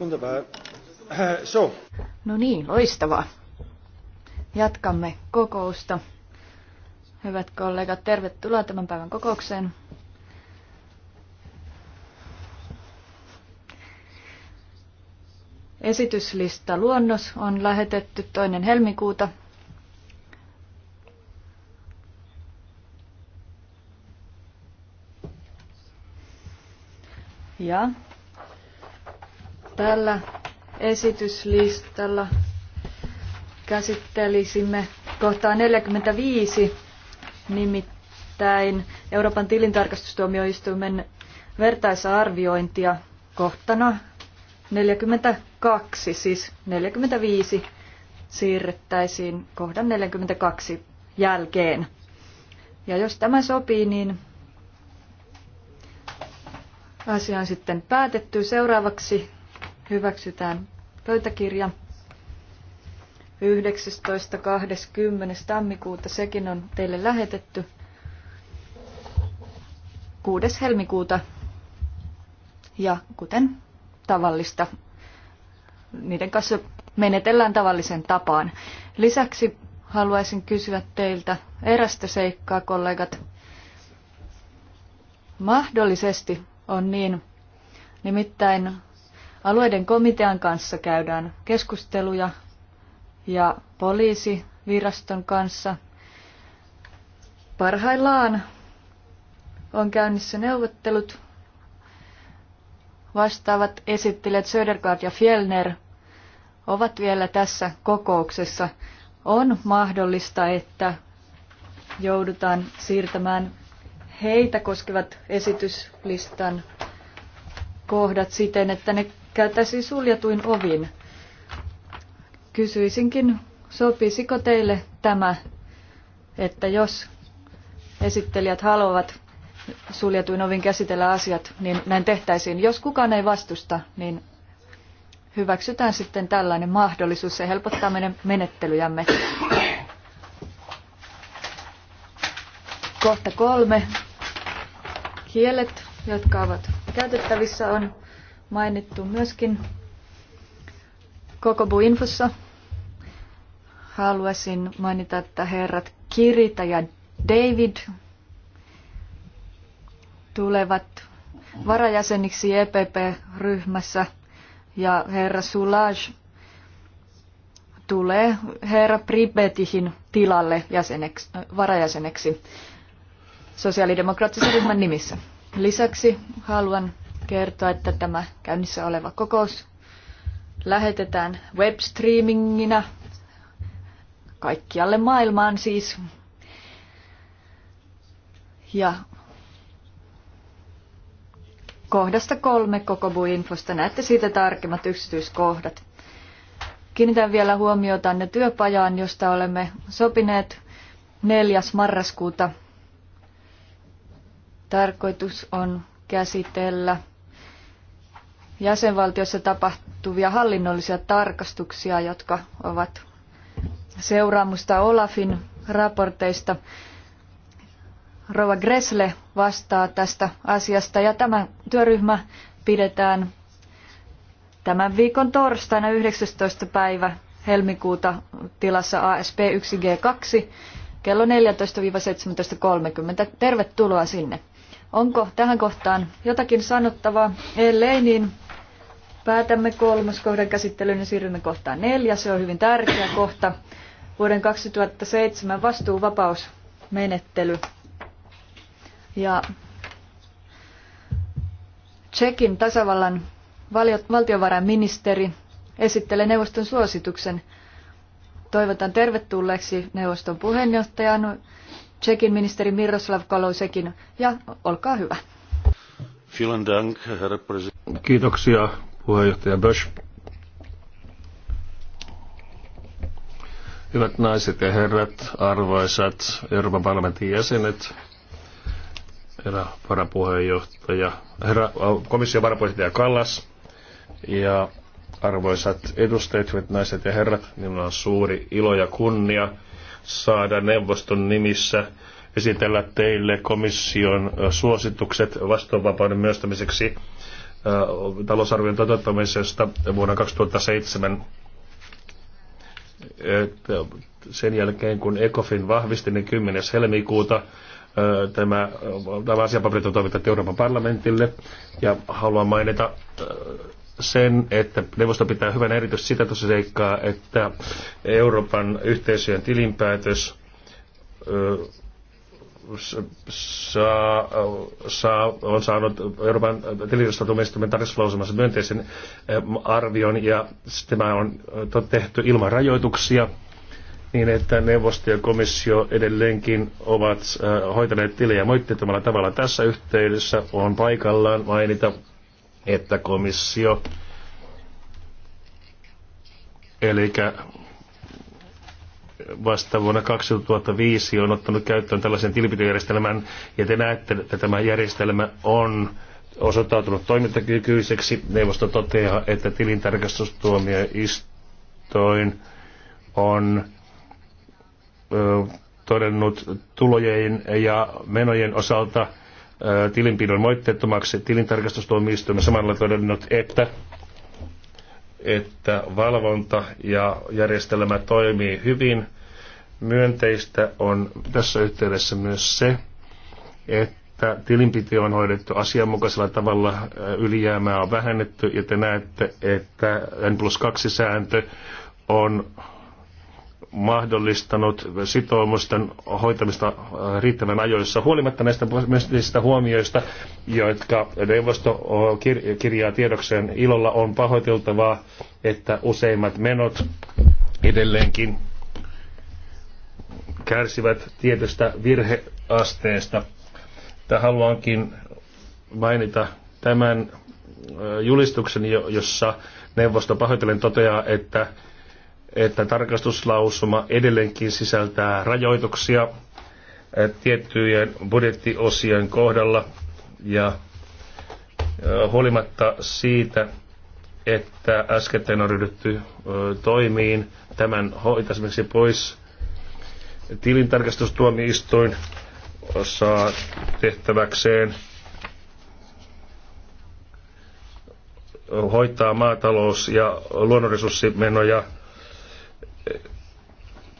Wunderbar. So. No niin, loistavaa. Jatkamme kokousta. Hyvät kollegat, tervetuloa tämän päivän kokoukseen. Esityslista luonnos on lähetetty toinen helmikuuta. Ja Tällä esityslistalla käsittelisimme kohtaa 45, nimittäin Euroopan tilintarkastustuomioistuimen vertaisarviointia kohtana 42, siis 45 siirrettäisiin kohdan 42 jälkeen. Ja jos tämä sopii, niin asia on sitten päätetty. Seuraavaksi hyväksytään pöytäkirja 19.20. tammikuuta. Sekin on teille lähetetty 6. helmikuuta. Ja kuten tavallista, niiden kanssa menetellään tavallisen tapaan. Lisäksi haluaisin kysyä teiltä erästä seikkaa, kollegat. Mahdollisesti on niin, nimittäin Alueiden komitean kanssa käydään keskusteluja ja poliisiviraston kanssa. Parhaillaan on käynnissä neuvottelut. Vastaavat esittelijät Södergaard ja Fjellner ovat vielä tässä kokouksessa. On mahdollista, että joudutaan siirtämään heitä koskevat esityslistan kohdat siten, että ne Käytäsi suljetuin ovin. Kysyisinkin, sopisiko teille tämä, että jos esittelijät haluavat suljetuin ovin käsitellä asiat, niin näin tehtäisiin. Jos kukaan ei vastusta, niin hyväksytään sitten tällainen mahdollisuus. Se helpottaa meidän menettelyjämme. Kohta kolme. Kielet, jotka ovat käytettävissä, on mainittu myöskin koko Infossa. Haluaisin mainita, että herrat Kirita ja David tulevat varajäseniksi EPP-ryhmässä ja herra Sulaj tulee herra Pribetihin tilalle jäseneksi, varajäseneksi sosiaalidemokraattisen ryhmän nimissä. Lisäksi haluan kertoa, että tämä käynnissä oleva kokous lähetetään webstreaminginä kaikkialle maailmaan siis. Ja kohdasta kolme koko infosta näette siitä tarkemmat yksityiskohdat. Kiinnitän vielä huomiota ne työpajaan, josta olemme sopineet 4. marraskuuta. Tarkoitus on käsitellä jäsenvaltiossa tapahtuvia hallinnollisia tarkastuksia, jotka ovat seuraamusta Olafin raporteista. Rova Gressle vastaa tästä asiasta ja tämä työryhmä pidetään tämän viikon torstaina 19. päivä helmikuuta tilassa ASP 1G2 kello 14-17.30. Tervetuloa sinne. Onko tähän kohtaan jotakin sanottavaa? Ellei, niin Päätämme kohdan käsittelyyn ja siirrymme kohtaan neljä. Se on hyvin tärkeä kohta. Vuoden 2007 vastuuvapausmenettely. Ja Tsekin tasavallan valtiovarainministeri esittelee neuvoston suosituksen. Toivotan tervetulleeksi neuvoston puheenjohtajan Tsekin ministeri Miroslav Kalousekin. ja olkaa hyvä. Kiitoksia puheenjohtaja Bösch. Hyvät naiset ja herrat, arvoisat Euroopan parlamentin jäsenet, herra varapuheenjohtaja, herra äh, komission varapuheenjohtaja Kallas ja arvoisat edustajat, hyvät naiset ja herrat, minulla on suuri ilo ja kunnia saada neuvoston nimissä esitellä teille komission äh, suositukset vastuunvapauden myöstämiseksi talousarvion toteuttamisesta vuonna 2007 sen jälkeen, kun ECOFIN vahvisti, niin 10. helmikuuta tämä, tämä asiapaperit on toimitettu Euroopan parlamentille. Ja haluan mainita sen, että neuvosto pitää hyvän erityisesti sitä tuossa seikkaa, että Euroopan yhteisöjen tilinpäätös saa, saa, on saanut Euroopan tilirastotuomioistuimen tarkastuslausumassa myönteisen eh, arvion ja tämä on eh, tehty ilman rajoituksia niin, että neuvosto ja komissio edelleenkin ovat eh, hoitaneet tilejä moitteettomalla tavalla. Tässä yhteydessä on paikallaan mainita, että komissio, eli vasta vuonna 2005 on ottanut käyttöön tällaisen tilinpitojärjestelmän, ja te näette, että tämä järjestelmä on osoittautunut toimintakykyiseksi. Neuvosto toteaa, että tilintarkastustuomioistoin on ö, todennut tulojen ja menojen osalta ö, tilinpidon moitteettomaksi. Tilintarkastustuomioistoin on samalla todennut, että että valvonta ja järjestelmä toimii hyvin Myönteistä on tässä yhteydessä myös se, että tilinpiti on hoidettu asianmukaisella tavalla, äh, ylijäämää on vähennetty ja te näette, että N plus 2 sääntö on mahdollistanut sitoumusten hoitamista äh, riittävän ajoissa, huolimatta näistä myönteisistä huomioista, jotka neuvosto äh, kirjaa tiedokseen. Ilolla on pahoiteltavaa, että useimmat menot edelleenkin kärsivät tietystä virheasteesta. Tämä haluankin mainita tämän julistuksen, jossa neuvosto pahoitellen toteaa, että, että tarkastuslausuma edelleenkin sisältää rajoituksia tiettyjen budjettiosien kohdalla ja huolimatta siitä, että äskettäin on ryhdytty toimiin tämän hoitamiseksi pois tilintarkastustuomioistuin saa tehtäväkseen hoitaa maatalous- ja luonnonresurssimenoja,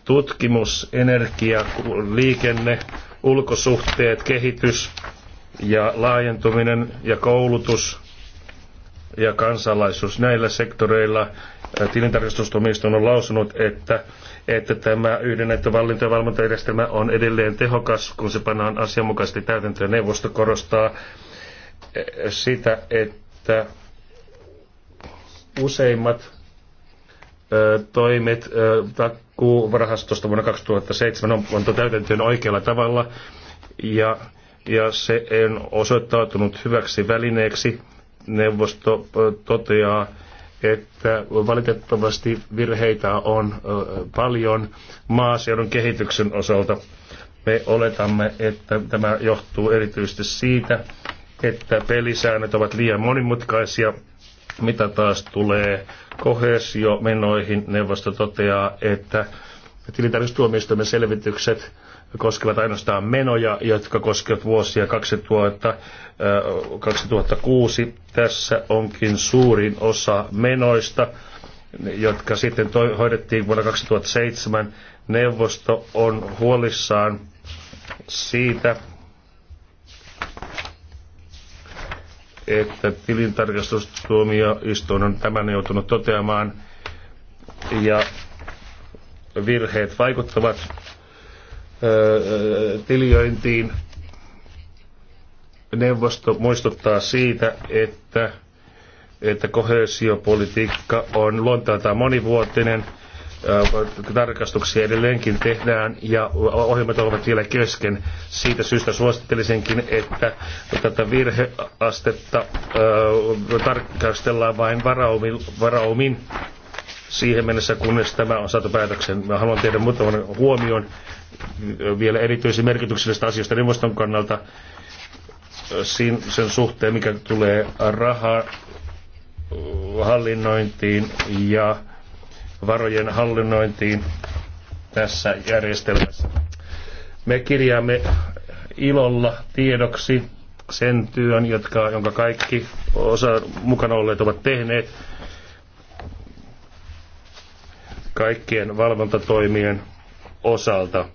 tutkimus, energia, liikenne, ulkosuhteet, kehitys ja laajentuminen ja koulutus ja kansalaisuus. Näillä sektoreilla tilintarkastustuomioistuin on lausunut, että että tämä yhdennetty valinta- ja valvontajärjestelmä on edelleen tehokas, kun se pannaan asianmukaisesti täytäntöön. Neuvosto korostaa eh, sitä, että useimmat eh, toimet eh, takuurahastosta vuonna 2007 on, on täytäntöön oikealla tavalla ja, ja se on osoittautunut hyväksi välineeksi. Neuvosto toteaa, että valitettavasti virheitä on paljon maaseudun kehityksen osalta. Me oletamme, että tämä johtuu erityisesti siitä, että pelisäännöt ovat liian monimutkaisia, mitä taas tulee kohesio-menoihin. Neuvosto toteaa, että tilintarkastustuomioistuimen selvitykset koskevat ainoastaan menoja, jotka koskevat vuosia 2000, 2006. Tässä onkin suurin osa menoista, jotka sitten toi, hoidettiin vuonna 2007. Neuvosto on huolissaan siitä, että tilintarkastustuomioistuin on tämän joutunut toteamaan ja virheet vaikuttavat tiljointiin. Neuvosto muistuttaa siitä, että, että kohesiopolitiikka on luontaan monivuotinen – tarkastuksia edelleenkin tehdään ja ohjelmat ovat vielä kesken. Siitä syystä suosittelisinkin, että tätä virheastetta tarkastellaan vain varaumin, varaumin siihen mennessä, kunnes tämä on saatu päätöksen. Mä haluan tehdä muutaman huomion vielä erityisen merkityksellisestä asiasta neuvoston kannalta sen suhteen, mikä tulee rahahallinnointiin ja varojen hallinnointiin tässä järjestelmässä. Me kirjaamme ilolla tiedoksi sen työn, jotka, jonka kaikki osa mukana olleet ovat tehneet kaikkien valvontatoimien osalta.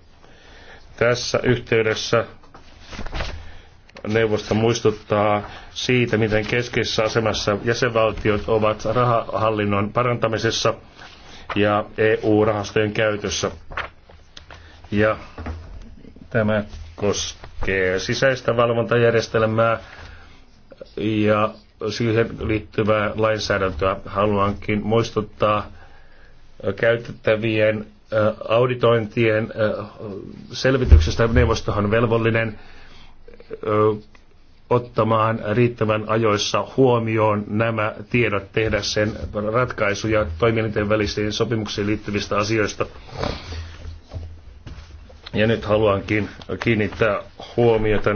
Tässä yhteydessä neuvosto muistuttaa siitä, miten keskeisessä asemassa jäsenvaltiot ovat rahahallinnon parantamisessa ja EU-rahastojen käytössä. Ja tämä koskee sisäistä valvontajärjestelmää ja siihen liittyvää lainsäädäntöä. Haluankin muistuttaa käytettävien auditointien selvityksestä neuvostohan on velvollinen ottamaan riittävän ajoissa huomioon nämä tiedot, tehdä sen ratkaisuja toimielinten välisiin sopimuksiin liittyvistä asioista. Ja nyt haluankin kiinnittää huomiota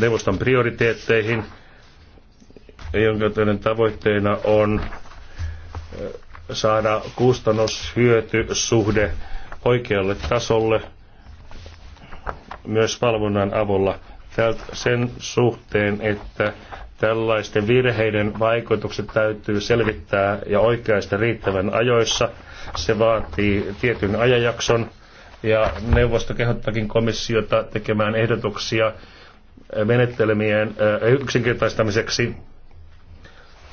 neuvoston prioriteetteihin, jonka tavoitteena on saada kustannushyötysuhde oikealle tasolle myös valvonnan avulla sen suhteen, että tällaisten virheiden vaikutukset täytyy selvittää ja oikeasta riittävän ajoissa. Se vaatii tietyn ajanjakson ja neuvosto kehottakin komissiota tekemään ehdotuksia menettelmien yksinkertaistamiseksi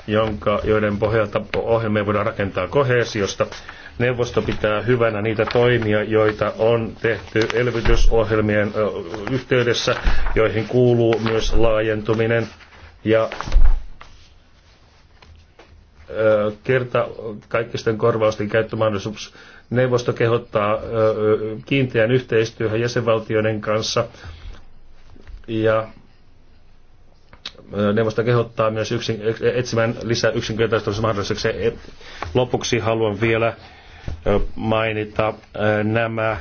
jonka, joiden pohjalta ohjelmia voidaan rakentaa kohesiosta. Neuvosto pitää hyvänä niitä toimia, joita on tehty elvytysohjelmien yhteydessä, joihin kuuluu myös laajentuminen ja kerta kaikkisten korvausten käyttömahdollisuus. Neuvosto kehottaa kiinteän yhteistyöhön jäsenvaltioiden kanssa ja Neuvosto kehottaa myös yksin, etsimään lisää yksinkertaistamisen mahdollisuuksia. E, lopuksi haluan vielä mainita nämä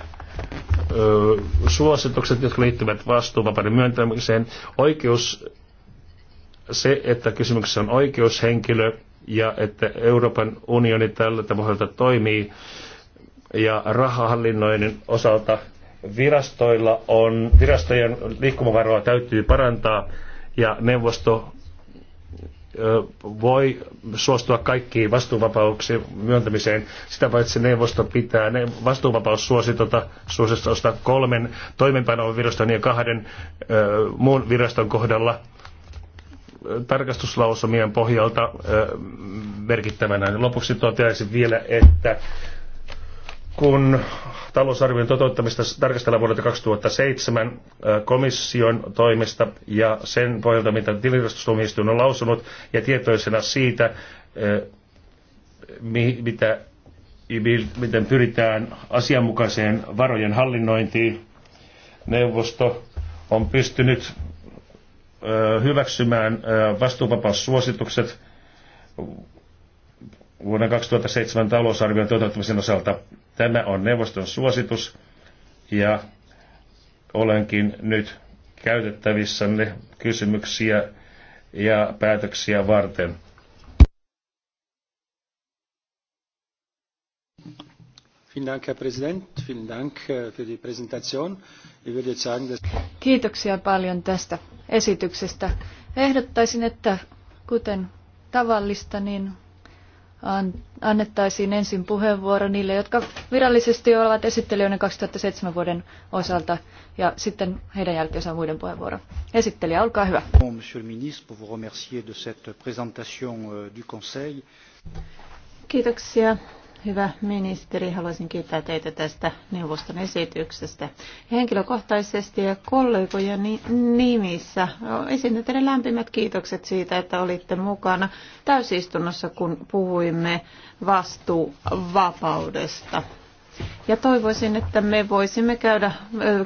suositukset, jotka liittyvät vastuuvapauden myöntämiseen. Oikeus, se, että kysymyksessä on oikeushenkilö ja että Euroopan unioni tällä tavalla toimii ja rahahallinnoinnin osalta virastoilla on, virastojen liikkumavaroa täytyy parantaa ja neuvosto voi suostua kaikkiin vastuuvapauksiin myöntämiseen. Sitä paitsi neuvosto pitää ne vastuuvapaus vastuuvapaussuositota suositusta kolmen toimenpanoon viraston ja kahden ö, muun viraston kohdalla tarkastuslausumien pohjalta ö, merkittävänä. Lopuksi toteaisin vielä, että kun talousarvion toteuttamista tarkastellaan vuodelta 2007 komission toimesta ja sen pohjalta, mitä tilintarkastustuomioistuin on lausunut, ja tietoisena siitä, mitä, miten pyritään asianmukaiseen varojen hallinnointiin, neuvosto on pystynyt hyväksymään vastuupapaussuositukset vuoden 2007 talousarvion toteuttamisen osalta Tämä on neuvoston suositus ja olenkin nyt käytettävissänne kysymyksiä ja päätöksiä varten. Kiitoksia paljon tästä esityksestä. Ehdottaisin, että kuten tavallista, niin annettaisiin ensin puheenvuoro niille, jotka virallisesti ovat esittelijöiden 2007 vuoden osalta, ja sitten heidän jälkeensä muiden puheenvuoro. Esittelijä, olkaa hyvä. Monsieur le ministre, pour vous remercier de cette présentation euh, du Conseil. Kiitoksia Hyvä ministeri, haluaisin kiittää teitä tästä neuvoston esityksestä. Henkilökohtaisesti ja kollegojen nimissä esitän teille lämpimät kiitokset siitä, että olitte mukana täysistunnossa, kun puhuimme vastuuvapaudesta. Ja toivoisin, että me voisimme käydä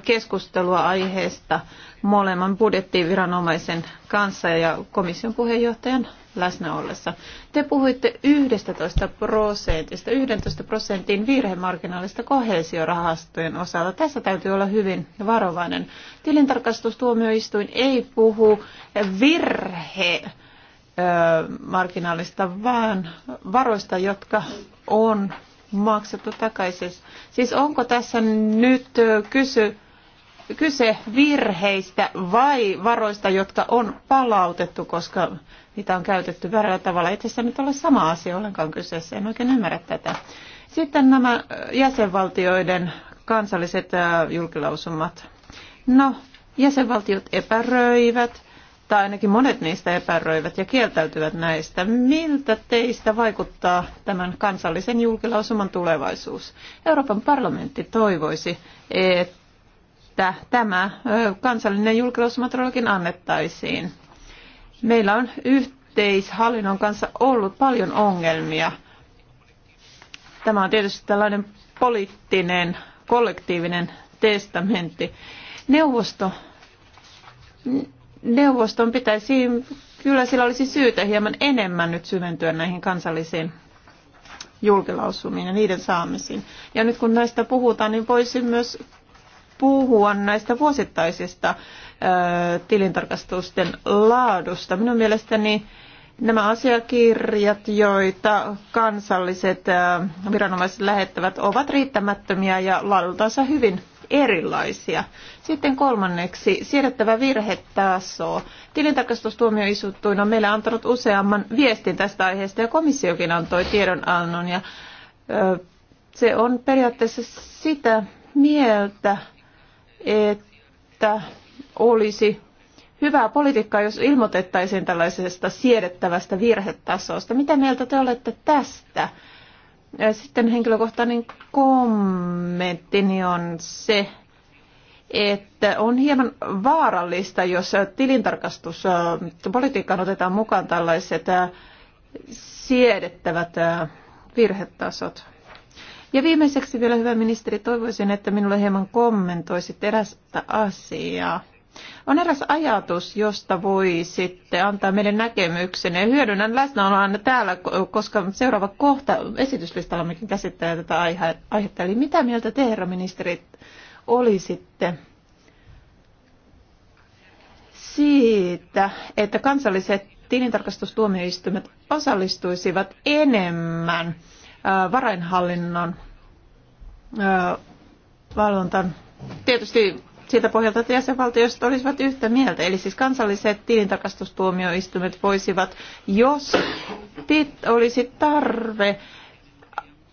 keskustelua aiheesta molemman budjettiviranomaisen kanssa ja komission puheenjohtajan läsnä ollessa. Te puhuitte 11 prosentista, 11 prosentin virhemarginaalista kohesiorahastojen osalta. Tässä täytyy olla hyvin varovainen. Tilintarkastustuomioistuin ei puhu virhe marginaalista, vaan varoista, jotka on maksettu takaisin. Siis onko tässä nyt kysy, kyse virheistä vai varoista, jotka on palautettu, koska niitä on käytetty väärällä tavalla? Itse asiassa nyt ole sama asia ollenkaan kyseessä, en oikein ymmärrä tätä. Sitten nämä jäsenvaltioiden kansalliset julkilausumat. No, jäsenvaltiot epäröivät tai ainakin monet niistä epäröivät ja kieltäytyvät näistä. Miltä teistä vaikuttaa tämän kansallisen julkilausuman tulevaisuus? Euroopan parlamentti toivoisi, että tämä kansallinen julkilausuma todellakin annettaisiin. Meillä on yhteishallinnon kanssa ollut paljon ongelmia. Tämä on tietysti tällainen poliittinen, kollektiivinen testamentti. Neuvosto neuvoston pitäisi, kyllä sillä olisi syytä hieman enemmän nyt syventyä näihin kansallisiin julkilausumiin ja niiden saamisiin. Ja nyt kun näistä puhutaan, niin voisi myös puhua näistä vuosittaisista ö, tilintarkastusten laadusta. Minun mielestäni nämä asiakirjat, joita kansalliset ö, viranomaiset lähettävät, ovat riittämättömiä ja laadultaansa hyvin erilaisia. Sitten kolmanneksi, siedettävä virhetaso. Tilintarkastustuomioistuin on meillä antanut useamman viestin tästä aiheesta ja komissiokin antoi tiedonannon. Ja, ö, se on periaatteessa sitä mieltä, että olisi hyvää politiikkaa, jos ilmoitettaisiin tällaisesta siedettävästä virhetasosta. Mitä mieltä te olette tästä? Sitten henkilökohtainen kom kommenttini on se, että on hieman vaarallista, jos tilintarkastuspolitiikkaan otetaan mukaan tällaiset äh, siedettävät äh, virhetasot. Ja viimeiseksi vielä, hyvä ministeri, toivoisin, että minulle hieman kommentoisit erästä asiaa. On eräs ajatus, josta voi sitten antaa meille näkemyksen ja hyödynnän läsnäoloa täällä, koska seuraava kohta esityslistalla, mekin käsittää tätä aihetta. Eli mitä mieltä te, herra ministerit, olisitte siitä, että kansalliset tilintarkastustuomioistuimet osallistuisivat enemmän varainhallinnon valvontaan. Tietysti siltä pohjalta, että jäsenvaltiot olisivat yhtä mieltä. Eli siis kansalliset tilintarkastustuomioistumet voisivat, jos pit, olisi tarve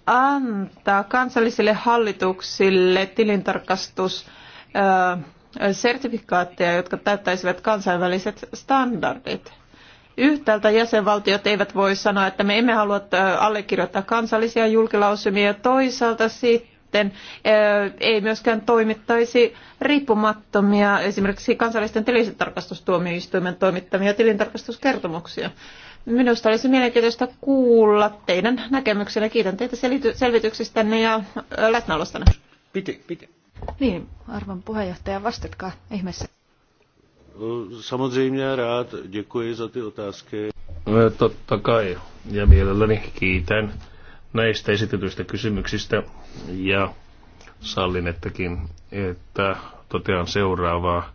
antaa kansallisille hallituksille tilintarkastus sertifikaatteja, jotka täyttäisivät kansainväliset standardit. Yhtäältä jäsenvaltiot eivät voi sanoa, että me emme halua allekirjoittaa kansallisia julkilausumia, ja toisaalta sitten sitten ei myöskään toimittaisi riippumattomia esimerkiksi kansallisten tilintarkastustuomioistuimen toimittamia tilintarkastuskertomuksia. Minusta olisi mielenkiintoista kuulla teidän näkemyksenne. Kiitän teitä selvityksistänne ja läsnäolostanne. Piti, piti. Niin, arvon puheenjohtaja, vastatkaa ihmeessä. Samozřejmě rád, děkuji za ty otázky. Totta kai, ja mielelläni kiitän näistä esitetyistä kysymyksistä ja sallin, ettäkin, että totean seuraavaa.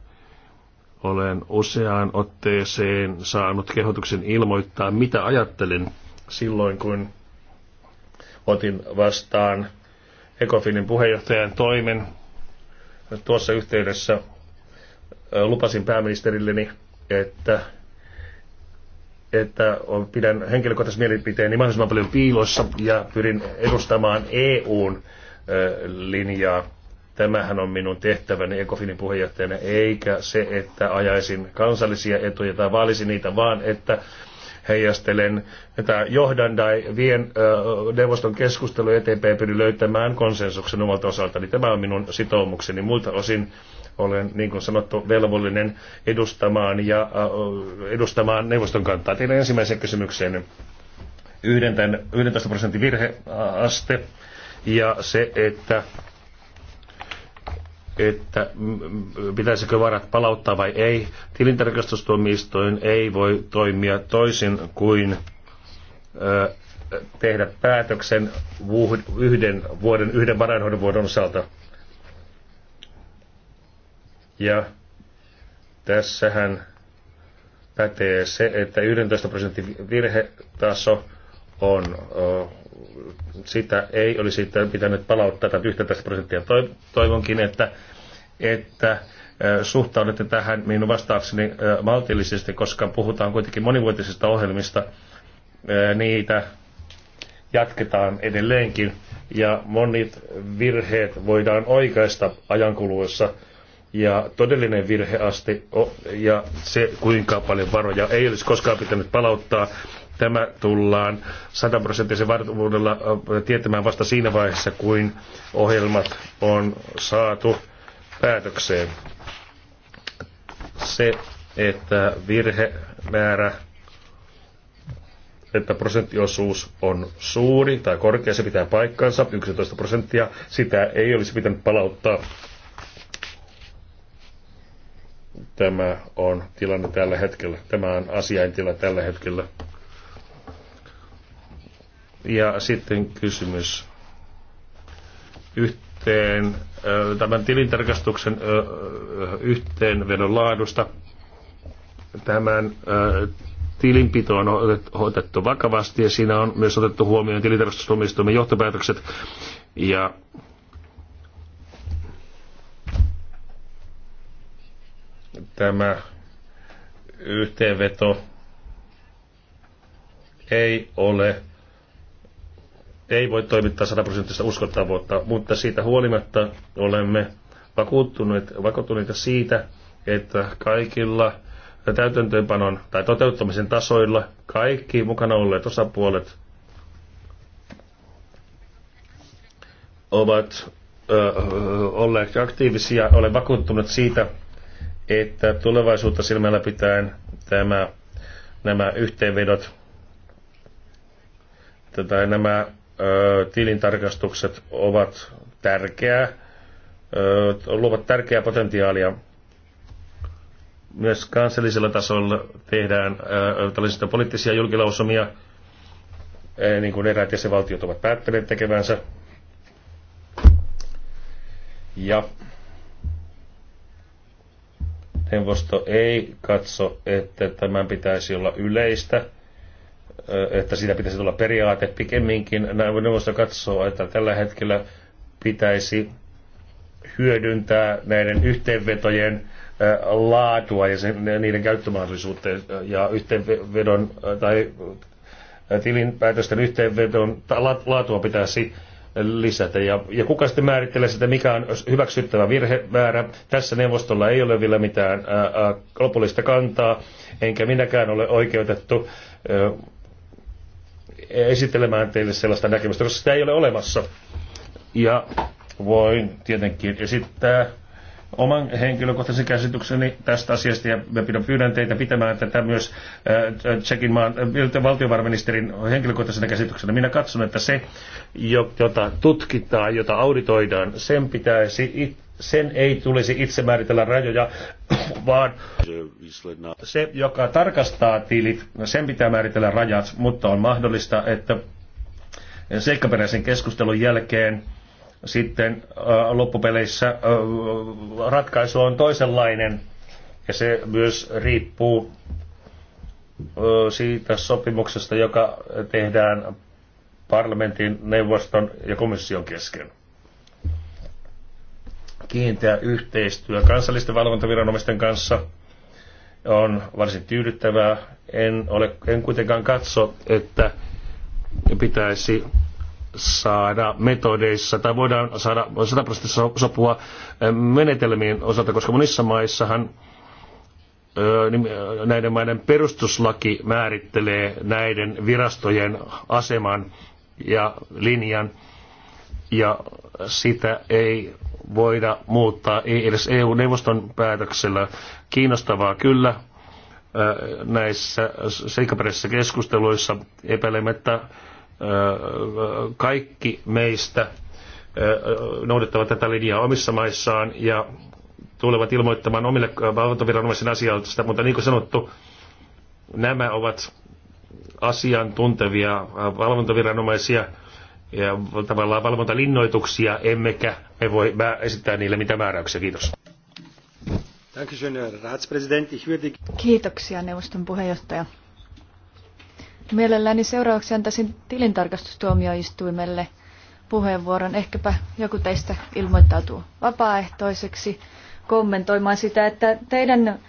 Olen useaan otteeseen saanut kehotuksen ilmoittaa, mitä ajattelin silloin, kun otin vastaan Ecofinin puheenjohtajan toimen. Tuossa yhteydessä lupasin pääministerilleni, että että pidän henkilökohtaisen mielipiteeni niin mahdollisimman paljon piilossa ja pyrin edustamaan EUn linjaa. Tämähän on minun tehtäväni Ecofinin puheenjohtajana, eikä se, että ajaisin kansallisia etuja tai vaalisin niitä, vaan että heijastelen että johdan tai vien neuvoston keskustelu eteenpäin pyrin löytämään konsensuksen omalta osaltani. Tämä on minun sitoumukseni. Muilta osin olen, niin kuin sanottu, velvollinen edustamaan, ja, äh, edustamaan neuvoston kantaa. Teidän ensimmäisen kysymykseen 11 prosentin virheaste ja se, että että pitäisikö varat palauttaa vai ei. Tilintarkastustuomioistuin ei voi toimia toisin kuin ö, äh, tehdä päätöksen yhden vuoden, yhden varainhoidon vuoden osalta ja tässähän pätee se, että 11 prosentin virhetaso on, sitä ei olisi pitänyt palauttaa tätä 11 prosenttia. Toivonkin, että, että suhtaudutte tähän minun vastaukseni maltillisesti, koska puhutaan kuitenkin monivuotisista ohjelmista. Niitä jatketaan edelleenkin ja monet virheet voidaan oikaista ajankuluessa. kuluessa ja todellinen virheaste ja se, kuinka paljon varoja ei olisi koskaan pitänyt palauttaa, tämä tullaan sataprosenttisen varmuudella tietämään vasta siinä vaiheessa, kuin ohjelmat on saatu päätökseen. Se, että virhemäärä että prosenttiosuus on suuri tai korkea, se pitää paikkansa, 11 prosenttia, sitä ei olisi pitänyt palauttaa tämä on tilanne tällä hetkellä. Tämä on asiaintila tällä hetkellä. Ja sitten kysymys yhteen, tämän tilintarkastuksen yhteenvedon laadusta. Tämän tilinpito on otettu vakavasti ja siinä on myös otettu huomioon tilintarkastustuomioistuimen johtopäätökset. Ja tämä yhteenveto ei ole, ei voi toimittaa sataprosenttista uskottavuutta, mutta siitä huolimatta olemme vakuuttuneet, vakuuttuneita siitä, että kaikilla täytäntöönpanon tai toteuttamisen tasoilla kaikki mukana olleet osapuolet ovat ö, olleet aktiivisia. Olen vakuuttunut siitä, että tulevaisuutta silmällä pitäen tämä, nämä yhteenvedot tai nämä ö, tilintarkastukset ovat tärkeää, ö, luovat tärkeää potentiaalia. Myös kansallisella tasolla tehdään ö, tällaisia poliittisia julkilausumia, ö, niin kuin eräät jäsenvaltiot ovat päättäneet tekevänsä. Ja neuvosto ei katso, että tämän pitäisi olla yleistä, että siitä pitäisi tulla periaate. Pikemminkin neuvosto katsoo, että tällä hetkellä pitäisi hyödyntää näiden yhteenvetojen laatua ja sen, niiden käyttömahdollisuutta ja yhteenvedon tai tilinpäätösten yhteenvedon laatua pitäisi lisätä. Ja, ja kuka sitten määrittelee sitä, mikä on hyväksyttävä virhemäärä. Tässä neuvostolla ei ole vielä mitään ää, ää, lopullista kantaa, enkä minäkään ole oikeutettu ää, esittelemään teille sellaista näkemystä, koska sitä ei ole olemassa. Ja voin tietenkin esittää oman henkilökohtaisen käsitykseni tästä asiasta ja mä pyydän teitä pitämään tätä myös Tsekin maan valtiovarainministerin henkilökohtaisena käsityksenä. Minä katson, että se, jota tutkitaan, jota auditoidaan, sen pitäisi sen ei tulisi itse määritellä rajoja, vaan se, joka tarkastaa tilit, sen pitää määritellä rajat, mutta on mahdollista, että seikkaperäisen keskustelun jälkeen sitten äh, loppupeleissä äh, ratkaisu on toisenlainen ja se myös riippuu äh, siitä sopimuksesta, joka tehdään parlamentin, neuvoston ja komission kesken. Kiinteä yhteistyö kansallisten valvontaviranomaisten kanssa on varsin tyydyttävää. En, ole, en kuitenkaan katso, että pitäisi saada metodeissa tai voidaan saada 100 prosenttia sopua eh, menetelmien osalta, koska monissa maissahan niin, näiden maiden perustuslaki määrittelee näiden virastojen aseman ja linjan, ja sitä ei voida muuttaa ei edes EU-neuvoston päätöksellä. Kiinnostavaa kyllä näissä seikkaperäisissä keskusteluissa epäilemättä kaikki meistä noudattavat tätä linjaa omissa maissaan ja tulevat ilmoittamaan omille valvontaviranomaisen asioista, mutta niin kuin sanottu, nämä ovat asiantuntevia valvontaviranomaisia ja tavallaan valvontalinnoituksia, emmekä me voi esittää niille mitään määräyksiä. Kiitos. Kiitoksia neuvoston puheenjohtaja. Mielelläni seuraavaksi antaisin tilintarkastustuomioistuimelle puheenvuoron. Ehkäpä joku teistä ilmoittautuu vapaaehtoiseksi kommentoimaan sitä, että teidän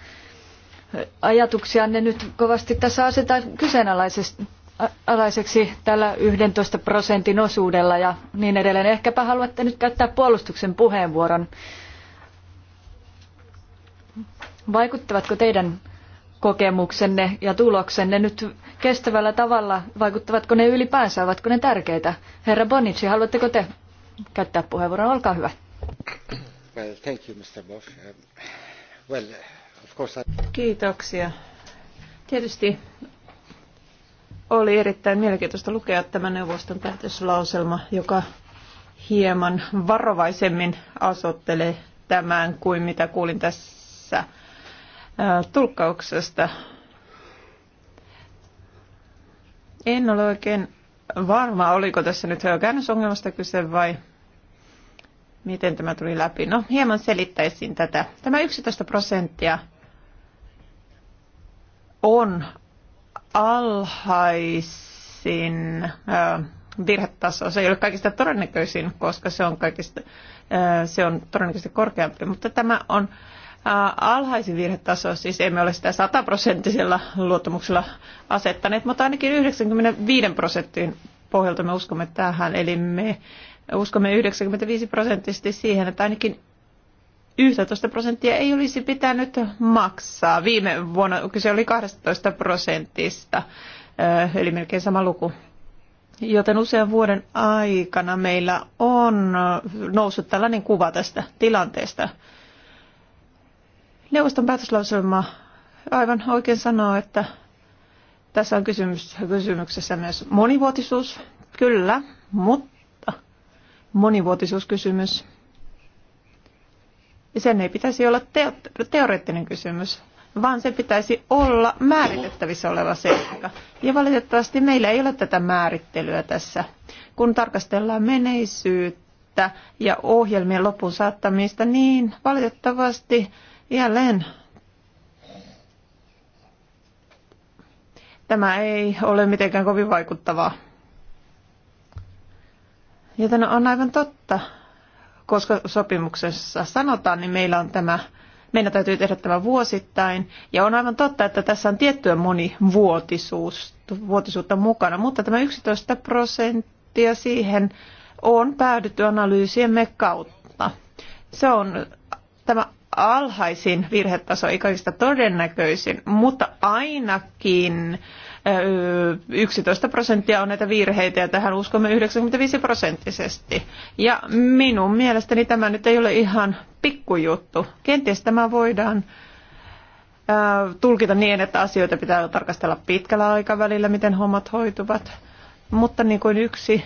ajatuksianne nyt kovasti tässä asetaan kyseenalaiseksi tällä 11 prosentin osuudella ja niin edelleen. Ehkäpä haluatte nyt käyttää puolustuksen puheenvuoron. Vaikuttavatko teidän kokemuksenne ja tuloksenne nyt kestävällä tavalla, vaikuttavatko ne ylipäänsä, ovatko ne tärkeitä? Herra Bonici, haluatteko te käyttää puheenvuoron? Olkaa hyvä. Well, thank you, Mr. Bosch. Um, well, of course I... Kiitoksia. Tietysti oli erittäin mielenkiintoista lukea tämä neuvoston päätöslauselma, joka hieman varovaisemmin asottelee tämän kuin mitä kuulin tässä tulkkauksesta. En ole oikein varma, oliko tässä nyt käännösongelmasta kyse vai miten tämä tuli läpi. No, hieman selittäisin tätä. Tämä 11 prosenttia on alhaisin virhetaso. Se ei ole kaikista todennäköisin, koska se on, kaikista, se on todennäköisesti korkeampi, mutta tämä on alhaisin virhetaso, siis emme ole sitä sataprosenttisella luottamuksella asettaneet, mutta ainakin 95 prosentin pohjalta me uskomme tähän, eli me uskomme 95 prosenttisesti siihen, että ainakin 11 prosenttia ei olisi pitänyt maksaa. Viime vuonna kyse oli 12 prosentista, eli melkein sama luku. Joten usean vuoden aikana meillä on noussut tällainen kuva tästä tilanteesta. Neuvoston päätöslauselma aivan oikein sanoo, että tässä on kysymys, kysymyksessä myös monivuotisuus, kyllä, mutta monivuotisuuskysymys. Ja sen ei pitäisi olla teo, teoreettinen kysymys, vaan se pitäisi olla määritettävissä oleva seikka. Ja valitettavasti meillä ei ole tätä määrittelyä tässä. Kun tarkastellaan menneisyyttä ja ohjelmien lopun saattamista, niin valitettavasti Jälleen tämä ei ole mitenkään kovin vaikuttavaa. Joten on aivan totta, koska sopimuksessa sanotaan, niin meillä on tämä, meidän täytyy tehdä tämä vuosittain. Ja on aivan totta, että tässä on tiettyä monivuotisuutta mukana, mutta tämä 11 prosenttia siihen on päädytty analyysiemme kautta. Se on tämä alhaisin virhetaso, ei kaikista todennäköisin, mutta ainakin 11 prosenttia on näitä virheitä ja tähän uskomme 95 prosenttisesti. Ja minun mielestäni tämä nyt ei ole ihan pikkujuttu. Kenties tämä voidaan tulkita niin, että asioita pitää tarkastella pitkällä aikavälillä, miten hommat hoituvat. Mutta niin kuin yksi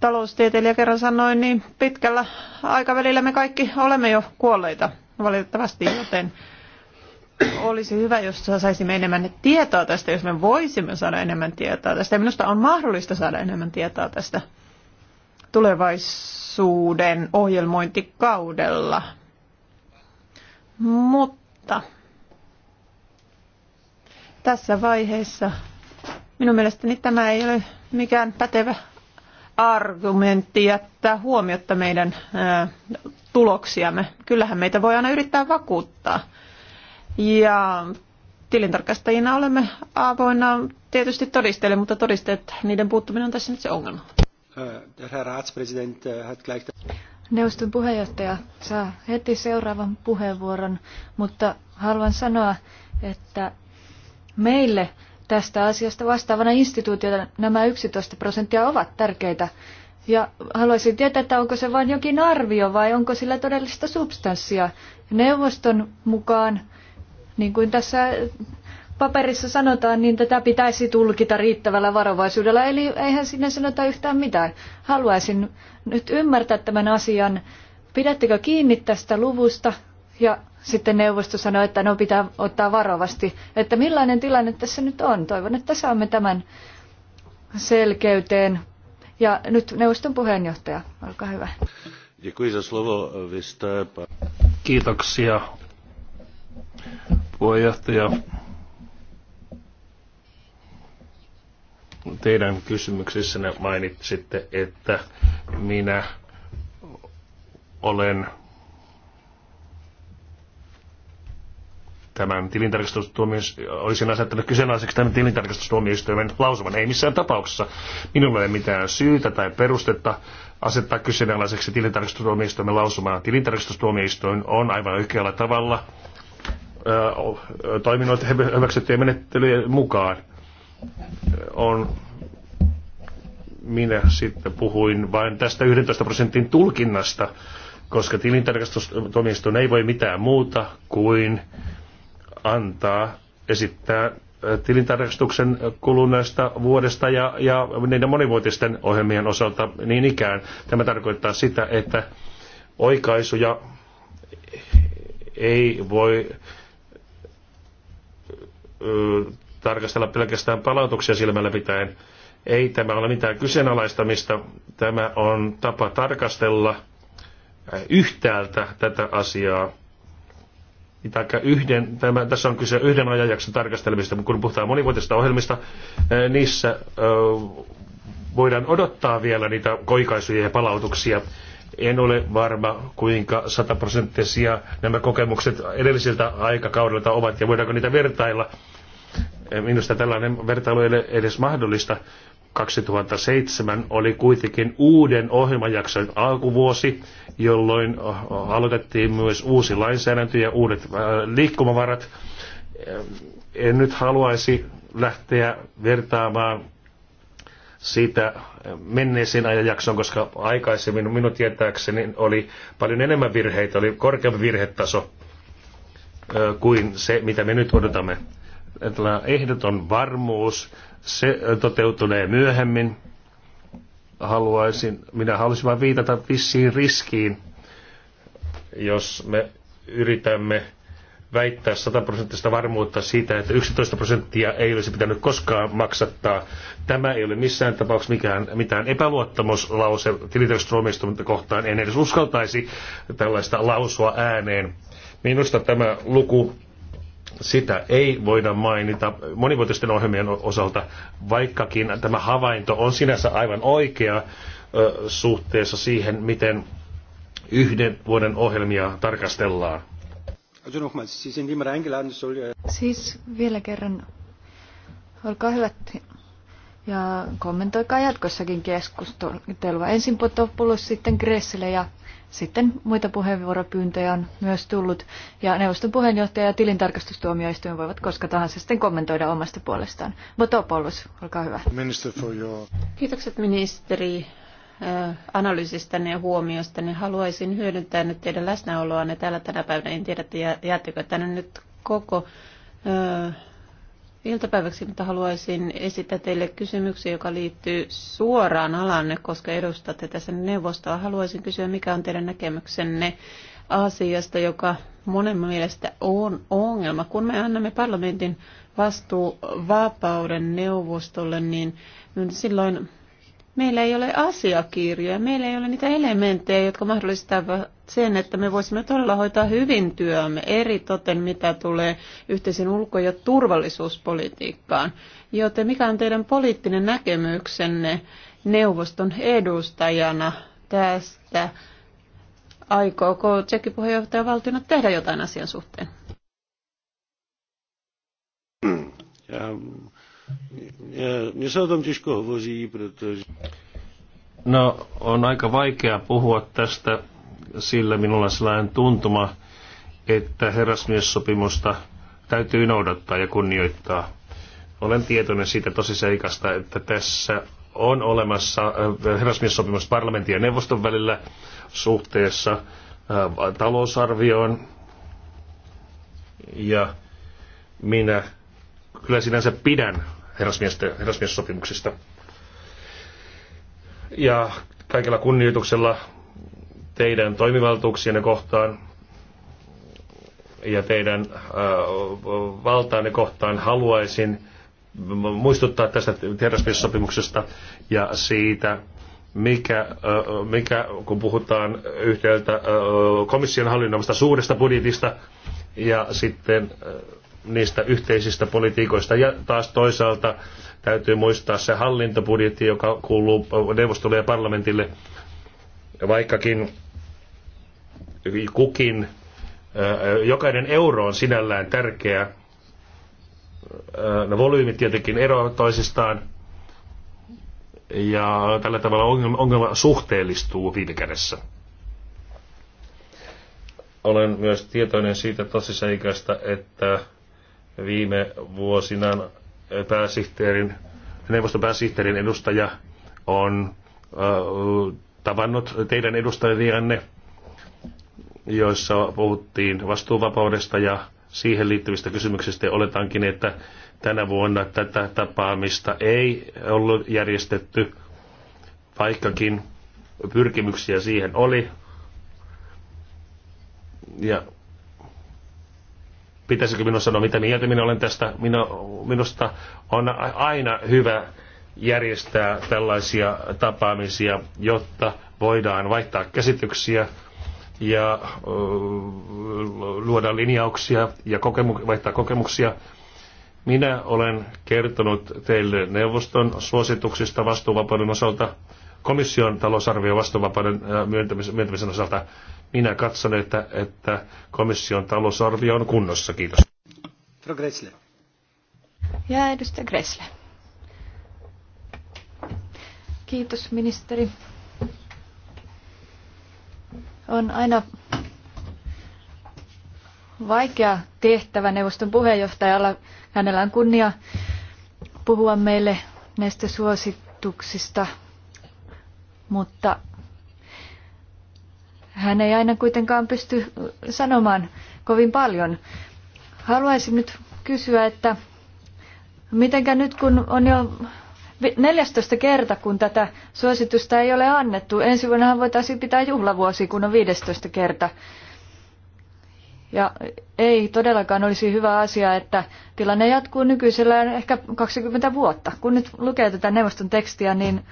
taloustieteilijä kerran sanoi, niin pitkällä aikavälillä me kaikki olemme jo kuolleita valitettavasti, joten olisi hyvä, jos saisimme enemmän tietoa tästä, jos me voisimme saada enemmän tietoa tästä. Ja minusta on mahdollista saada enemmän tietoa tästä tulevaisuuden ohjelmointikaudella. Mutta tässä vaiheessa minun mielestäni tämä ei ole mikään pätevä argumentti jättää huomiotta meidän tuloksiamme. Kyllähän meitä voi aina yrittää vakuuttaa. Ja tilintarkastajina olemme avoinna tietysti todisteille, mutta todisteet, niiden puuttuminen on tässä nyt se ongelma. Äh, äh, Neuvoston puheenjohtaja saa heti seuraavan puheenvuoron, mutta haluan sanoa, että meille tästä asiasta vastaavana instituutiota nämä 11 prosenttia ovat tärkeitä. Ja haluaisin tietää, että onko se vain jokin arvio vai onko sillä todellista substanssia. Neuvoston mukaan, niin kuin tässä paperissa sanotaan, niin tätä pitäisi tulkita riittävällä varovaisuudella, eli eihän sinne sanota yhtään mitään. Haluaisin nyt ymmärtää tämän asian. Pidättekö kiinni tästä luvusta ja sitten neuvosto sanoi, että no pitää ottaa varovasti. Että millainen tilanne tässä nyt on? Toivon, että saamme tämän selkeyteen. Ja nyt neuvoston puheenjohtaja, olkaa hyvä. Kiitoksia puheenjohtaja. Teidän kysymyksissänne mainitsitte, että minä olen tämän tilintarkastustuomioistuimen, olisin asettanut kyseenalaiseksi tämän tilintarkastustuomioistuimen lausuman. Ei missään tapauksessa minulla ei mitään syytä tai perustetta asettaa kyseenalaiseksi tilintarkastustuomioistuimen lausumaa. Tilintarkastustuomioistuin on aivan oikealla tavalla toiminut hyväksyttyjen menettelyjen mukaan. On minä sitten puhuin vain tästä 11 prosentin tulkinnasta, koska tilintarkastustoimistoon ei voi mitään muuta kuin antaa esittää tilintarkastuksen kuluneesta vuodesta ja, ja niiden monivuotisten ohjelmien osalta niin ikään. Tämä tarkoittaa sitä, että oikaisuja ei voi tarkastella pelkästään palautuksia silmällä pitäen. Ei tämä ole mitään kyseenalaistamista. Tämä on tapa tarkastella yhtäältä tätä asiaa niin tai yhden, tämä, tässä on kyse yhden ajanjakson mutta kun puhutaan monivuotisista ohjelmista, eh, niissä eh, voidaan odottaa vielä niitä koikaisuja ja palautuksia. En ole varma, kuinka sataprosenttisia nämä kokemukset edellisiltä aikakaudelta ovat ja voidaanko niitä vertailla. Eh, minusta tällainen vertailu ei ole edes mahdollista, 2007 oli kuitenkin uuden ohjelmajakson alkuvuosi, jolloin aloitettiin myös uusi lainsäädäntö ja uudet liikkumavarat. En nyt haluaisi lähteä vertaamaan siitä menneeseen ajanjaksoon, koska aikaisemmin minun tietääkseni oli paljon enemmän virheitä, oli korkeampi virhetaso kuin se, mitä me nyt odotamme. Tällainen ehdoton varmuus se toteutunee myöhemmin. Haluaisin, minä haluaisin vain viitata vissiin riskiin, jos me yritämme väittää 100 prosenttista varmuutta siitä, että 11 prosenttia ei olisi pitänyt koskaan maksattaa. Tämä ei ole missään tapauksessa mikään, mitään epäluottamuslause tilintarkastustuomioistuinta kohtaan. En edes uskaltaisi tällaista lausua ääneen. Minusta tämä luku sitä ei voida mainita monivuotisten ohjelmien osalta, vaikkakin tämä havainto on sinänsä aivan oikea suhteessa siihen, miten yhden vuoden ohjelmia tarkastellaan. Siis vielä kerran, olkaa hyvät ja kommentoikaa jatkossakin keskustelua. Ensin Potopoulos, sitten Gressille ja sitten muita puheenvuoropyyntöjä on myös tullut, ja neuvoston puheenjohtaja ja tilintarkastustuomioistuin voivat koska tahansa sitten kommentoida omasta puolestaan. Botopoulos, olkaa hyvä. Minister for your... Kiitokset ministeri analyysistanne ja huomiostanne. Haluaisin hyödyntää nyt teidän läsnäoloanne täällä tänä päivänä. En tiedä, että jäättekö tänne nyt koko iltapäiväksi, mutta haluaisin esittää teille kysymyksen, joka liittyy suoraan alanne, koska edustatte tässä neuvostoa. Haluaisin kysyä, mikä on teidän näkemyksenne asiasta, joka monen mielestä on ongelma. Kun me annamme parlamentin vapauden neuvostolle, niin silloin meillä ei ole asiakirjoja, meillä ei ole niitä elementtejä, jotka mahdollistavat sen, että me voisimme todella hoitaa hyvin työmme, eri toten mitä tulee yhteisen ulko- ja turvallisuuspolitiikkaan. Joten mikä on teidän poliittinen näkemyksenne neuvoston edustajana tästä? Aikooko puheenjohtaja valtiona tehdä jotain asian suhteen? No, on aika vaikea puhua tästä sillä minulla on sellainen tuntuma, että herrasmiessopimusta täytyy noudattaa ja kunnioittaa. Olen tietoinen siitä seikasta, että tässä on olemassa äh, herrasmiessopimus parlamentin ja neuvoston välillä suhteessa äh, talousarvioon. Ja minä kyllä sinänsä pidän herrasmiessopimuksista. Ja kaikella kunnioituksella teidän toimivaltuuksienne kohtaan ja teidän äh, valtaanne kohtaan haluaisin muistuttaa tästä tiedostamissopimuksesta ja siitä, mikä, äh, mikä, kun puhutaan yhtäältä äh, komission hallinnoimasta suuresta budjetista ja sitten niistä yhteisistä politiikoista. Ja taas toisaalta täytyy muistaa se hallintobudjetti, joka kuuluu neuvostolle ja parlamentille, vaikkakin kukin, äh, jokainen euro on sinällään tärkeä. Äh, ne no, volyymit tietenkin eroavat toisistaan ja tällä tavalla ongelma, ongelma suhteellistuu viime kädessä. Olen myös tietoinen siitä tosiseikasta, että viime vuosina pääsihteerin, neuvoston pääsihteerin edustaja on äh, tavannut teidän edustajianne – joissa puhuttiin vastuuvapaudesta ja siihen liittyvistä kysymyksistä. Oletankin, että tänä vuonna tätä tapaamista ei ollut järjestetty, vaikkakin pyrkimyksiä siihen oli. Ja pitäisikö minun sanoa, mitä mieltä minä olen tästä? Minä, minusta on aina hyvä järjestää tällaisia tapaamisia, jotta voidaan vaihtaa käsityksiä ja luoda linjauksia ja kokemu- vaihtaa kokemuksia. Minä olen kertonut teille neuvoston suosituksista vastuuvapauden osalta, komission talousarvio vastuuvapauden myöntämisen osalta. Minä katson, että, että komission talousarvio on kunnossa. Kiitos. Gressle. Ja edustaja Gressle. Kiitos ministeri. On aina vaikea tehtävä neuvoston puheenjohtajalla. Hänellä on kunnia puhua meille näistä suosituksista, mutta hän ei aina kuitenkaan pysty sanomaan kovin paljon. Haluaisin nyt kysyä, että mitenkä nyt kun on jo 14 kerta, kun tätä suositusta ei ole annettu. Ensi vuonna voitaisiin pitää juhlavuosi, kun on 15 kerta. Ja ei todellakaan olisi hyvä asia, että tilanne jatkuu nykyisellään ehkä 20 vuotta. Kun nyt lukee tätä neuvoston tekstiä, niin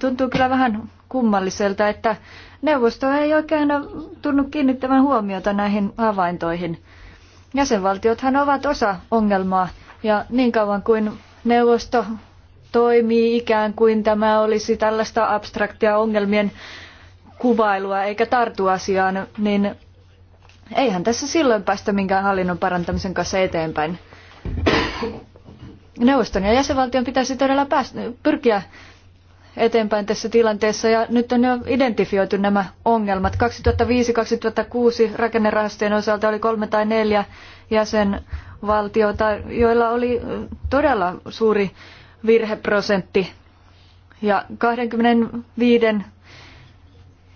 tuntuu kyllä vähän kummalliselta, että neuvosto ei oikein tunnu kiinnittävän huomiota näihin havaintoihin. Jäsenvaltiothan ovat osa ongelmaa, ja niin kauan kuin neuvosto toimii ikään kuin tämä olisi tällaista abstraktia ongelmien kuvailua eikä tartu asiaan, niin eihän tässä silloin päästä minkään hallinnon parantamisen kanssa eteenpäin. Neuvoston ja jäsenvaltion pitäisi todella päästä, pyrkiä eteenpäin tässä tilanteessa ja nyt on jo identifioitu nämä ongelmat. 2005-2006 rakennerahastojen osalta oli kolme tai neljä jäsenvaltiota, joilla oli todella suuri virheprosentti. Ja 25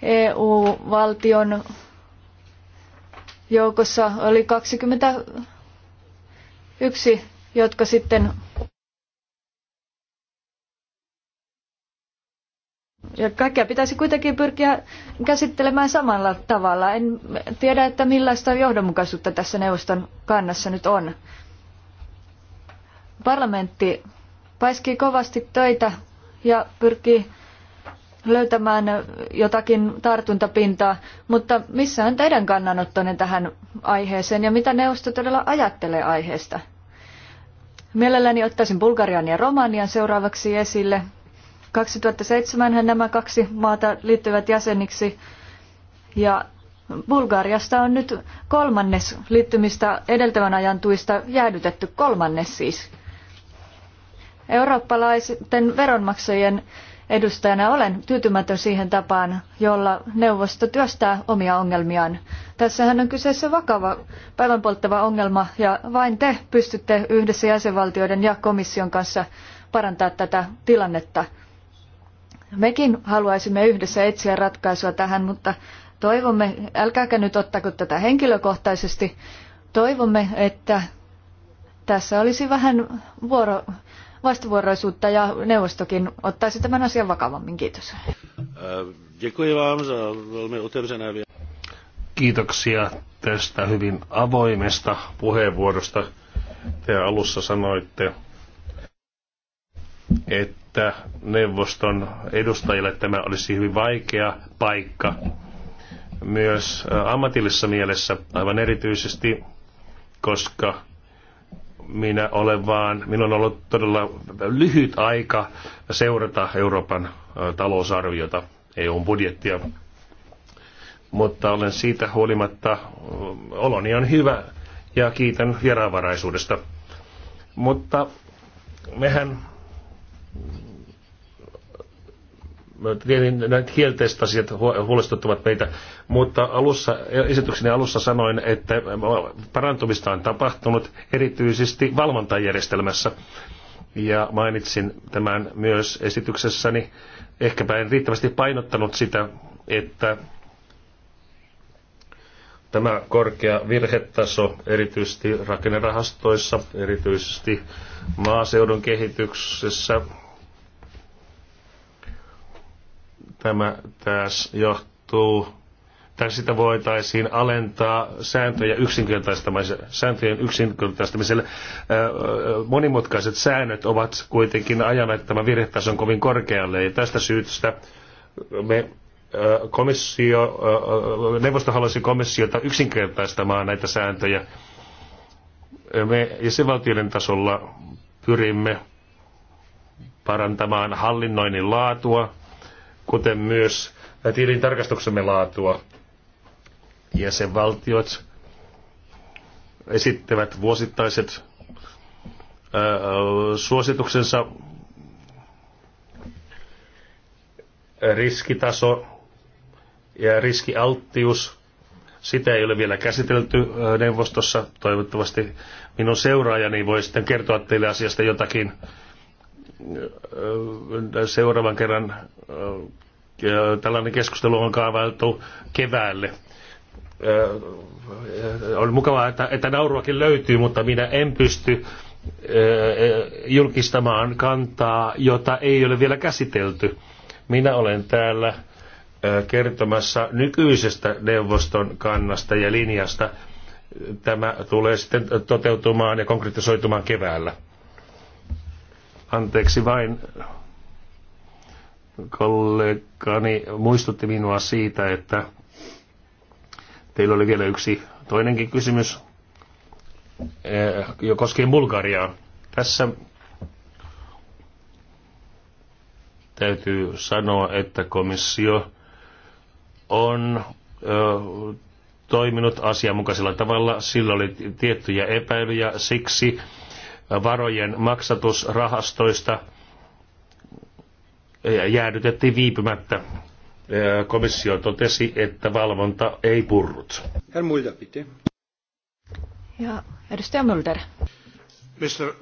EU-valtion joukossa oli 21, jotka sitten Ja kaikkea pitäisi kuitenkin pyrkiä käsittelemään samalla tavalla. En tiedä, että millaista johdonmukaisuutta tässä neuvoston kannassa nyt on. Parlamentti paiskii kovasti töitä ja pyrkii löytämään jotakin tartuntapintaa, mutta missä on teidän kannanottonne tähän aiheeseen ja mitä neuvosto todella ajattelee aiheesta? Mielelläni ottaisin Bulgarian ja Romanian seuraavaksi esille. 2007 nämä kaksi maata liittyvät jäseniksi ja Bulgariasta on nyt kolmannes liittymistä edeltävän ajan tuista jäädytetty, kolmannes siis. Eurooppalaisten veronmaksajien edustajana olen tyytymätön siihen tapaan, jolla neuvosto työstää omia ongelmiaan. Tässähän on kyseessä vakava päivänpolttava ongelma ja vain te pystytte yhdessä jäsenvaltioiden ja komission kanssa parantaa tätä tilannetta. Mekin haluaisimme yhdessä etsiä ratkaisua tähän, mutta toivomme, älkääkä nyt ottako tätä henkilökohtaisesti, toivomme, että tässä olisi vähän vuoro, vastavuoroisuutta ja neuvostokin ottaisi tämän asian vakavammin. Kiitos. Äh, Kiitoksia tästä hyvin avoimesta puheenvuorosta. Te alussa sanoitte, että neuvoston edustajille tämä olisi hyvin vaikea paikka myös äh, ammatillisessa mielessä, aivan erityisesti, koska minä olen vaan, minulla on ollut todella lyhyt aika seurata Euroopan talousarviota, EUn budjettia, mutta olen siitä huolimatta, oloni on hyvä ja kiitän vieraanvaraisuudesta. Mutta mehän Tietenkin nämä kielteiset asiat huolestuttavat meitä, mutta alussa, esitykseni alussa sanoin, että parantumista on tapahtunut erityisesti valvontajärjestelmässä. Ja mainitsin tämän myös esityksessäni. Ehkäpä en riittävästi painottanut sitä, että tämä korkea virhetaso erityisesti rakennerahastoissa, erityisesti maaseudun kehityksessä, Tämä taas johtuu, tai sitä voitaisiin alentaa sääntöjä sääntöjen yksinkertaistamiselle. Monimutkaiset säännöt ovat kuitenkin ajaneet tämän virhetason kovin korkealle, ja tästä syystä me komissio, neuvosto halusi komissiota yksinkertaistamaan näitä sääntöjä. Me jäsenvaltioiden tasolla pyrimme parantamaan hallinnoinnin laatua kuten myös tilintarkastuksemme tarkastuksemme laatua. Jäsenvaltiot esittävät vuosittaiset suosituksensa riskitaso ja riskialttius. Sitä ei ole vielä käsitelty neuvostossa. Toivottavasti minun seuraajani voi sitten kertoa teille asiasta jotakin seuraavan kerran tällainen keskustelu on kaavailtu keväälle. On mukavaa, että, että nauruakin löytyy, mutta minä en pysty julkistamaan kantaa, jota ei ole vielä käsitelty. Minä olen täällä kertomassa nykyisestä neuvoston kannasta ja linjasta. Tämä tulee sitten toteutumaan ja konkretisoitumaan keväällä. Anteeksi vain, kollegani muistutti minua siitä, että teillä oli vielä yksi toinenkin kysymys, eh, jo koskien Bulgariaa. Tässä täytyy sanoa, että komissio on eh, toiminut asianmukaisella tavalla. Sillä oli tiettyjä epäilyjä, siksi varojen maksatusrahastoista jäädytettiin viipymättä. Komissio totesi, että valvonta ei purrut. Herr Mulder, bitte. Ja edustaja Mulder. Mr.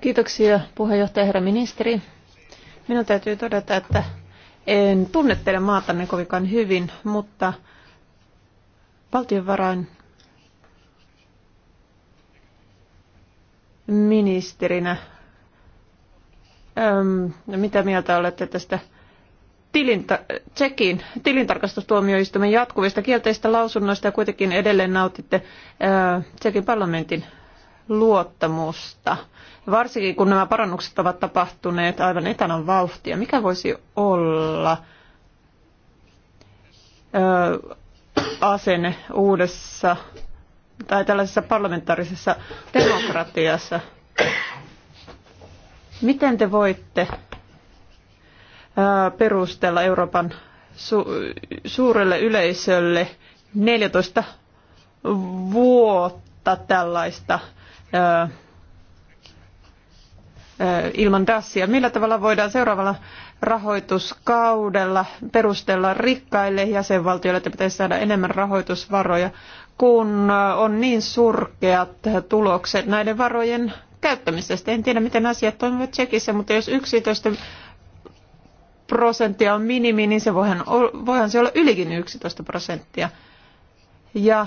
Kiitoksia puheenjohtaja herra ministeri. Minun täytyy todeta, että en tunne teidän maatanne kovinkaan hyvin, mutta valtionvarain ministerinä. Öm, no mitä mieltä olette tästä tilinta, Tsekin tilintarkastustuomioistuimen jatkuvista kielteistä lausunnoista ja kuitenkin edelleen nautitte ö, Tsekin parlamentin luottamusta, varsinkin kun nämä parannukset ovat tapahtuneet aivan etanan vauhtia. Mikä voisi olla ö, asenne uudessa tai tällaisessa parlamentaarisessa demokratiassa. Miten te voitte perustella Euroopan su- suurelle yleisölle 14 vuotta tällaista ää, ää, ilman dassia. Millä tavalla voidaan seuraavalla rahoituskaudella perustella rikkaille jäsenvaltioille, että pitäisi saada enemmän rahoitusvaroja, kun on niin surkeat tulokset näiden varojen käyttämisestä. En tiedä, miten asiat toimivat Tsekissä, mutta jos 11 prosenttia on minimi, niin se voihan, voihan se olla ylikin 11 prosenttia. Ja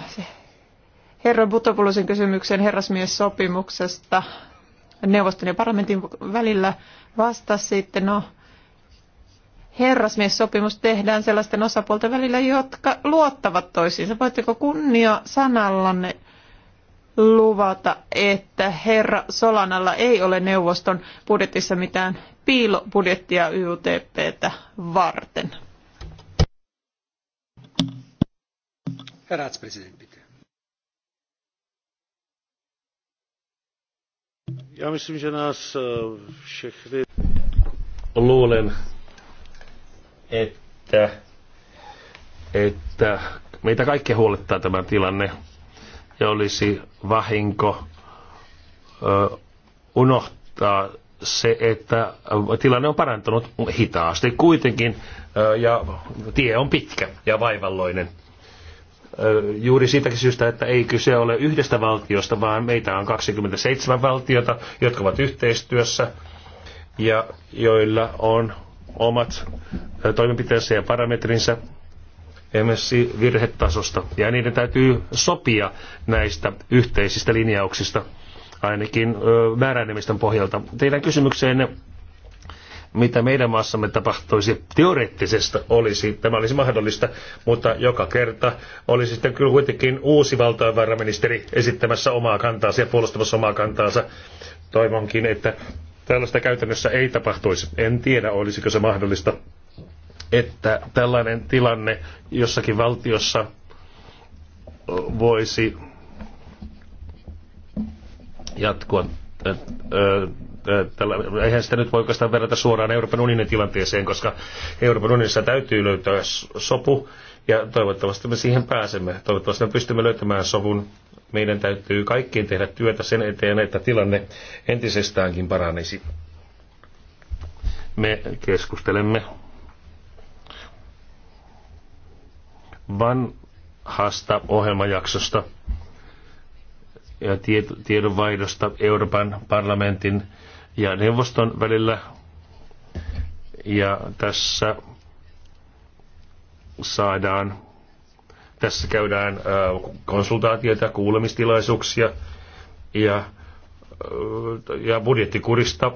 herra Butopulusin kysymyksen herrasmies-sopimuksesta neuvoston ja parlamentin välillä vastasi sitten, no herrasmiessopimus tehdään sellaisten osapuolten välillä, jotka luottavat toisiinsa. Voitteko kunnia sanallanne luvata, että herra Solanalla ei ole neuvoston budjetissa mitään piilobudjettia YUTPtä varten? Ratspresidentti. Ja myslím, že nás eh, všechny... Luulen, että, että meitä kaikkia huolettaa tämä tilanne ja olisi vahinko ö, unohtaa se, että tilanne on parantunut hitaasti kuitenkin ö, ja tie on pitkä ja vaivalloinen juuri siitäkin syystä, että ei kyse ole yhdestä valtiosta, vaan meitä on 27 valtiota, jotka ovat yhteistyössä ja joilla on omat toimenpiteensä ja parametrinsä esimerkiksi virhetasosta. Ja niiden täytyy sopia näistä yhteisistä linjauksista, ainakin määräenemmistön pohjalta. Teidän kysymykseenne, mitä meidän maassamme tapahtuisi teoreettisesta olisi, tämä olisi mahdollista, mutta joka kerta olisi sitten kyllä kuitenkin uusi valtiovarainministeri esittämässä omaa kantaansa ja puolustamassa omaa kantaansa. Toivonkin, että tällaista käytännössä ei tapahtuisi. En tiedä, olisiko se mahdollista, että tällainen tilanne jossakin valtiossa voisi jatkua. Tällä, eihän sitä nyt voi oikeastaan verrata suoraan Euroopan unionin tilanteeseen, koska Euroopan unionissa täytyy löytää sopu ja toivottavasti me siihen pääsemme. Toivottavasti me pystymme löytämään sovun. Meidän täytyy kaikkien tehdä työtä sen eteen, että tilanne entisestäänkin paranisi. Me keskustelemme vanhasta ohjelmajaksosta ja tiedonvaihdosta Euroopan parlamentin ja neuvoston välillä. Ja tässä saadaan, tässä käydään konsultaatioita, kuulemistilaisuuksia ja ja budjettikurista,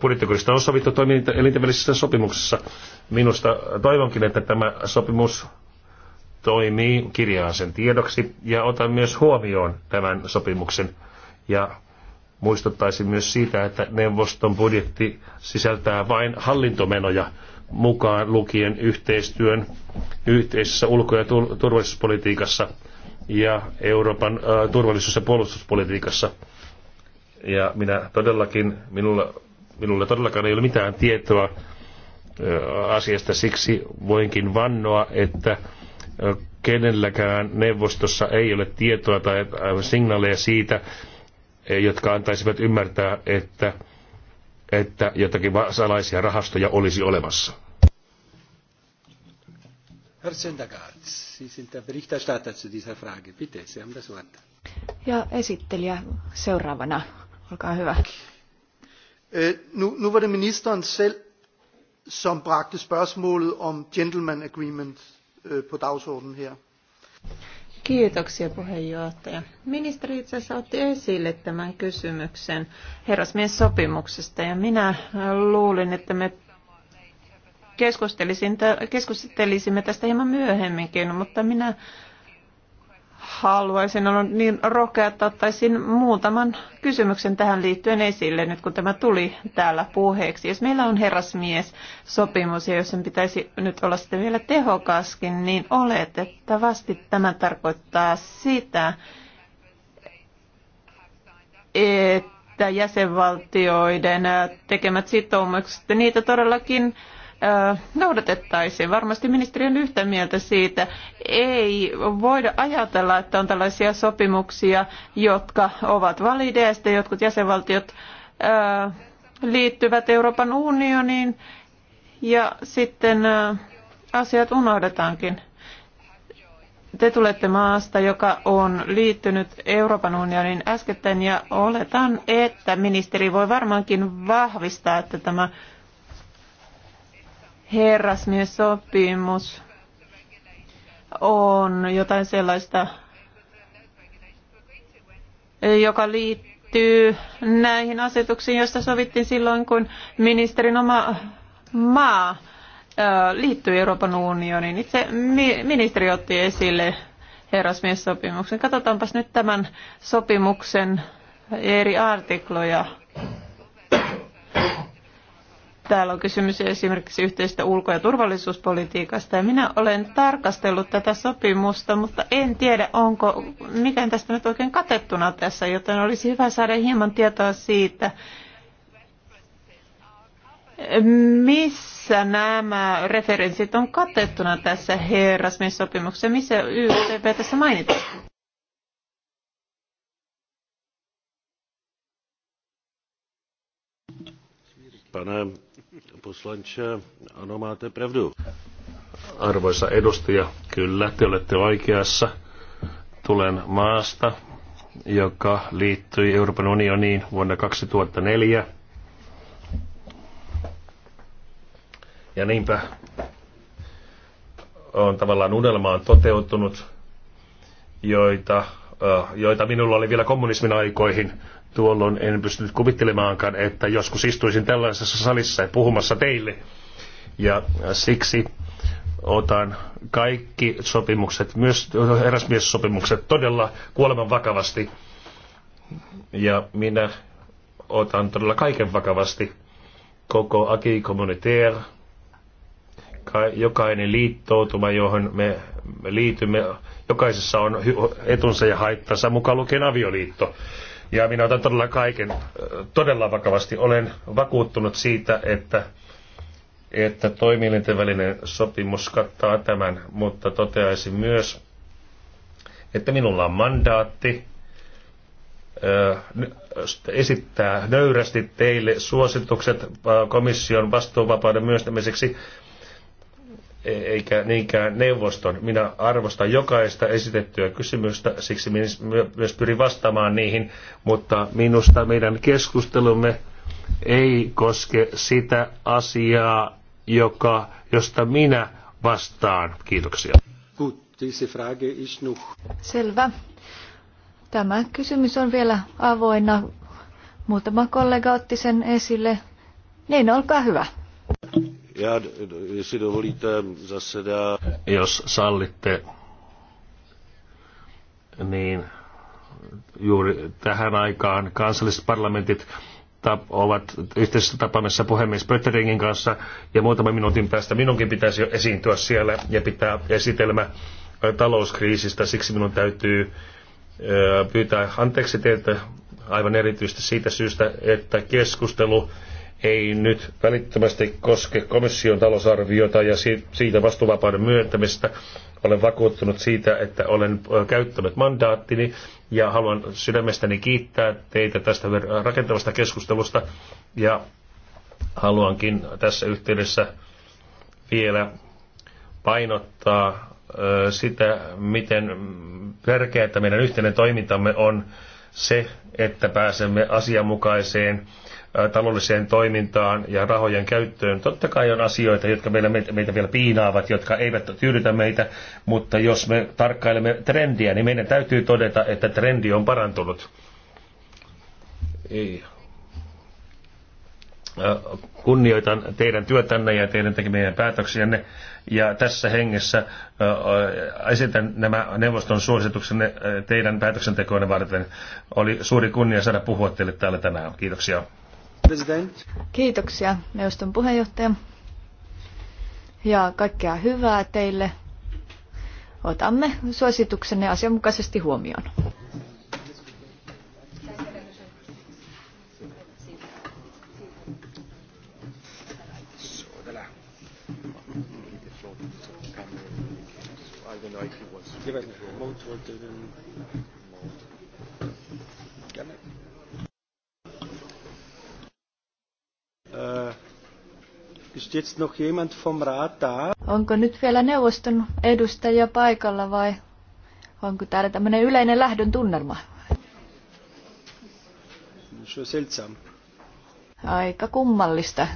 budjettikurista on sovittu toiminta sopimuksessa. Minusta toivonkin, että tämä sopimus toimii, kirjaan sen tiedoksi ja otan myös huomioon tämän sopimuksen. Ja muistuttaisin myös siitä, että neuvoston budjetti sisältää vain hallintomenoja, mukaan lukien yhteistyön yhteisessä ulko- ja turvallisuuspolitiikassa ja Euroopan äh, turvallisuus- ja puolustuspolitiikassa. Ja minä todellakin, minulla, minulla todellakaan ei ole mitään tietoa äh, asiasta, siksi voinkin vannoa, että äh, kenelläkään neuvostossa ei ole tietoa tai signaaleja siitä, jotka antaisivat ymmärtää, että että jotakin salaisia rahastoja olisi olemassa. Ja esittelijä seuraavana. Olkaa hyvä. Eh, nu, nu var det ministeren selv, som bragte spørgsmålet om gentleman agreement eh, på dagsordenen her. Kiitoksia puheenjohtaja. Ministeri itse asiassa otti esille tämän kysymyksen herrasmies sopimuksesta ja minä luulin, että me keskustelisimme tästä hieman myöhemminkin, mutta minä haluaisin olla niin rohkea, että ottaisin muutaman kysymyksen tähän liittyen esille, nyt kun tämä tuli täällä puheeksi. Jos meillä on herrasmies sopimus ja jos sen pitäisi nyt olla sitten vielä tehokaskin, niin oletettavasti tämä tarkoittaa sitä, että jäsenvaltioiden tekemät sitoumukset, niitä todellakin noudatettaisiin. Varmasti ministeri on yhtä mieltä siitä. Ei voida ajatella, että on tällaisia sopimuksia, jotka ovat valideista, jotkut jäsenvaltiot liittyvät Euroopan unioniin ja sitten asiat unohdetaankin. Te tulette maasta, joka on liittynyt Euroopan unionin äskettäin ja oletan, että ministeri voi varmaankin vahvistaa, että tämä herrasmiesopimus on jotain sellaista, joka liittyy näihin asetuksiin, joista sovittiin silloin, kun ministerin oma maa liittyi Euroopan unioniin. Itse ministeri otti esille herrasmiessopimuksen. Katsotaanpas nyt tämän sopimuksen eri artikloja. Täällä on kysymys esimerkiksi yhteistä ulko- ja turvallisuuspolitiikasta ja minä olen tarkastellut tätä sopimusta, mutta en tiedä, onko, miten tästä nyt oikein katettuna tässä, joten olisi hyvä saada hieman tietoa siitä, missä nämä referenssit on katettuna tässä herrasmies-sopimuksessa, missä YTP tässä mainitaan. Pane poslanče, ano máte pravdu. Arvoisa edustaja, kyllä te olette oikeassa. Tulen maasta, joka liittyi Euroopan unioniin vuonna 2004. Ja niinpä on tavallaan unelmaan toteutunut, joita, joita minulla oli vielä kommunismin aikoihin Tuolloin en pystynyt kuvittelemaankaan, että joskus istuisin tällaisessa salissa ja puhumassa teille. Ja siksi otan kaikki sopimukset, myös sopimukset todella kuoleman vakavasti. Ja minä otan todella kaiken vakavasti. Koko Aki Communitaire, jokainen liittoutuma, johon me liitymme, jokaisessa on etunsa ja haittansa, mukaan lukien avioliitto. Ja minä otan todella kaiken äh, todella vakavasti. Olen vakuuttunut siitä, että, että toimielinten välinen sopimus kattaa tämän, mutta toteaisin myös, että minulla on mandaatti äh, esittää nöyrästi teille suositukset äh, komission vastuuvapauden myöstämiseksi E- eikä niinkään neuvoston. Minä arvostan jokaista esitettyä kysymystä, siksi myös pyrin vastaamaan niihin, mutta minusta meidän keskustelumme ei koske sitä asiaa, joka, josta minä vastaan. Kiitoksia. Selvä. Tämä kysymys on vielä avoinna. Muutama kollega otti sen esille. Niin, olkaa hyvä. Ja, dovolíte, zasedá... Jos sallitte, niin juuri tähän aikaan kansalliset parlamentit tap, ovat yhteisessä tapaamisessa puhemies Pötteringin kanssa ja muutaman minuutin päästä minunkin pitäisi esiintyä siellä ja pitää esitelmä talouskriisistä. Siksi minun täytyy pyytää anteeksi teiltä aivan erityisesti siitä syystä, että keskustelu ei nyt välittömästi koske komission talousarviota ja siitä vastuuvapauden myöntämistä. Olen vakuuttunut siitä, että olen käyttänyt mandaattini ja haluan sydämestäni kiittää teitä tästä rakentavasta keskustelusta ja haluankin tässä yhteydessä vielä painottaa sitä, miten tärkeää meidän yhteinen toimintamme on se, että pääsemme asianmukaiseen taloudelliseen toimintaan ja rahojen käyttöön. Totta kai on asioita, jotka meillä, meitä vielä piinaavat, jotka eivät tyydytä meitä, mutta jos me tarkkailemme trendiä, niin meidän täytyy todeta, että trendi on parantunut. Ei. Kunnioitan teidän työtänne ja teidän tekemien päätöksienne. Ja tässä hengessä esitän nämä neuvoston suosituksenne teidän päätöksentekoonne varten. Oli suuri kunnia saada puhua teille täällä tänään. Kiitoksia. President. Kiitoksia neuvoston puheenjohtaja. Ja kaikkea hyvää teille. Otamme suosituksenne asianmukaisesti huomioon. Äh, onko nyt vielä neuvoston edustaja paikalla vai onko täällä tämmöinen yleinen lähdön tunnelma? Aika kummallista.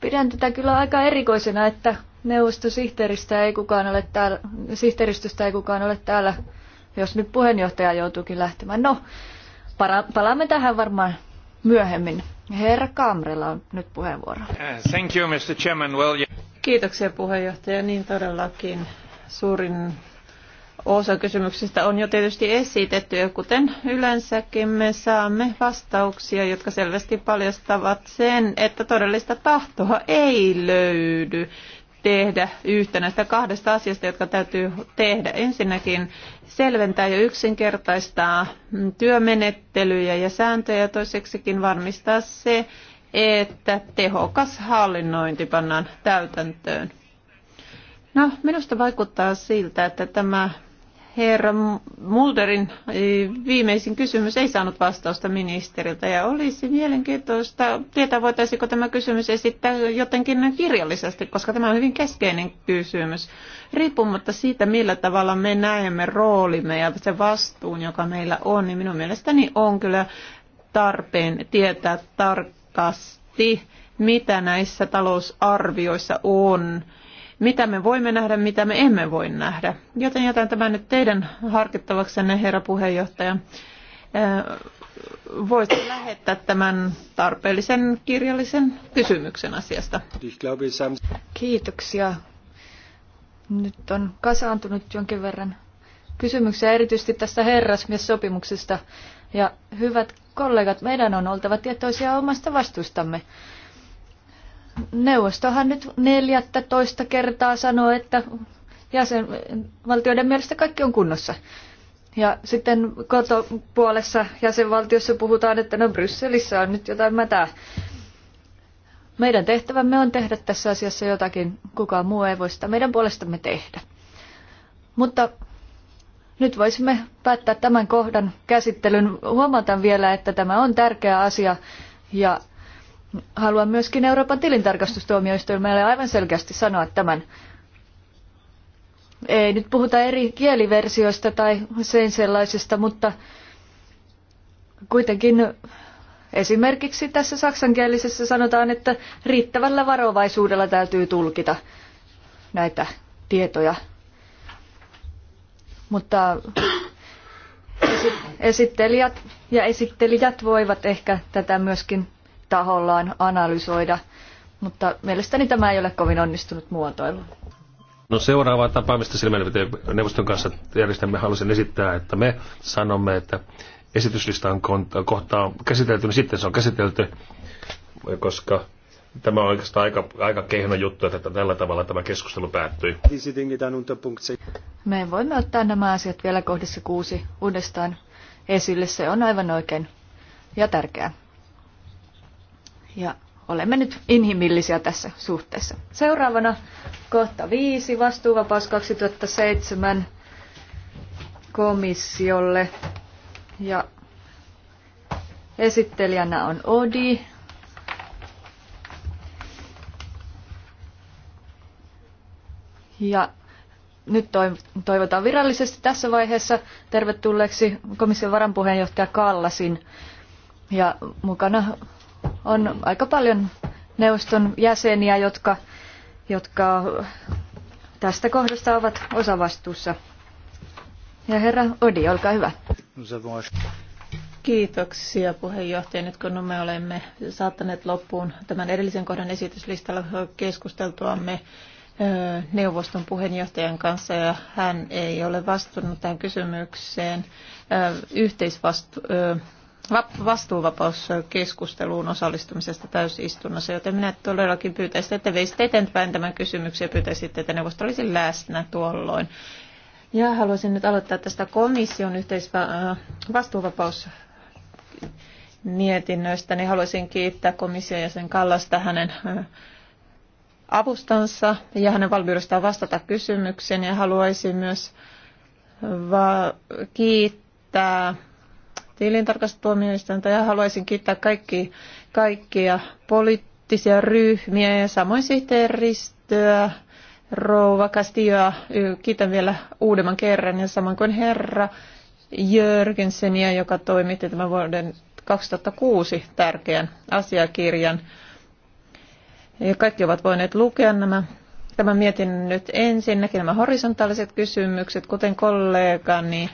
Pidän tätä kyllä aika erikoisena, että neuvostosihteeristä ei kukaan ole täällä, sihteeristöstä ei kukaan ole täällä, jos nyt puheenjohtaja joutuukin lähtemään. No, palaamme tähän varmaan myöhemmin. Herra Kamrella on nyt puheenvuoro. Uh, thank you, Mr. Chairman. Well, yeah. Kiitoksia puheenjohtaja. Niin todellakin suurin osa kysymyksistä on jo tietysti esitetty ja kuten yleensäkin me saamme vastauksia, jotka selvästi paljastavat sen, että todellista tahtoa ei löydy tehdä yhtä näistä kahdesta asiasta, jotka täytyy tehdä. Ensinnäkin selventää ja yksinkertaistaa työmenettelyjä ja sääntöjä ja toiseksikin varmistaa se, että tehokas hallinnointi pannaan täytäntöön. No, minusta vaikuttaa siltä, että tämä herra Mulderin eh, viimeisin kysymys ei saanut vastausta ministeriltä ja olisi mielenkiintoista tietää, voitaisiko tämä kysymys esittää jotenkin kirjallisesti, koska tämä on hyvin keskeinen kysymys. Riippumatta siitä, millä tavalla me näemme roolimme ja se vastuun, joka meillä on, niin minun mielestäni on kyllä tarpeen tietää tarkasti, mitä näissä talousarvioissa on mitä me voimme nähdä, mitä me emme voi nähdä. Joten jätän tämän nyt teidän harkittavaksenne, herra puheenjohtaja. Voisitte lähettää tämän tarpeellisen kirjallisen kysymyksen asiasta. Kiitoksia. Nyt on kasaantunut jonkin verran kysymyksiä erityisesti tästä herrasmies-sopimuksesta. Ja hyvät kollegat, meidän on oltava tietoisia omasta vastuustamme neuvostohan nyt 14 kertaa sanoo, että jäsenvaltioiden mielestä kaikki on kunnossa. Ja sitten kotopuolessa jäsenvaltiossa puhutaan, että no Brysselissä on nyt jotain mätää. Meidän tehtävämme on tehdä tässä asiassa jotakin, kukaan muu ei voi sitä meidän puolestamme tehdä. Mutta nyt voisimme päättää tämän kohdan käsittelyn. Huomataan vielä, että tämä on tärkeä asia ja Haluan myöskin Euroopan tilintarkastustuomioistuimelle aivan selkeästi sanoa tämän. Ei nyt puhuta eri kieliversioista tai sen sellaisista, mutta kuitenkin esimerkiksi tässä saksankielisessä sanotaan, että riittävällä varovaisuudella täytyy tulkita näitä tietoja. Mutta esittelijät ja esittelijät voivat ehkä tätä myöskin tahollaan analysoida, mutta mielestäni tämä ei ole kovin onnistunut muotoilu. No seuraavaa tapaamista silmäilmiteen neuvoston kanssa järjestämme haluaisin esittää, että me sanomme, että esityslista on kohtaa käsitelty, niin sitten se on käsitelty, koska tämä on oikeastaan aika, aika kehno juttu, että tällä tavalla tämä keskustelu päättyi. Me voimme ottaa nämä asiat vielä kohdassa kuusi uudestaan esille. Se on aivan oikein ja tärkeää. Ja olemme nyt inhimillisiä tässä suhteessa. Seuraavana kohta viisi, vastuuvapaus 2007 komissiolle. Ja esittelijänä on Odi. Ja nyt toivotaan virallisesti tässä vaiheessa tervetulleeksi komission varanpuheenjohtaja Kallasin. Ja mukana on aika paljon neuvoston jäseniä, jotka, jotka tästä kohdasta ovat osavastuussa. Ja herra Odi, olkaa hyvä. Kiitoksia puheenjohtaja. Nyt kun me olemme saattaneet loppuun tämän edellisen kohdan esityslistalla keskusteltuamme neuvoston puheenjohtajan kanssa ja hän ei ole vastannut tähän kysymykseen yhteisvastu- vastuuvapauskeskusteluun osallistumisesta täysistunnossa, joten minä todellakin pyytäisin, että veisitte eteenpäin tämän kysymyksen ja pyytäisitte, että neuvosto olisi läsnä tuolloin. Ja haluaisin nyt aloittaa tästä komission yhteisvastuuvapaus äh, mietinnöstä, niin haluaisin kiittää komission jäsen Kallasta hänen äh, avustansa ja hänen valmiudestaan vastata kysymykseen ja haluaisin myös äh, kiittää tilintarkastustuomioistuinta ja haluaisin kiittää kaikki, kaikkia poliittisia ryhmiä ja samoin sihteeristöä, rouva Castilloa, kiitän vielä uudemman kerran ja samoin kuin herra Jörgensenia, joka toimitti tämän vuoden 2006 tärkeän asiakirjan. Ja kaikki ovat voineet lukea nämä Tämä mietin nyt ensinnäkin nämä horisontaaliset kysymykset, kuten kollegani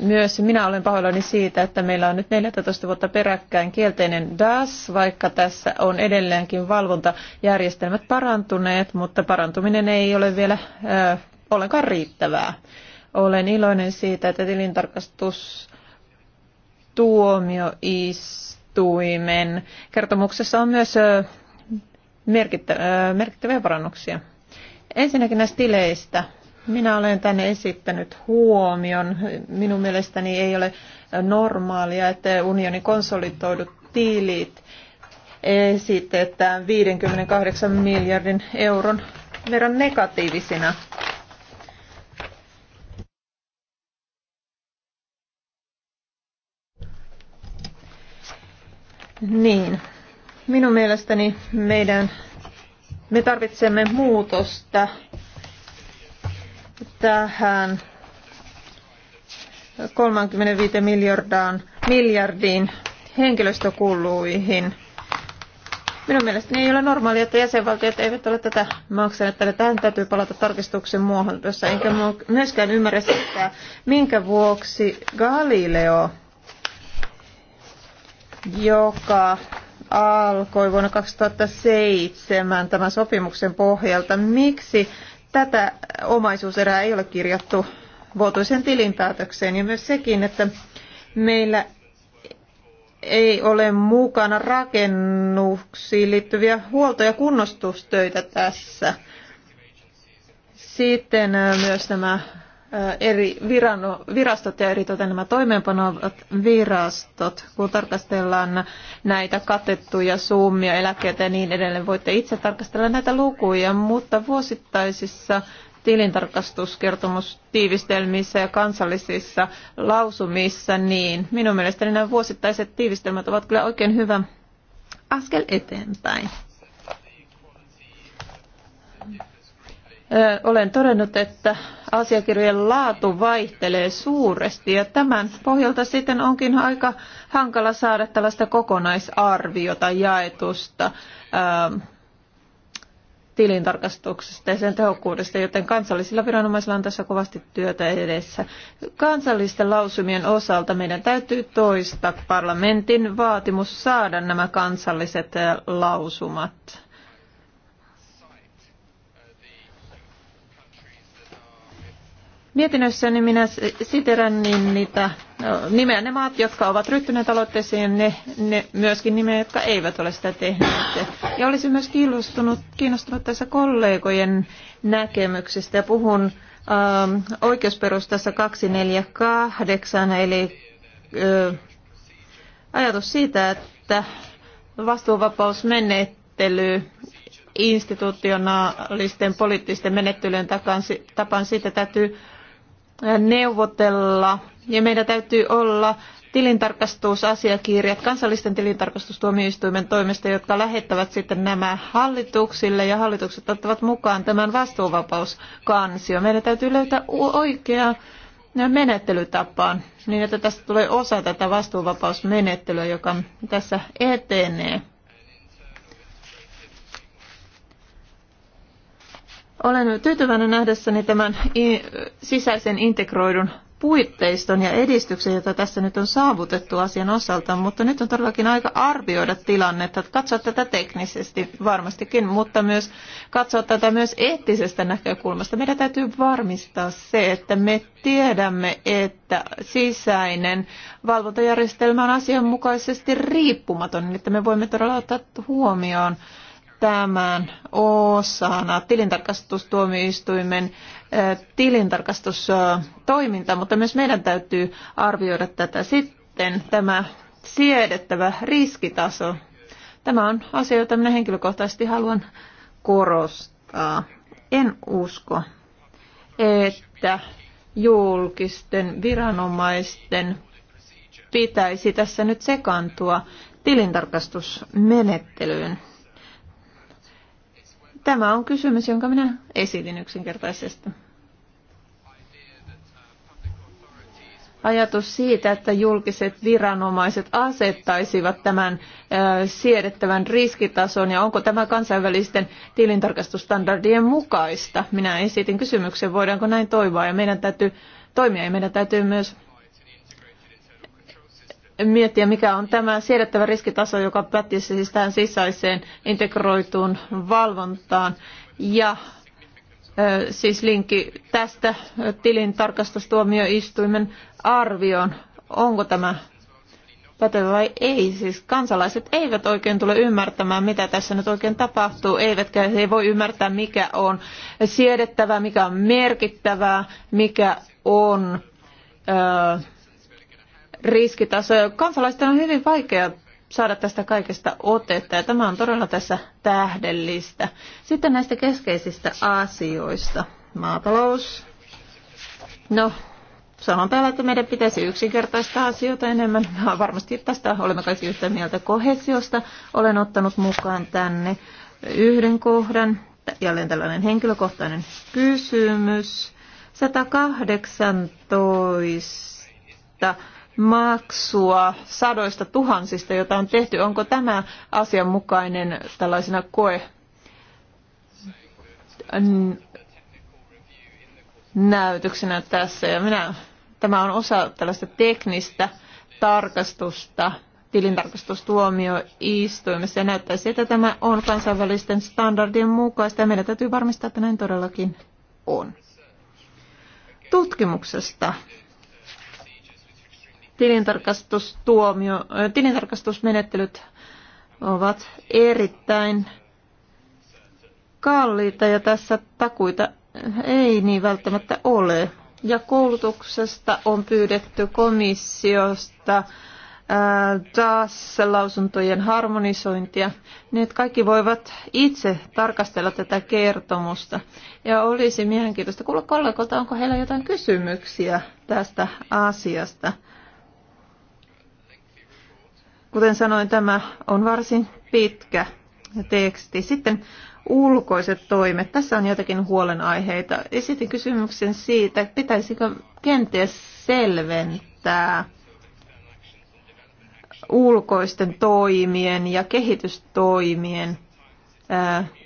myös minä olen pahoillani siitä, että meillä on nyt 14 vuotta peräkkäin kielteinen DAS, vaikka tässä on edelleenkin valvontajärjestelmät parantuneet, mutta parantuminen ei ole vielä ö, äh, ollenkaan riittävää. Olen iloinen siitä, että tilintarkastus tuomioistuimen kertomuksessa on myös äh, äh, merkittäviä parannuksia. Ensinnäkin näistä tileistä minä olen tänne esittänyt huomion. Minun mielestäni ei ole normaalia, että unionin konsolidoidut tiilit esitetään 58 miljardin euron verran negatiivisina. Niin. Minun mielestäni meidän, me tarvitsemme muutosta tähän 35 miljardaan, miljardiin henkilöstökuluihin. Minun mielestäni ei ole normaalia, että jäsenvaltiot eivät ole tätä maksaneet. Tälle tähän täytyy palata tarkistuksen muuhun, jossa enkä myöskään ymmärrä sitä, minkä vuoksi Galileo, joka alkoi vuonna 2007 tämän sopimuksen pohjalta, miksi tätä omaisuuserää ei ole kirjattu vuotuisen tilinpäätökseen ja myös sekin, että meillä ei ole mukana rakennuksiin liittyviä huolto- ja kunnostustöitä tässä. Sitten myös nämä eri virano, virastot ja eritoten nämä toimeenpanovat virastot, kun tarkastellaan näitä katettuja summia, eläkkeitä ja niin edelleen. Voitte itse tarkastella näitä lukuja, mutta vuosittaisissa tilintarkastuskertomustiivistelmissä ja kansallisissa lausumissa, niin minun mielestäni nämä vuosittaiset tiivistelmät ovat kyllä oikein hyvä askel eteenpäin. olen todennut, että asiakirjojen laatu vaihtelee suuresti ja tämän pohjalta sitten onkin aika hankala saada tällaista kokonaisarviota jaetusta tilintarkastuksesta ja sen tehokkuudesta, joten kansallisilla viranomaisilla on tässä kovasti työtä edessä. Kansallisten lausumien osalta meidän täytyy toistaa parlamentin vaatimus saada nämä kansalliset lausumat Mietinnössäni minä siteran niin niitä no, nimeä ne maat, jotka ovat ryhtyneet aloitteeseen, ne, ne myöskin nimeä, jotka eivät ole sitä tehneet. Ja olisin myös kiinnostunut, kiinnostunut tässä kollegojen näkemyksistä ja puhun ähm, oikeusperustassa 248, eli äh, ajatus siitä, että vastuuvapaus menettely institutionaalisten poliittisten menettelyjen tapaan siitä täytyy neuvotella ja meidän täytyy olla tilintarkastusasiakirjat kansallisten tilintarkastustuomioistuimen toimesta, jotka lähettävät sitten nämä hallituksille ja hallitukset ottavat mukaan tämän vastuuvapauskansio. Meidän täytyy löytää oikea menettelytapaan niin, että tästä tulee osa tätä vastuuvapausmenettelyä, joka tässä etenee. Olen tyytyväinen nähdessäni tämän sisäisen integroidun puitteiston ja edistyksen, jota tässä nyt on saavutettu asian osalta, mutta nyt on todellakin aika arvioida tilannetta, katsoa tätä teknisesti varmastikin, mutta myös katsoa tätä myös eettisestä näkökulmasta. Meidän täytyy varmistaa se, että me tiedämme, että sisäinen valvontajärjestelmä on asianmukaisesti riippumaton, niin että me voimme todella ottaa huomioon tämän osana tilintarkastustuomioistuimen tilintarkastustoiminta, mutta myös meidän täytyy arvioida tätä sitten, tämä siedettävä riskitaso. Tämä on asia, jota minä henkilökohtaisesti haluan korostaa. En usko, että julkisten viranomaisten pitäisi tässä nyt sekantua tilintarkastusmenettelyyn. Tämä on kysymys, jonka minä esitin yksinkertaisesti. Ajatus siitä, että julkiset viranomaiset asettaisivat tämän siedettävän riskitason ja onko tämä kansainvälisten tilintarkastustandardien mukaista. Minä esitin kysymyksen, voidaanko näin toivoa ja meidän täytyy toimia ja meidän täytyy myös miettiä, mikä on tämä siedettävä riskitaso, joka pätisi siis tähän sisäiseen integroituun valvontaan. Ja siis linkki tästä tilin tarkastustuomioistuimen arvioon, onko tämä pätevä vai ei. Siis kansalaiset eivät oikein tule ymmärtämään, mitä tässä nyt oikein tapahtuu, eivätkä he ei voi ymmärtää, mikä on siedettävää, mikä on merkittävää, mikä on... Öö, riskitaso. Kansalaisten on hyvin vaikea saada tästä kaikesta otetta ja tämä on todella tässä tähdellistä. Sitten näistä keskeisistä asioista. Maatalous. No, sanon täällä, että meidän pitäisi yksinkertaistaa asioita enemmän. Varmasti tästä olemme kaikki yhtä mieltä kohesiosta. Olen ottanut mukaan tänne yhden kohdan. Jälleen tällainen henkilökohtainen kysymys. 118 maksua sadoista tuhansista, jota on tehty. Onko tämä asianmukainen tällaisena koe näytöksenä tässä? Ja minä, tämä on osa tällaista teknistä tarkastusta tilintarkastustuomioistuimessa ja näyttäisi, että tämä on kansainvälisten standardien mukaista ja meidän täytyy varmistaa, että näin todellakin on. Tutkimuksesta tilintarkastustuomio, äh, tilintarkastusmenettelyt ovat erittäin kalliita ja tässä takuita ei niin välttämättä ole. Ja koulutuksesta on pyydetty komissiosta äh, taas lausuntojen harmonisointia, niin kaikki voivat itse tarkastella tätä kertomusta. Ja olisi mielenkiintoista kuulla kollegoilta, onko heillä jotain kysymyksiä tästä asiasta. Kuten sanoin, tämä on varsin pitkä teksti. Sitten ulkoiset toimet. Tässä on jotakin huolenaiheita. Esitin kysymyksen siitä, että pitäisikö kenties selventää ulkoisten toimien ja kehitystoimien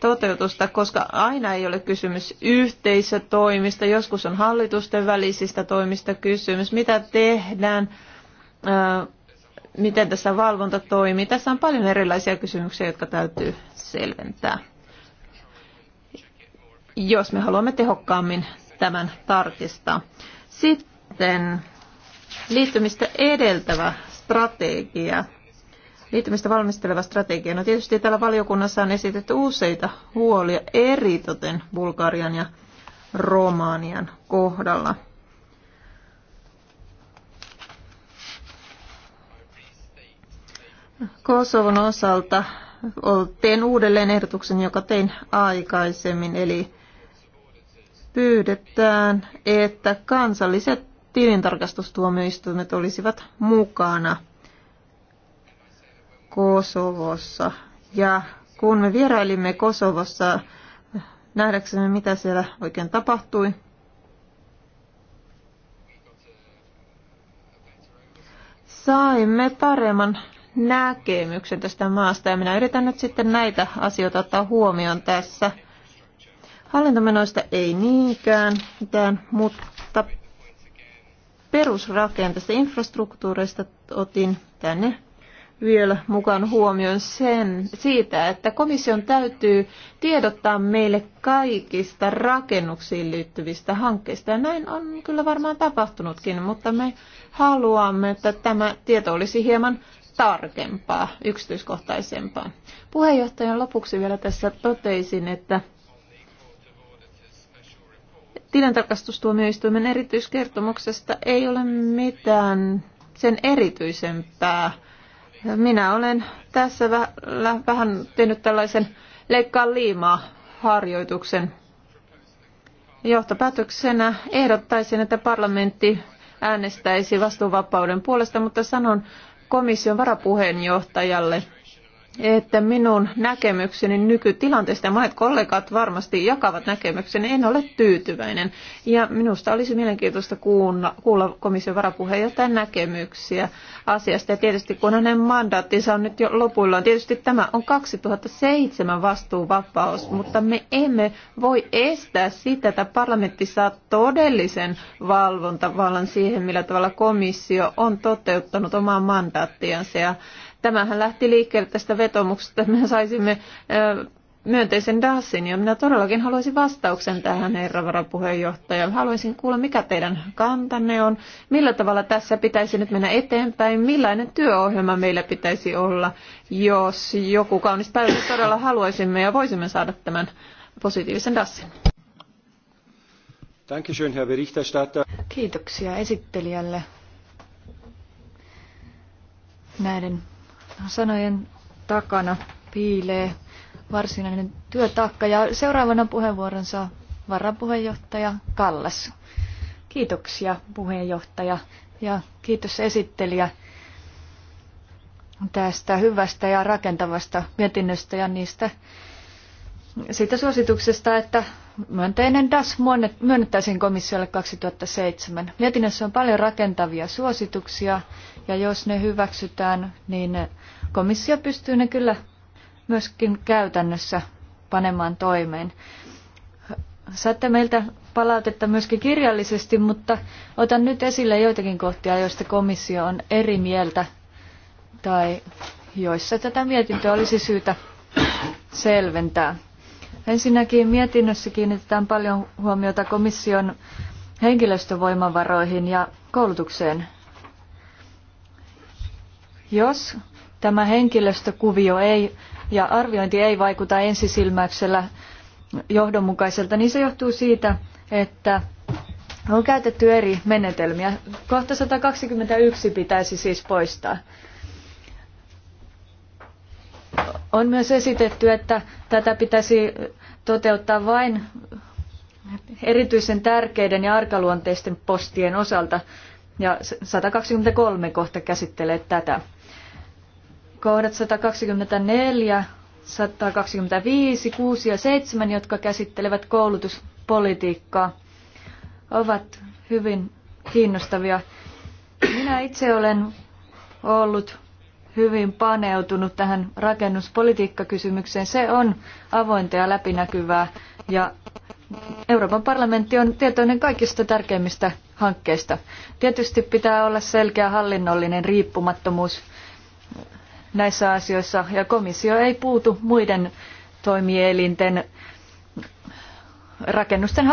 toteutusta, koska aina ei ole kysymys yhteisötoimista, joskus on hallitusten välisistä toimista kysymys, mitä tehdään miten tässä valvonta toimii. Tässä on paljon erilaisia kysymyksiä, jotka täytyy selventää. Jos me haluamme tehokkaammin tämän tarkistaa. Sitten liittymistä edeltävä strategia. Liittymistä valmisteleva strategia. No tietysti täällä valiokunnassa on esitetty useita huolia eritoten Bulgarian ja Romanian kohdalla. Kosovon osalta teen uudelleen ehdotuksen, joka tein aikaisemmin, eli pyydetään, että kansalliset tilintarkastustuomioistuimet olisivat mukana Kosovossa. Ja kun me vierailimme Kosovossa nähdäksemme, mitä siellä oikein tapahtui, saimme paremman näkemyksen tästä maasta ja minä yritän nyt sitten näitä asioita ottaa huomioon tässä. Hallintomenoista ei niinkään mitään, mutta perusrakenteesta, infrastruktuurista otin tänne vielä mukaan huomioon sen siitä, että komission täytyy tiedottaa meille kaikista rakennuksiin liittyvistä hankkeista. Ja näin on kyllä varmaan tapahtunutkin, mutta me haluamme, että tämä tieto olisi hieman tarkempaa, yksityiskohtaisempaa. Puheenjohtajan lopuksi vielä tässä toteisin, että tilintarkastustuomioistuimen erityiskertomuksesta ei ole mitään sen erityisempää. Minä olen tässä vähän tehnyt tällaisen leikkaa liimaa harjoituksen. Johtopäätöksenä ehdottaisin, että parlamentti äänestäisi vastuuvapauden puolesta, mutta sanon komission varapuheenjohtajalle että minun näkemykseni nykytilanteesta, ja monet kollegat varmasti jakavat näkemykseni, en ole tyytyväinen. Ja minusta olisi mielenkiintoista kuulla, kuulla komission varapuheenjohtajan näkemyksiä asiasta. Ja tietysti kun hänen mandaattinsa on nyt jo lopuillaan, tietysti tämä on 2007 vastuuvapaus, mutta me emme voi estää sitä, että parlamentti saa todellisen valvontavallan siihen, millä tavalla komissio on toteuttanut omaa mandaattiansa. Tämähän lähti liikkeelle tästä vetomuksesta, että me saisimme myönteisen Dassin. ja minä todellakin haluaisin vastauksen tähän, herra varapuheenjohtaja. Haluaisin kuulla, mikä teidän kantanne on, millä tavalla tässä pitäisi nyt mennä eteenpäin, millainen työohjelma meillä pitäisi olla, jos joku kaunis päivä todella haluaisimme ja voisimme saada tämän positiivisen Dassin. Dankeschön, Herr Berichterstatter. Kiitoksia esittelijälle näiden sanojen takana piilee varsinainen työtaakka. Ja seuraavana puheenvuoronsa varapuheenjohtaja Kallas. Kiitoksia puheenjohtaja ja kiitos esittelijä tästä hyvästä ja rakentavasta mietinnöstä ja niistä siitä suosituksesta, että myönteinen DAS myönnettäisiin komissiolle 2007. Mietinnössä on paljon rakentavia suosituksia ja jos ne hyväksytään, niin komissio pystyy ne kyllä myöskin käytännössä panemaan toimeen. Saatte meiltä palautetta myöskin kirjallisesti, mutta otan nyt esille joitakin kohtia, joista komissio on eri mieltä tai joissa tätä mietintöä olisi syytä selventää. Ensinnäkin mietinnössä kiinnitetään paljon huomiota komission henkilöstövoimavaroihin ja koulutukseen. Jos Tämä henkilöstökuvio ei ja arviointi ei vaikuta ensisilmäyksellä johdonmukaiselta, niin se johtuu siitä, että on käytetty eri menetelmiä. Kohta 121 pitäisi siis poistaa. On myös esitetty, että tätä pitäisi toteuttaa vain erityisen tärkeiden ja arkaluonteisten postien osalta, ja 123 kohta käsittelee tätä kohdat 124, 125, 6 ja 7, jotka käsittelevät koulutuspolitiikkaa, ovat hyvin kiinnostavia. Minä itse olen ollut hyvin paneutunut tähän rakennuspolitiikkakysymykseen. Se on avointa ja läpinäkyvää ja Euroopan parlamentti on tietoinen kaikista tärkeimmistä hankkeista. Tietysti pitää olla selkeä hallinnollinen riippumattomuus näissä asioissa ja komissio ei puutu muiden toimielinten rakennusten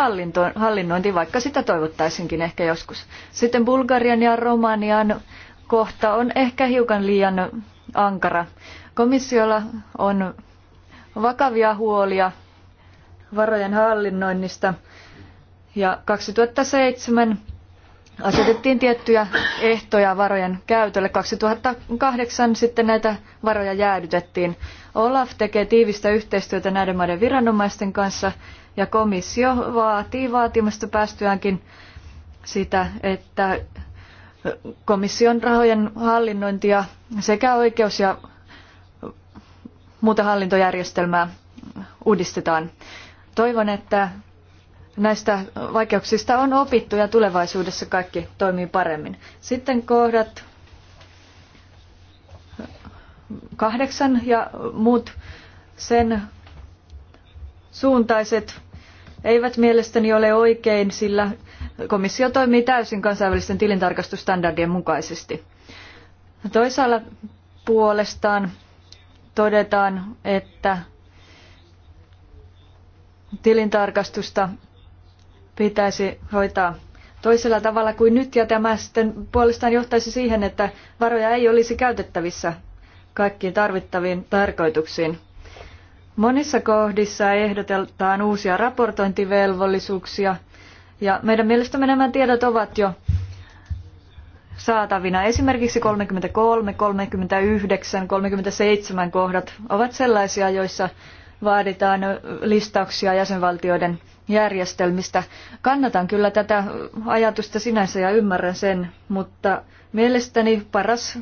hallinnointi, vaikka sitä toivottaisinkin ehkä joskus. Sitten Bulgarian ja Romanian kohta on ehkä hiukan liian ankara. Komissiolla on vakavia huolia varojen hallinnoinnista ja 2007 asetettiin tiettyjä ehtoja varojen käytölle. 2008 sitten näitä varoja jäädytettiin. Olaf tekee tiivistä yhteistyötä näiden maiden viranomaisten kanssa ja komissio vaatii vaatimasta päästyäänkin sitä, että komission rahojen hallinnointia sekä oikeus- ja muuta hallintojärjestelmää uudistetaan. Toivon, että näistä vaikeuksista on opittu ja tulevaisuudessa kaikki toimii paremmin. Sitten kohdat kahdeksan ja muut sen suuntaiset eivät mielestäni ole oikein, sillä komissio toimii täysin kansainvälisten tilintarkastustandardien mukaisesti. Toisaalla puolestaan todetaan, että tilintarkastusta pitäisi hoitaa toisella tavalla kuin nyt, ja tämä sitten puolestaan johtaisi siihen, että varoja ei olisi käytettävissä kaikkiin tarvittaviin tarkoituksiin. Monissa kohdissa ehdotetaan uusia raportointivelvollisuuksia, ja meidän mielestämme nämä tiedot ovat jo saatavina. Esimerkiksi 33, 39, 37 kohdat ovat sellaisia, joissa vaaditaan listauksia jäsenvaltioiden järjestelmistä. Kannatan kyllä tätä ajatusta sinänsä ja ymmärrän sen, mutta mielestäni paras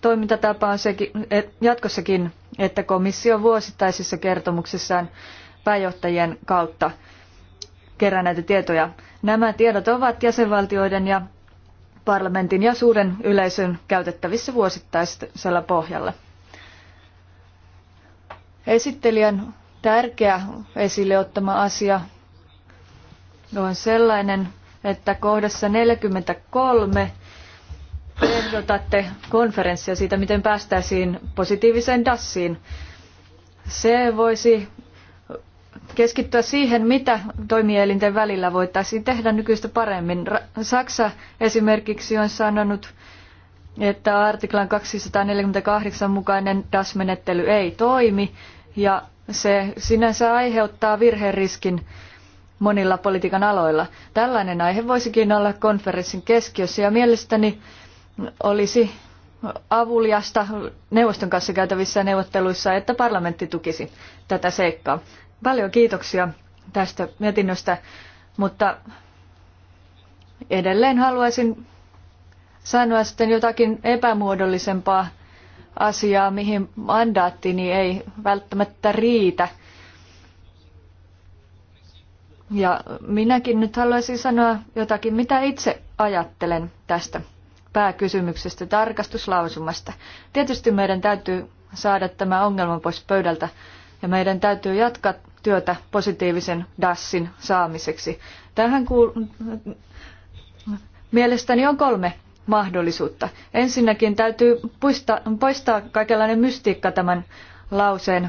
toimintatapa on sekin, et jatkossakin, että komissio vuosittaisissa kertomuksissaan pääjohtajien kautta kerää näitä tietoja. Nämä tiedot ovat jäsenvaltioiden ja parlamentin ja suuren yleisön käytettävissä vuosittaisella pohjalla. Esittelijän tärkeä esille ottama asia on sellainen, että kohdassa 43 ehdotatte konferenssia siitä, miten päästäisiin positiiviseen DASiin. Se voisi keskittyä siihen, mitä toimielinten välillä voitaisiin tehdä nykyistä paremmin. Saksa esimerkiksi on sanonut, että artiklan 248 mukainen DAS-menettely ei toimi ja se sinänsä aiheuttaa virheriskin monilla politiikan aloilla. Tällainen aihe voisikin olla konferenssin keskiössä ja mielestäni olisi avuliasta neuvoston kanssa käytävissä neuvotteluissa, että parlamentti tukisi tätä seikkaa. Paljon kiitoksia tästä mietinnöstä, mutta edelleen haluaisin sanoa sitten jotakin epämuodollisempaa asiaa, mihin mandaattini ei välttämättä riitä – ja minäkin nyt haluaisin sanoa jotakin, mitä itse ajattelen tästä pääkysymyksestä, tarkastuslausumasta. Tietysti meidän täytyy saada tämä ongelma pois pöydältä ja meidän täytyy jatkaa työtä positiivisen DASin saamiseksi. Tähän kuul- mielestäni on kolme mahdollisuutta. Ensinnäkin täytyy poistaa, poistaa kaikenlainen mystiikka tämän lauseen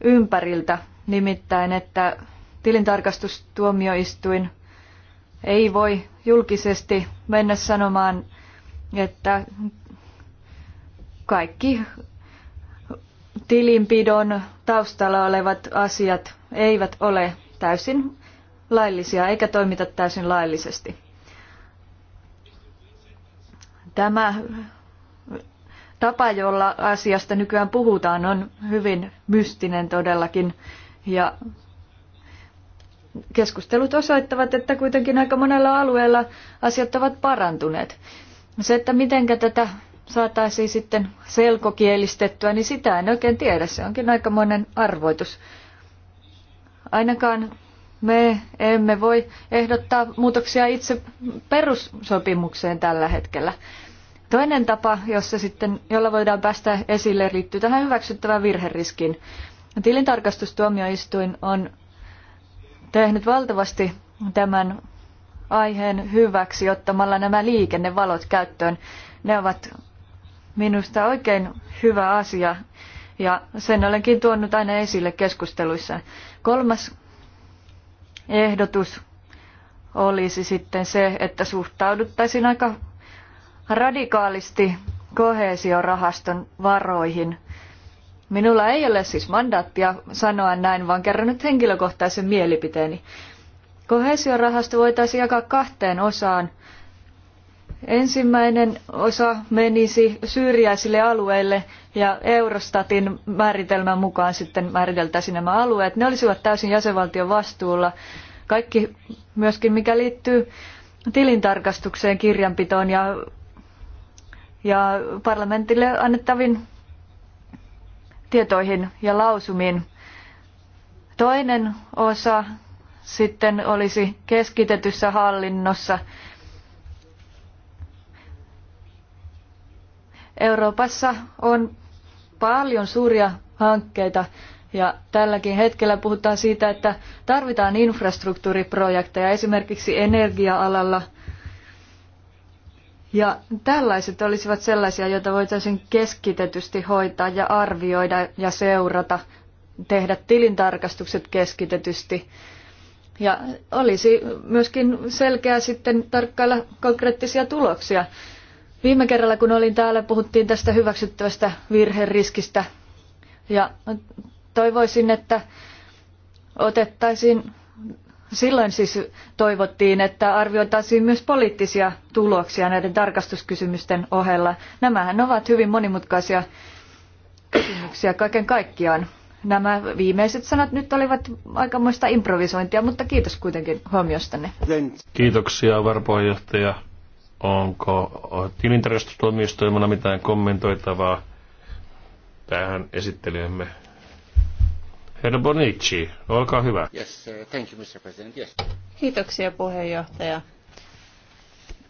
ympäriltä, nimittäin että tilintarkastustuomioistuin ei voi julkisesti mennä sanomaan, että kaikki tilinpidon taustalla olevat asiat eivät ole täysin laillisia eikä toimita täysin laillisesti. Tämä tapa, jolla asiasta nykyään puhutaan, on hyvin mystinen todellakin ja keskustelut osoittavat, että kuitenkin aika monella alueella asiat ovat parantuneet. Se, että miten tätä saataisiin sitten selkokielistettyä, niin sitä en oikein tiedä. Se onkin monen arvoitus. Ainakaan me emme voi ehdottaa muutoksia itse perussopimukseen tällä hetkellä. Toinen tapa, jossa sitten, jolla voidaan päästä esille, liittyy tähän hyväksyttävän virheriskin. Tilintarkastustuomioistuin on tehnyt valtavasti tämän aiheen hyväksi ottamalla nämä liikennevalot käyttöön. Ne ovat minusta oikein hyvä asia ja sen olenkin tuonut aina esille keskusteluissa. Kolmas ehdotus olisi sitten se, että suhtauduttaisiin aika radikaalisti kohesiorahaston varoihin – Minulla ei ole siis mandaattia sanoa näin, vaan kerron nyt henkilökohtaisen mielipiteeni. Kohesiorahasto voitaisiin jakaa kahteen osaan. Ensimmäinen osa menisi syrjäisille alueille ja Eurostatin määritelmän mukaan sitten määriteltäisiin nämä alueet. Ne olisivat täysin jäsenvaltion vastuulla. Kaikki myöskin mikä liittyy tilintarkastukseen, kirjanpitoon ja, ja parlamentille annettaviin tietoihin ja lausumiin. Toinen osa sitten olisi keskitetyssä hallinnossa. Euroopassa on paljon suuria hankkeita ja tälläkin hetkellä puhutaan siitä, että tarvitaan infrastruktuuriprojekteja esimerkiksi energia-alalla – ja tällaiset olisivat sellaisia, joita voitaisiin keskitetysti hoitaa ja arvioida ja seurata, tehdä tilintarkastukset keskitetysti. Ja olisi myöskin selkeää sitten tarkkailla konkreettisia tuloksia. Viime kerralla, kun olin täällä, puhuttiin tästä hyväksyttävästä virheriskistä. Ja toivoisin, että otettaisiin Silloin siis toivottiin, että arvioitaisiin myös poliittisia tuloksia näiden tarkastuskysymysten ohella. Nämähän ovat hyvin monimutkaisia kysymyksiä kaiken kaikkiaan. Nämä viimeiset sanat nyt olivat aikamoista improvisointia, mutta kiitos kuitenkin huomiostanne. Kiitoksia varapuheenjohtaja. Onko tilintarkastustuomioistuimena mitään kommentoitavaa tähän esittelyämme? Herra Bonici, olkaa hyvä. Yes, thank you, Mr. President. Yes. Kiitoksia puheenjohtaja.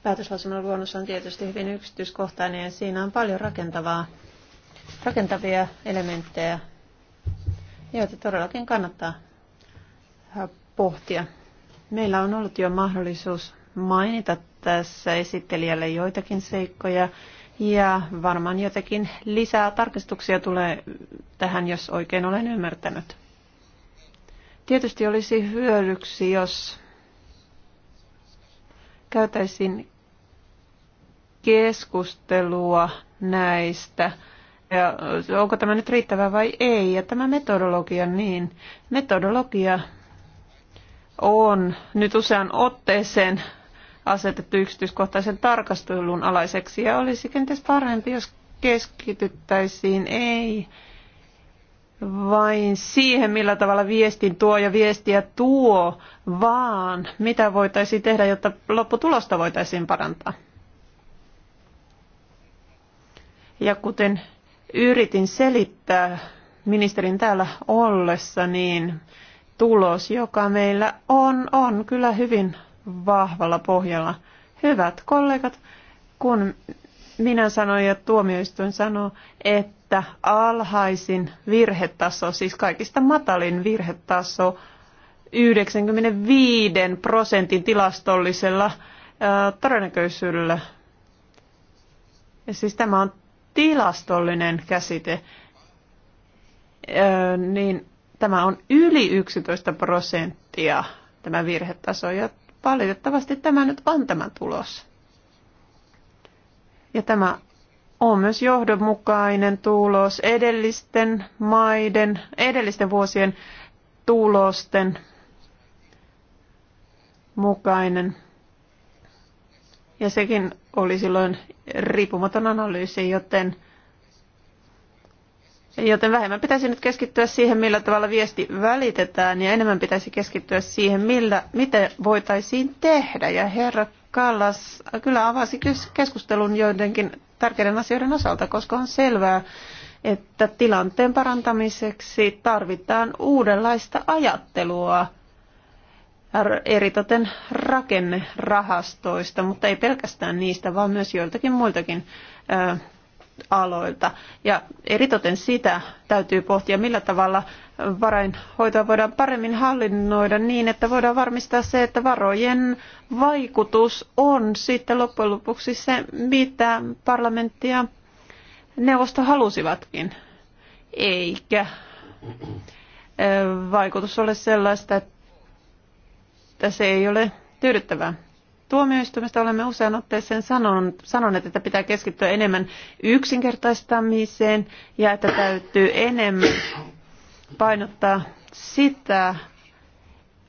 Päätöslausunnon luonnos on tietysti hyvin yksityiskohtainen ja siinä on paljon rakentavaa, rakentavia elementtejä, joita todellakin kannattaa äh, pohtia. Meillä on ollut jo mahdollisuus mainita tässä esittelijälle joitakin seikkoja ja varmaan jotakin lisää tarkistuksia tulee tähän, jos oikein olen ymmärtänyt. Tietysti olisi hyödyksi, jos käytäisin keskustelua näistä. Ja onko tämä nyt riittävä vai ei? Ja tämä metodologia, niin metodologia on nyt usean otteeseen asetettu yksityiskohtaisen tarkastelun alaiseksi ja olisi kenties parempi, jos keskityttäisiin ei vain siihen, millä tavalla viestin tuo ja viestiä tuo, vaan mitä voitaisiin tehdä, jotta lopputulosta voitaisiin parantaa. Ja kuten yritin selittää ministerin täällä ollessa, niin tulos, joka meillä on, on kyllä hyvin vahvalla pohjalla. Hyvät kollegat, kun minä sanoin ja tuomioistuin sanoi, että alhaisin virhetaso, siis kaikista matalin virhetaso 95 prosentin tilastollisella todennäköisyydellä. Ja siis tämä on tilastollinen käsite, niin tämä on yli 11 prosenttia tämä virhetaso ja valitettavasti tämä nyt on tämä tulos. Ja tämä on myös johdonmukainen tulos edellisten maiden, edellisten vuosien tulosten mukainen. Ja sekin oli silloin riippumaton analyysi, joten, joten vähemmän pitäisi nyt keskittyä siihen, millä tavalla viesti välitetään, ja enemmän pitäisi keskittyä siihen, millä, miten voitaisiin tehdä. Ja herra Kallas kyllä avasi keskustelun joidenkin tärkeiden asioiden osalta, koska on selvää, että tilanteen parantamiseksi tarvitaan uudenlaista ajattelua eritoten rakennerahastoista, mutta ei pelkästään niistä, vaan myös joiltakin muiltakin aloilta. Ja eritoten sitä täytyy pohtia, millä tavalla varainhoitoa voidaan paremmin hallinnoida niin, että voidaan varmistaa se, että varojen vaikutus on sitten loppujen lopuksi se, mitä parlamentti ja neuvosto halusivatkin, eikä vaikutus ole sellaista, että se ei ole tyydyttävää tuomioistuimesta olemme usean otteeseen sanoneet, että pitää keskittyä enemmän yksinkertaistamiseen ja että täytyy enemmän painottaa sitä,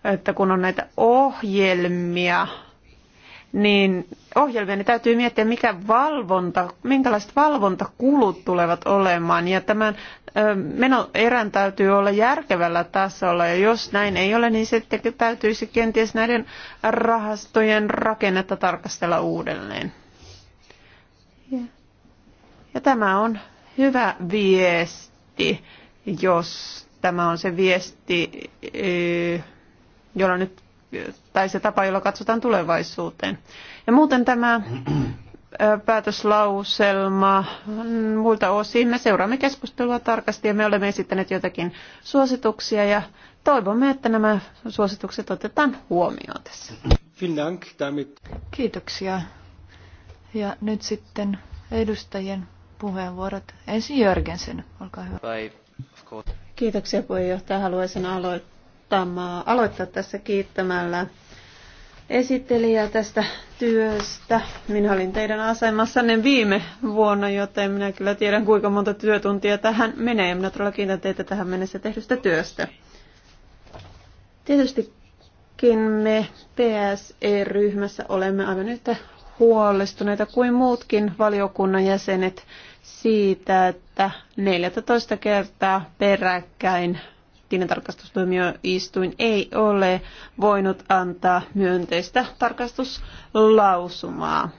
että kun on näitä ohjelmia, niin ohjelmia, niin täytyy miettiä, mikä valvonta, minkälaiset valvontakulut tulevat olemaan. Ja tämän menoerän täytyy olla järkevällä tasolla, ja jos näin ei ole, niin sitten täytyisi kenties näiden rahastojen rakennetta tarkastella uudelleen. Ja tämä on hyvä viesti, jos Tämä on se viesti, jolla nyt, tai se tapa, jolla katsotaan tulevaisuuteen. Ja muuten tämä päätöslauselma. Muilta osin me seuraamme keskustelua tarkasti ja me olemme esittäneet jotakin suosituksia ja toivomme, että nämä suositukset otetaan huomioon tässä. Kiitoksia. Ja nyt sitten edustajien puheenvuorot. Ensin Jörgensen, olkaa hyvä. Kiitoksia puheenjohtaja. Haluaisin aloittaa tässä kiittämällä esittelijää tästä työstä. Minä olin teidän asemassanne viime vuonna, joten minä kyllä tiedän kuinka monta työtuntia tähän menee. Minä todella kiitän teitä tähän mennessä tehdystä työstä. Tietystikin me PSE-ryhmässä olemme aivan yhtä huolestuneita kuin muutkin valiokunnan jäsenet siitä, että 14 kertaa peräkkäin tilintarkastustuomioistuin ei ole voinut antaa myönteistä tarkastuslausumaa.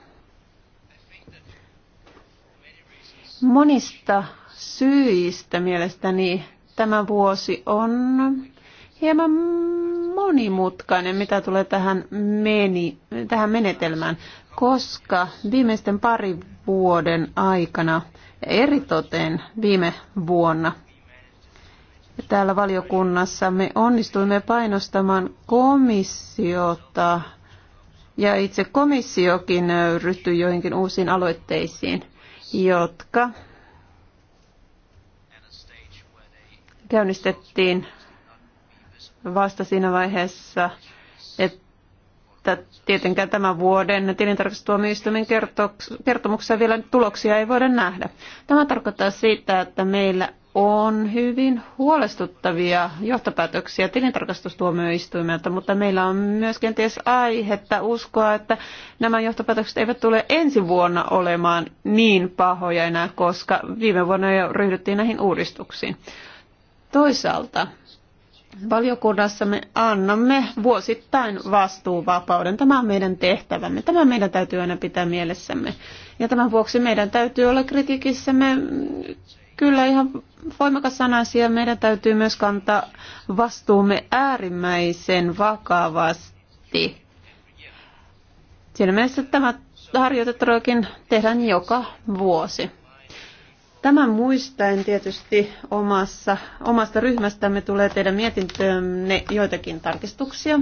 Monista syistä mielestäni tämä vuosi on hieman monimutkainen, mitä tulee tähän, meni, tähän menetelmään koska viimeisten parin vuoden aikana, eritoten viime vuonna, täällä valiokunnassa me onnistuimme painostamaan komissiota ja itse komissiokin ryhtyi joihinkin uusiin aloitteisiin, jotka käynnistettiin vasta siinä vaiheessa, että että tietenkään tämän vuoden tilintarkastustuomioistuimen kertomuksessa vielä tuloksia ei voida nähdä. Tämä tarkoittaa sitä, että meillä on hyvin huolestuttavia johtopäätöksiä tilintarkastustuomioistuimelta, mutta meillä on myös kenties aihetta uskoa, että nämä johtopäätökset eivät tule ensi vuonna olemaan niin pahoja enää, koska viime vuonna jo ryhdyttiin näihin uudistuksiin. Toisaalta Valiokunnassa me annamme vuosittain vastuuvapauden. Tämä on meidän tehtävämme. Tämä meidän täytyy aina pitää mielessämme. Ja tämän vuoksi meidän täytyy olla kritiikissämme kyllä ihan voimakas sanaisia. Meidän täytyy myös kantaa vastuumme äärimmäisen vakavasti. Siinä mielessä tämä harjoitettu tehdään joka vuosi. Tämän muistaen tietysti omassa, omasta ryhmästämme tulee teidän mietintöönne joitakin tarkistuksia.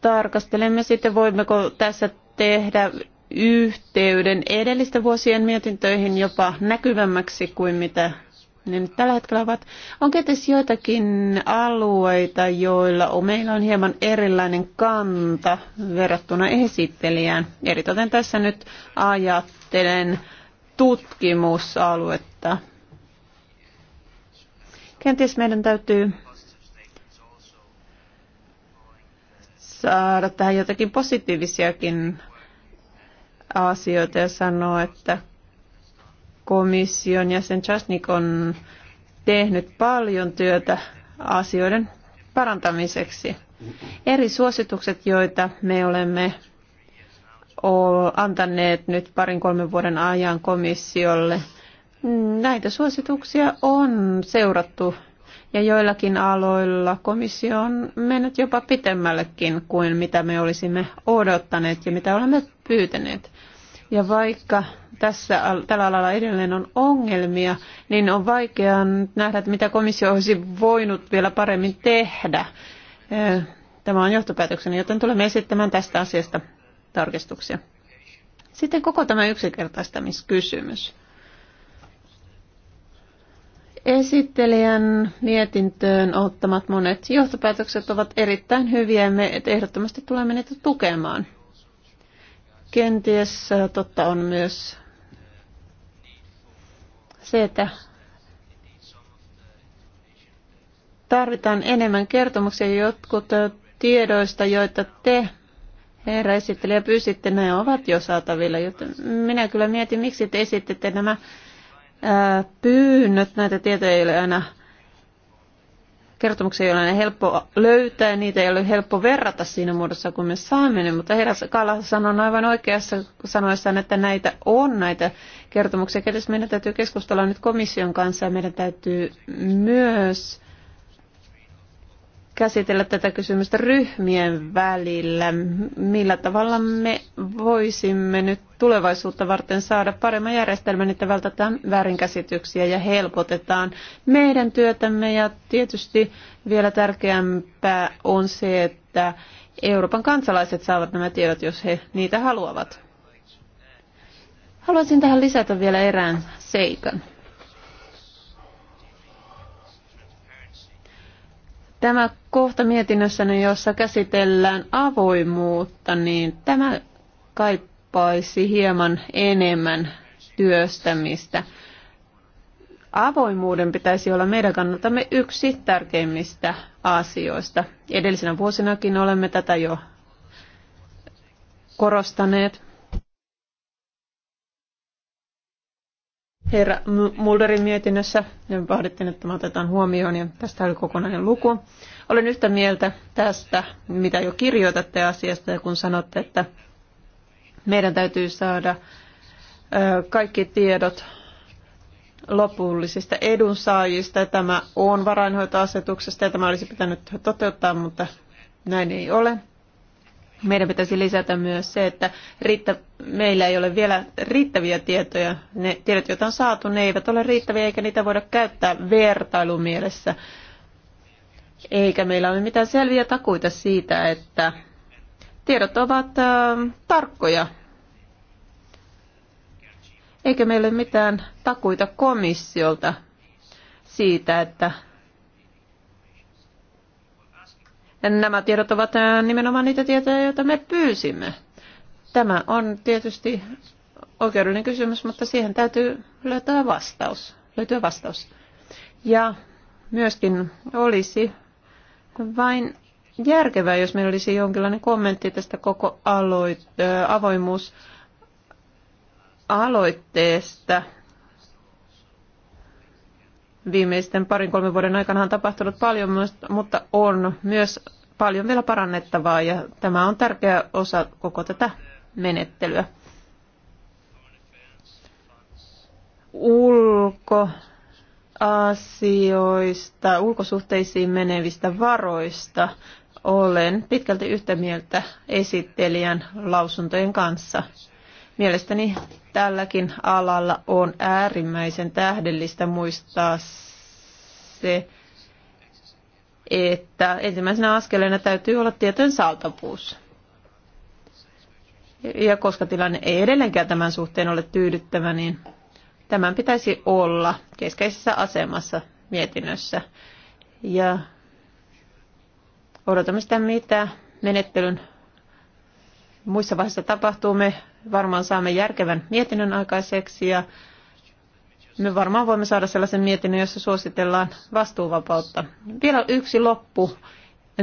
Tarkastelemme sitten, voimmeko tässä tehdä yhteyden edellisten vuosien mietintöihin jopa näkyvämmäksi kuin mitä ne nyt tällä hetkellä ovat. On kenties joitakin alueita, joilla on, meillä on hieman erilainen kanta verrattuna esittelijään. Eritoten tässä nyt ajat yhteinen tutkimusaluetta. Kenties meidän täytyy saada tähän jotakin positiivisiakin asioita ja sanoa, että komission jäsen Chasnik on tehnyt paljon työtä asioiden parantamiseksi. Eri suositukset, joita me olemme antaneet nyt parin kolmen vuoden ajan komissiolle. Näitä suosituksia on seurattu ja joillakin aloilla komissio on mennyt jopa pitemmällekin kuin mitä me olisimme odottaneet ja mitä olemme pyytäneet. Ja vaikka tässä, tällä alalla edelleen on ongelmia, niin on vaikea nähdä, että mitä komissio olisi voinut vielä paremmin tehdä. Tämä on johtopäätökseni, joten tulemme esittämään tästä asiasta tarkistuksia. Sitten koko tämä yksinkertaistamiskysymys. Esittelijän mietintöön ottamat monet johtopäätökset ovat erittäin hyviä ja me ehdottomasti tulemme niitä tukemaan. Kenties totta on myös se, että tarvitaan enemmän kertomuksia jotkut tiedoista, joita te herra esittelijä pyysitte, ne ovat jo saatavilla, joten minä kyllä mietin, miksi te esittette nämä ää, pyynnöt, näitä tietoja ei ole aina kertomuksia ei ole aina helppo löytää, niitä ei ole helppo verrata siinä muodossa, kun me saamme ne, mutta herra Kala sanoi aivan oikeassa sanoessaan, että näitä on näitä kertomuksia. Ketäs meidän täytyy keskustella nyt komission kanssa ja meidän täytyy myös käsitellä tätä kysymystä ryhmien välillä. Millä tavalla me voisimme nyt tulevaisuutta varten saada paremman järjestelmän, että vältetään väärinkäsityksiä ja helpotetaan meidän työtämme. Ja tietysti vielä tärkeämpää on se, että Euroopan kansalaiset saavat nämä tiedot, jos he niitä haluavat. Haluaisin tähän lisätä vielä erään seikan. Tämä kohta mietinnössäni, jossa käsitellään avoimuutta, niin tämä kaipaisi hieman enemmän työstämistä. Avoimuuden pitäisi olla meidän kannaltamme yksi tärkeimmistä asioista. Edellisenä vuosinakin olemme tätä jo korostaneet. Herra Mulderin mietinnössä vaadittiin, että me otetaan huomioon, ja tästä oli kokonainen luku. Olen yhtä mieltä tästä, mitä jo kirjoitatte asiasta, kun sanotte, että meidän täytyy saada kaikki tiedot lopullisista edunsaajista. Tämä on varainhoitoasetuksesta ja tämä olisi pitänyt toteuttaa, mutta näin ei ole. Meidän pitäisi lisätä myös se, että riittä, meillä ei ole vielä riittäviä tietoja. Ne tiedot, joita on saatu, ne eivät ole riittäviä eikä niitä voida käyttää vertailumielessä. mielessä eikä meillä ole mitään selviä takuita siitä, että tiedot ovat äh, tarkkoja. Eikä meillä ole mitään takuita komissiolta siitä, että nämä tiedot ovat nimenomaan niitä tietoja, joita me pyysimme. Tämä on tietysti oikeudellinen kysymys, mutta siihen täytyy löytää vastaus. Löytyä vastaus. Ja myöskin olisi vain järkevää, jos meillä olisi jonkinlainen kommentti tästä koko aloit- avoimuus aloitteesta. Viimeisten parin kolmen vuoden aikana on tapahtunut paljon, mutta on myös paljon vielä parannettavaa ja tämä on tärkeä osa koko tätä menettelyä. Ulko asioista, ulkosuhteisiin menevistä varoista olen pitkälti yhtä mieltä esittelijän lausuntojen kanssa. Mielestäni tälläkin alalla on äärimmäisen tähdellistä muistaa se, että ensimmäisenä askeleena täytyy olla tietojen saatavuus. Ja koska tilanne ei edelleenkään tämän suhteen ole tyydyttävä, niin Tämän pitäisi olla keskeisessä asemassa mietinnössä. Ja odotamme sitä, mitä menettelyn muissa vaiheissa tapahtuu. Me varmaan saamme järkevän mietinnön aikaiseksi ja me varmaan voimme saada sellaisen mietinnön, jossa suositellaan vastuuvapautta. Vielä yksi loppu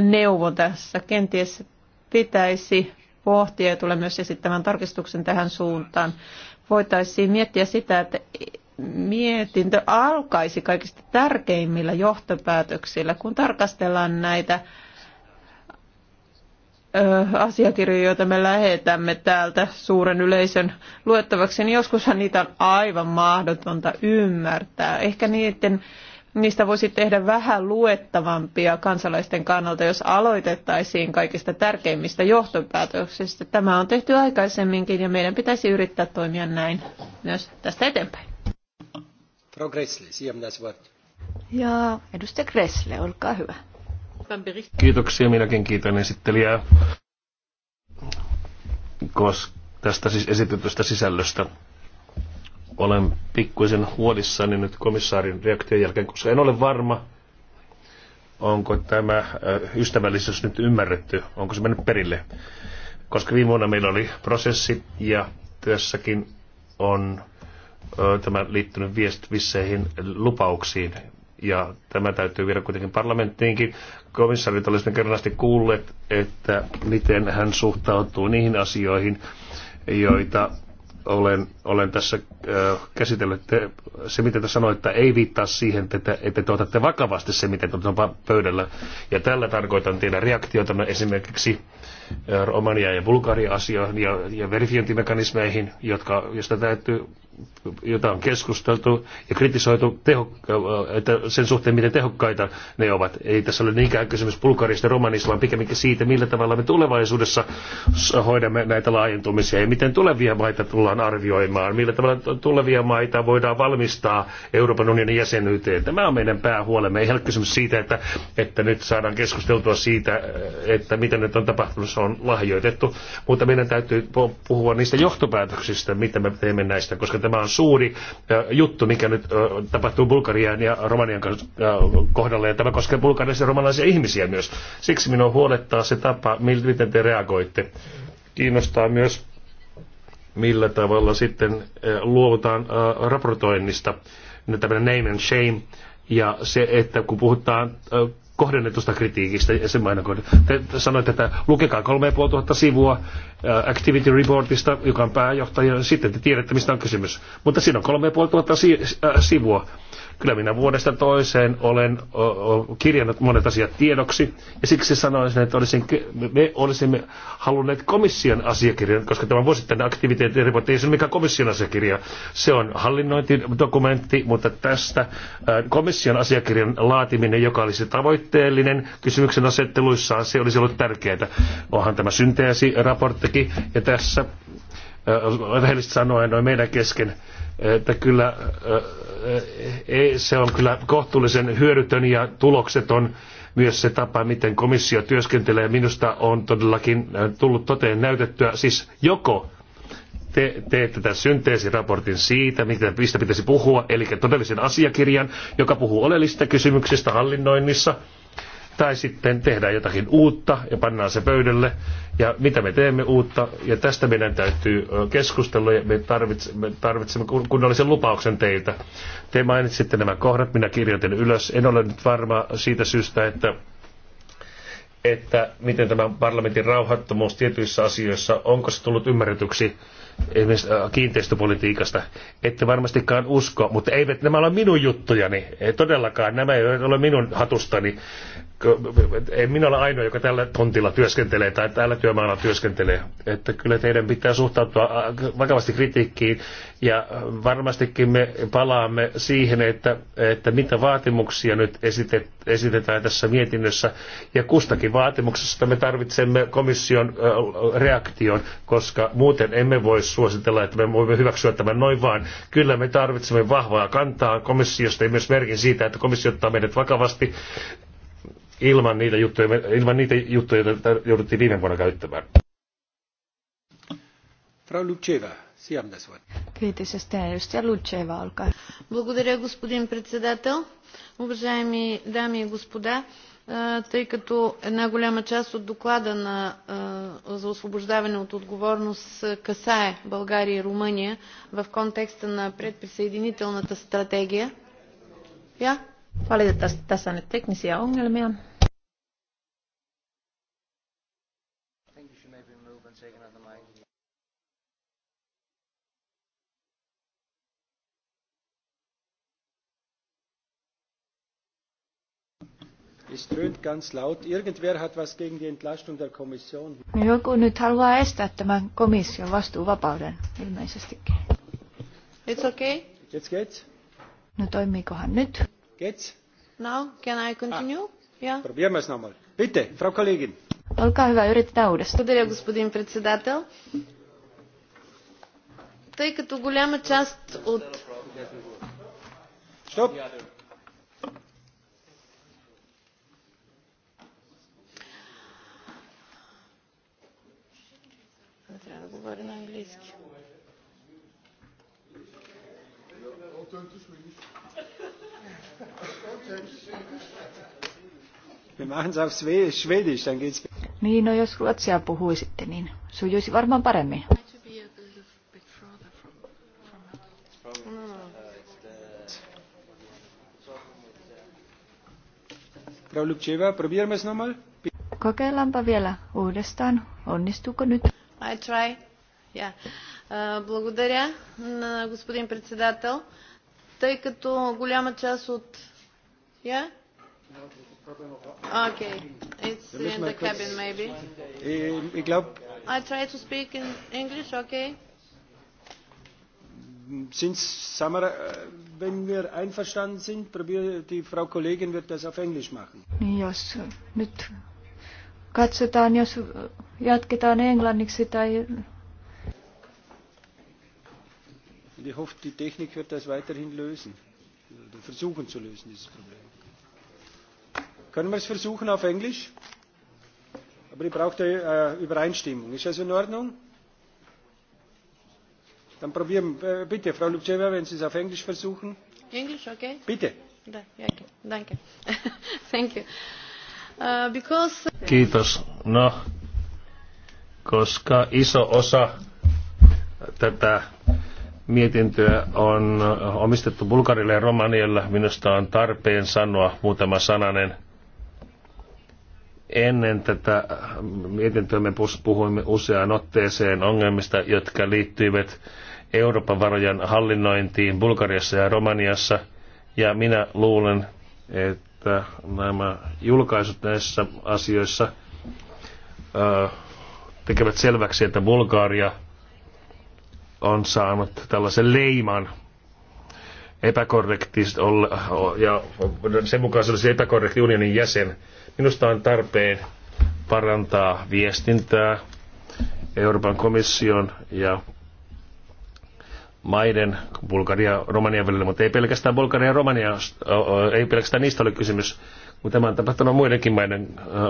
neuvo tässä. Kenties pitäisi pohtia ja tulee myös esittämään tarkistuksen tähän suuntaan voitaisiin miettiä sitä, että mietintö alkaisi kaikista tärkeimmillä johtopäätöksillä, kun tarkastellaan näitä asiakirjoja, joita me lähetämme täältä suuren yleisön luettavaksi, niin joskushan niitä on aivan mahdotonta ymmärtää. Ehkä niiden niistä voisi tehdä vähän luettavampia kansalaisten kannalta, jos aloitettaisiin kaikista tärkeimmistä johtopäätöksistä. Tämä on tehty aikaisemminkin ja meidän pitäisi yrittää toimia näin myös tästä eteenpäin. Frau Ja edustaja Gressle, olkaa hyvä. Kiitoksia, minäkin kiitän esittelijää koska tästä siis esitetystä sisällöstä olen pikkuisen huolissani nyt komissaarin reaktion jälkeen, koska en ole varma, onko tämä ystävällisyys nyt ymmärretty, onko se mennyt perille. Koska viime vuonna meillä oli prosessi ja tässäkin on tämä liittynyt viest, visseihin lupauksiin. Ja tämä täytyy viedä kuitenkin parlamenttiinkin. Komissaarit olisivat asti kuulleet, että miten hän suhtautuu niihin asioihin, joita olen, olen tässä äh, käsitellyt, te, se mitä te sanoitte ei viittaa siihen, että, että te otatte vakavasti se, mitä te on pöydällä. Ja tällä tarkoitan teidän reaktioita no, esimerkiksi äh, Romania ja Bulgaria asioihin ja, ja verifiointimekanismeihin, jotka, joista täytyy jota on keskusteltu ja kritisoitu että sen suhteen, miten tehokkaita ne ovat. Ei tässä ole niinkään kysymys Bulgarista ja Romanista, vaan pikemminkin siitä, millä tavalla me tulevaisuudessa hoidamme näitä laajentumisia ja miten tulevia maita tullaan arvioimaan, millä tavalla tulevia maita voidaan valmistaa Euroopan unionin jäsenyyteen. Tämä on meidän päähuolemme. Ei ole kysymys siitä, että, että nyt saadaan keskusteltua siitä, että miten nyt on tapahtunut, se on lahjoitettu, mutta meidän täytyy puhua niistä johtopäätöksistä, mitä me teemme näistä, koska tämä on suuri juttu, mikä nyt tapahtuu Bulgarian ja Romanian kohdalla, ja tämä koskee bulgarialaisia ja romanialaisia ihmisiä myös. Siksi minua huolettaa se tapa, miten te reagoitte. Kiinnostaa myös, millä tavalla sitten luovutaan raportoinnista, tämmöinen name and shame, ja se, että kun puhutaan kohdennetusta kritiikistä jäsenmaiden kohdalla. Te sanoitte, että lukekaa 3500 sivua äh, Activity Reportista, joka on pääjohtaja, sitten te tiedätte, mistä on kysymys. Mutta siinä on 3500 äh, sivua. Kyllä minä vuodesta toiseen olen kirjannut monet asiat tiedoksi, ja siksi sanoisin, että olisin, me olisimme halunneet komission asiakirjan, koska tämä vuosittainen aktiviteettiraportti ei ole mikään komission asiakirja. Se on hallinnointidokumentti, mutta tästä komission asiakirjan laatiminen, joka olisi tavoitteellinen kysymyksen asetteluissaan, se olisi ollut tärkeää. Onhan tämä synteesi raporttikin, ja tässä rehellisesti sanoen noin meidän kesken että kyllä eh, eh, eh, se on kyllä kohtuullisen hyödytön ja tulokseton myös se tapa, miten komissio työskentelee. Minusta on todellakin tullut toteen näytettyä, siis joko te teette tämän synteesiraportin siitä, mistä pitäisi puhua, eli todellisen asiakirjan, joka puhuu oleellisista kysymyksistä hallinnoinnissa – tai sitten tehdään jotakin uutta ja pannaan se pöydälle, ja mitä me teemme uutta, ja tästä meidän täytyy keskustella, ja me tarvitsemme, tarvitsemme kunnollisen lupauksen teiltä. Te mainitsitte nämä kohdat, minä kirjoitin ylös. En ole nyt varma siitä syystä, että että miten tämä parlamentin rauhattomuus tietyissä asioissa, onko se tullut ymmärretyksi esimerkiksi äh, kiinteistöpolitiikasta. Ette varmastikaan usko, mutta eivät nämä ole minun juttujani. Ei todellakaan, nämä eivät ole minun hatustani. En minä ole ainoa, joka tällä tontilla työskentelee tai tällä työmaalla työskentelee. Että kyllä teidän pitää suhtautua äh, vakavasti kritiikkiin ja varmastikin me palaamme siihen, että, että mitä vaatimuksia nyt esitet, esitetään tässä mietinnössä ja kustakin vaatimuksesta me tarvitsemme komission äh, reaktion, koska muuten emme voi suositella, että me voimme hyväksyä tämän noin vaan. Kyllä me tarvitsemme vahvaa kantaa komissiosta ja myös merkin siitä, että komissio ottaa meidät vakavasti ilman niitä juttuja, ilman niitä juttuja joita jouduttiin viime vuonna käyttämään. Frau Luceva, Благодаря, господин председател. Уважаеми дами и господа, тъй като една голяма част от доклада на, за освобождаване от отговорност касае България и Румъния в контекста на предприсъединителната стратегия. Ja? Valitettavasti tässä on nyt teknisiä ongelmia. Es dröhnt ganz laut. Irgendwer hat was gegen die Entlastung der Kommission. No joku nyt haluaa estää tämän komission vastuuvapauden ilmeisestikin. It's okay. Jetzt geht's. No toimiikohan nyt? Geht's? Now, can I continue? Ah. Yeah. Probieren wir es nochmal. Bitte, Frau Kollegin. Olkaa hyvä, yritetään uudestaan. Благодаря, господин председател. Тъй като голяма част от... Stop. Hur на den engelsk? Wir machen es Niin, no jos ruotsia puhuisitte, niin sujuisi varmaan paremmin. Hmm. Frau Lubcheva, probieren wir Kokeillaanpa vielä uudestaan. Onnistuuko nyt? I try. Yeah. Благодаря на господин председател. Тъй като голяма част от... Yeah? Okay. It's in the cabin, maybe. I try to speak in English, okay? Sind Samara, äh, wenn wir einverstanden sind, probier, die Frau Kollegin wird das auf Englisch machen. Jos nyt katsotaan, jos jatketaan englanniksi tai ich hoffe, die Technik wird das weiterhin lösen, oder versuchen zu lösen, dieses Problem. Können wir es versuchen auf Englisch? Aber ich brauche äh, Übereinstimmung. Ist das in Ordnung? Dann probieren äh, bitte, Frau Lubceva, wenn Sie es auf Englisch versuchen. Englisch, okay? Bitte. Da, okay. Danke. Thank you. Uh, because... Uh, Kiitos. No, koska iso osa tätä mietintöä on omistettu Bulgarille ja Romanialle. Minusta on tarpeen sanoa muutama sananen. Ennen tätä mietintöä me puhuimme useaan otteeseen ongelmista, jotka liittyivät Euroopan varojen hallinnointiin Bulgariassa ja Romaniassa. Ja minä luulen, että nämä julkaisut näissä asioissa tekevät selväksi, että Bulgaria – on saanut tällaisen leiman epäkorrektista olla, ja sen mukaan se olisi epäkorrekti unionin jäsen. Minusta on tarpeen parantaa viestintää Euroopan komission ja maiden, Bulgaria ja Romania välillä, mutta ei pelkästään Bulgaria ja Romania, ei pelkästään niistä ole kysymys, mutta tämä on tapahtunut muidenkin maiden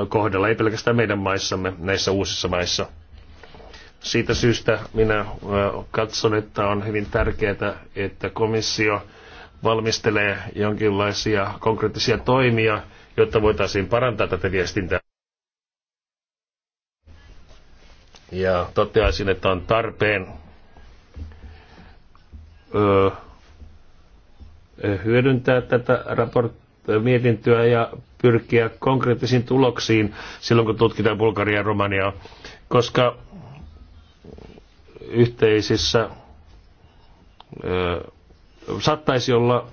kohdalla, ei pelkästään meidän maissamme, näissä uusissa maissa. Siitä syystä minä katson, että on hyvin tärkeää, että komissio valmistelee jonkinlaisia konkreettisia toimia, jotta voitaisiin parantaa tätä viestintää. Ja toteaisin, että on tarpeen öö, hyödyntää tätä raport- mietintöä ja pyrkiä konkreettisiin tuloksiin silloin, kun tutkitaan Bulgaria ja Romaniaa, koska yhteisissä saattaisi olla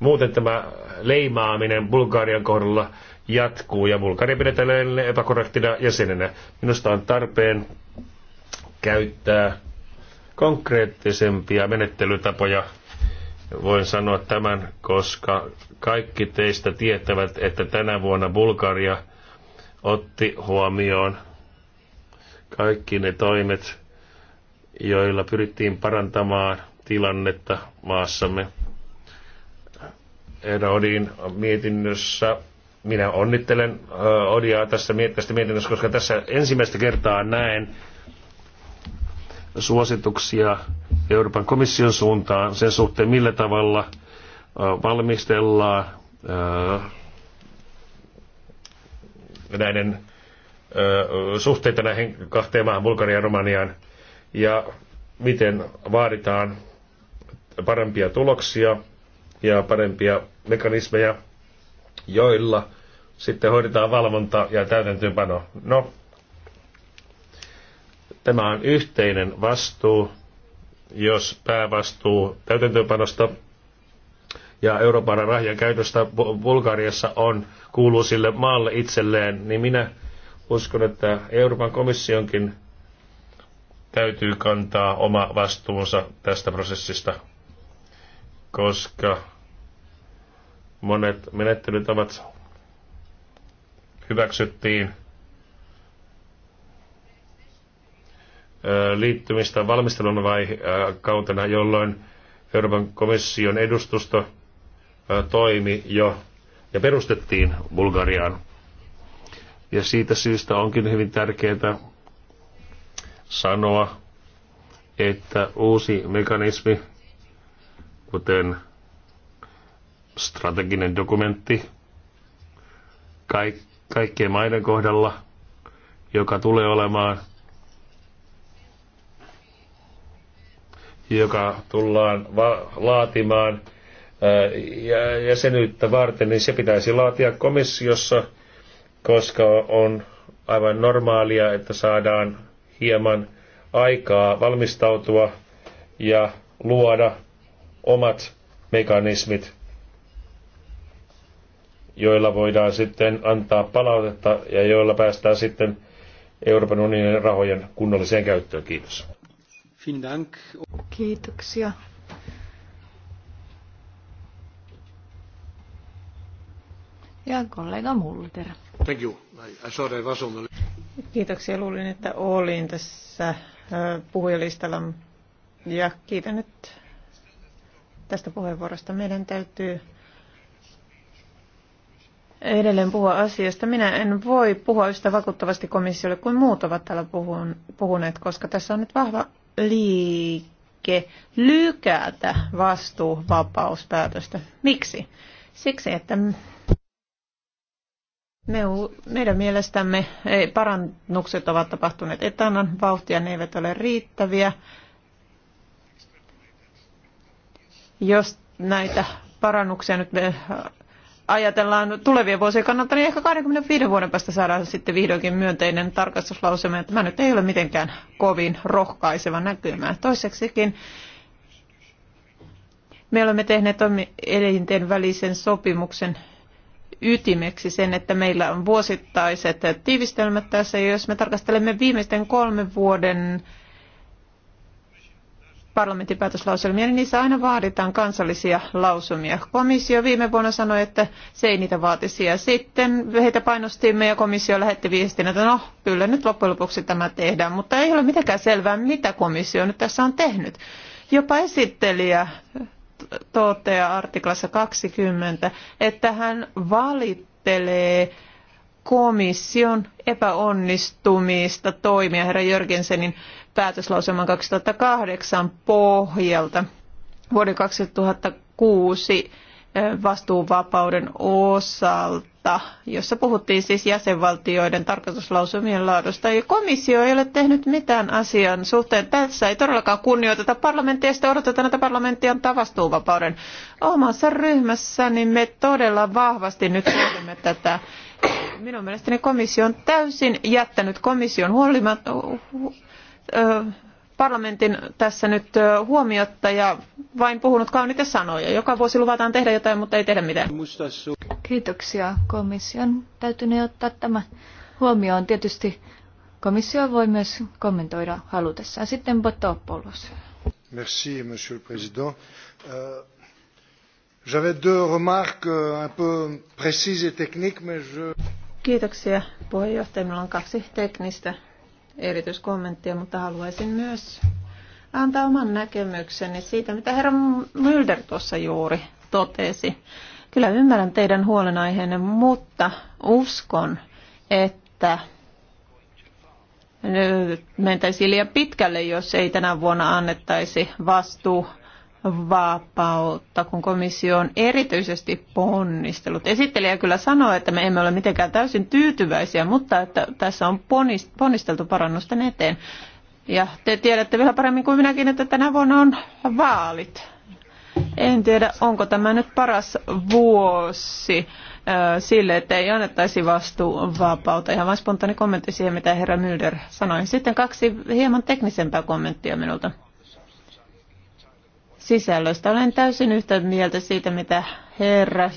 muuten tämä leimaaminen Bulgarian kohdalla jatkuu ja Bulgaria pidetään epäkorrektina jäsenenä. Minusta on tarpeen käyttää konkreettisempia menettelytapoja. Voin sanoa tämän, koska kaikki teistä tietävät, että tänä vuonna Bulgaria otti huomioon kaikki ne toimet, joilla pyrittiin parantamaan tilannetta maassamme. Odin mietinnössä minä onnittelen Odiaa tästä, tästä mietinnössä, koska tässä ensimmäistä kertaa näen suosituksia Euroopan komission suuntaan sen suhteen, millä tavalla valmistellaan näiden suhteita näihin kahteen maahan, Bulgariaan ja Romaniaan, ja miten vaaditaan parempia tuloksia ja parempia mekanismeja, joilla sitten hoidetaan valvonta ja täytäntöönpano. No, tämä on yhteinen vastuu, jos päävastuu täytäntöönpanosta ja Euroopan rahjan käytöstä Bulgariassa on, kuuluu sille maalle itselleen, niin minä Uskon, että Euroopan komissionkin täytyy kantaa oma vastuunsa tästä prosessista, koska monet menettelytavat hyväksyttiin liittymistä valmistelun vai kautena, jolloin Euroopan komission edustusto toimi jo ja perustettiin Bulgariaan. Ja siitä syystä onkin hyvin tärkeää sanoa, että uusi mekanismi, kuten strateginen dokumentti kaik, kaikkien maiden kohdalla, joka tulee olemaan, joka tullaan va- laatimaan ää, jäsenyyttä varten, niin se pitäisi laatia komissiossa – koska on aivan normaalia, että saadaan hieman aikaa valmistautua ja luoda omat mekanismit, joilla voidaan sitten antaa palautetta ja joilla päästään sitten Euroopan unionin rahojen kunnolliseen käyttöön. Kiitos. Kiitoksia. Ja kollega Mulder. Kiitoksia. Luulin, että olin tässä puhujalistalla. Ja kiitän nyt tästä puheenvuorosta. Meidän täytyy edelleen puhua asiasta. Minä en voi puhua yhtä vakuuttavasti komissiolle kuin muut ovat täällä puhuneet, koska tässä on nyt vahva liike lykätä vastuuvapauspäätöstä. Miksi? Siksi, että me, meidän mielestämme parannukset ovat tapahtuneet etanan vauhtia, ne eivät ole riittäviä. Jos näitä parannuksia nyt me ajatellaan tulevien vuosien kannalta, niin ehkä 25 vuoden päästä saadaan sitten vihdoinkin myönteinen tarkastuslausema. Tämä nyt ei ole mitenkään kovin rohkaiseva näkymä. Toiseksikin me olemme tehneet elinten välisen sopimuksen ytimeksi sen, että meillä on vuosittaiset tiivistelmät tässä. Ja jos me tarkastelemme viimeisten kolmen vuoden parlamentin päätöslauselmia, niin niissä aina vaaditaan kansallisia lausumia. Komissio viime vuonna sanoi, että se ei niitä vaatisi. Ja sitten heitä painostimme ja komissio lähetti viestin, että no kyllä nyt loppujen lopuksi tämä tehdään, mutta ei ole mitenkään selvää, mitä komissio nyt tässä on tehnyt. Jopa esittelijä toteaa artiklassa 20, että hän valittelee komission epäonnistumista toimia herra Jörgensenin päätöslauselman 2008 pohjalta vuoden 2006 vastuuvapauden osalta, jossa puhuttiin siis jäsenvaltioiden tarkastuslausumien laadusta. Ja komissio ei ole tehnyt mitään asian suhteen. Tässä ei todellakaan kunnioiteta parlamenttia, sitä odotetaan, että parlamentti antaa vastuuvapauden. Omassa ryhmässäni me todella vahvasti nyt tuemme tätä minun mielestäni komissio on täysin jättänyt komission huolimatta parlamentin tässä nyt huomiotta ja vain puhunut kauniita sanoja. Joka vuosi luvataan tehdä jotain, mutta ei tehdä mitään. Kiitoksia komission. Täytyy ottaa tämä huomioon. Tietysti komissio voi myös kommentoida halutessaan. Sitten Botopoulos. Merci, monsieur le président. Euh, j'avais deux remarques euh, un peu précises et techniques, mais je... Kiitoksia puheenjohtaja. Minulla on kaksi teknistä erityiskommenttia, mutta haluaisin myös antaa oman näkemykseni siitä, mitä herra Mulder tuossa juuri totesi. Kyllä ymmärrän teidän huolenaiheenne, mutta uskon, että mentäisiin liian pitkälle, jos ei tänä vuonna annettaisi vastuu vapautta, kun komissio on erityisesti ponnistellut. Esittelijä kyllä sanoo, että me emme ole mitenkään täysin tyytyväisiä, mutta että tässä on ponnisteltu parannusten eteen. Ja te tiedätte vielä paremmin kuin minäkin, että tänä vuonna on vaalit. En tiedä, onko tämä nyt paras vuosi sille, että ei annettaisi vastuuvapautta. Ihan vain spontaani kommentti siihen, mitä herra Mylder sanoi. Sitten kaksi hieman teknisempää kommenttia minulta sisällöstä. Olen täysin yhtä mieltä siitä, mitä herra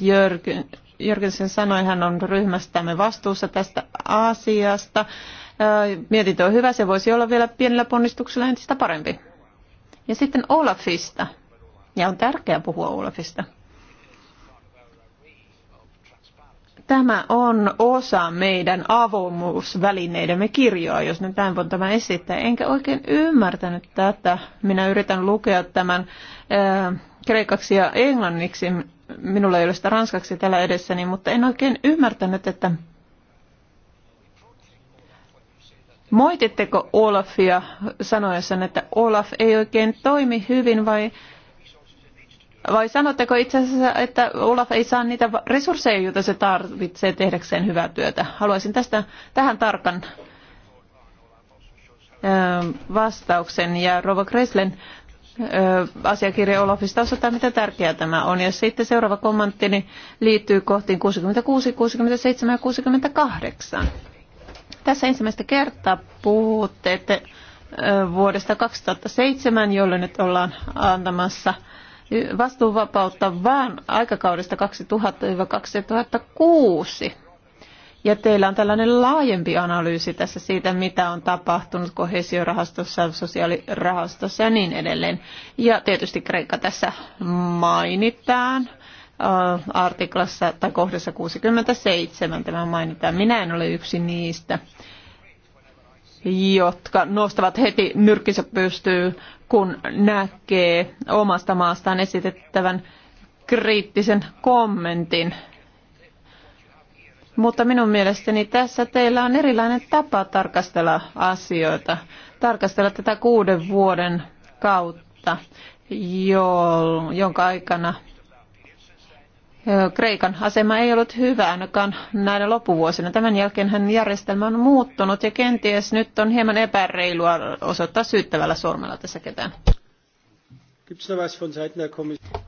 Jörgensen sanoi. Hän on ryhmästämme vastuussa tästä asiasta. Mietintö on hyvä, se voisi olla vielä pienellä ponnistuksella entistä parempi. Ja sitten Olafista. Ja on tärkeää puhua Olafista. Tämä on osa meidän avoimuusvälineidemme kirjoa, jos nyt näin voin tämän esittää. Enkä oikein ymmärtänyt tätä. Minä yritän lukea tämän äh, kreikaksi ja englanniksi. Minulla ei ole sitä ranskaksi tällä edessäni, mutta en oikein ymmärtänyt, että moititteko Olafia sanoessaan, että Olaf ei oikein toimi hyvin vai vai sanotteko itse asiassa, että Olaf ei saa niitä resursseja, joita se tarvitsee tehdäkseen hyvää työtä? Haluaisin tästä, tähän tarkan vastauksen. Ja Rova Kreslen asiakirja Olafista osoittaa, mitä tärkeää tämä on. Ja sitten seuraava niin liittyy kohtiin 66, 67 ja 68. Tässä ensimmäistä kertaa puhutte että vuodesta 2007, jolloin nyt ollaan antamassa – vastuuvapautta, vaan aikakaudesta 2000-2006. Ja teillä on tällainen laajempi analyysi tässä siitä, mitä on tapahtunut kohesiorahastossa, sosiaalirahastossa ja niin edelleen. Ja tietysti Kreikka tässä mainitaan äh, artiklassa tai kohdassa 67 tämä mainitaan. Minä en ole yksi niistä jotka nostavat heti nyrkkinsä pystyy, kun näkee omasta maastaan esitettävän kriittisen kommentin. Mutta minun mielestäni tässä teillä on erilainen tapa tarkastella asioita, tarkastella tätä kuuden vuoden kautta, jonka aikana Kreikan asema ei ollut hyvä ainakaan näinä loppuvuosina. Tämän jälkeen hän järjestelmä on muuttunut ja kenties nyt on hieman epäreilua osoittaa syyttävällä sormella tässä ketään.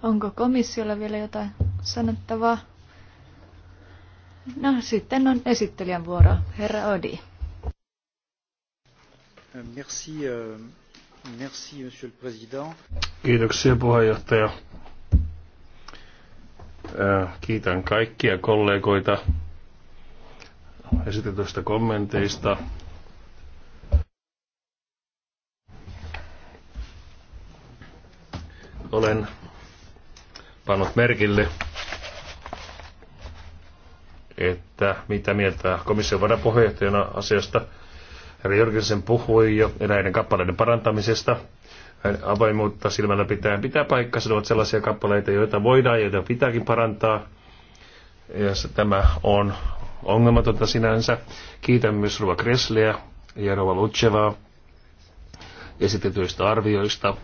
Onko komissiolla vielä jotain sanottavaa? No sitten on esittelijän vuoro, herra Odi. Merci, euh, merci, monsieur le président. Kiitoksia puheenjohtaja. Äh, kiitän kaikkia kollegoita esitetyistä kommenteista. Olen pannut merkille, että mitä mieltä komission varapuheenjohtajana asiasta. Herra Jörgensen puhui jo eräiden kappaleiden parantamisesta – avoimuutta silmällä pitää. Pitää paikkansa, ne ovat sellaisia kappaleita, joita voidaan ja joita pitääkin parantaa. Ja se, tämä on ongelmatonta sinänsä. Kiitän myös Rova Kresliä ja Rova Lutsevaa esitetyistä arvioista.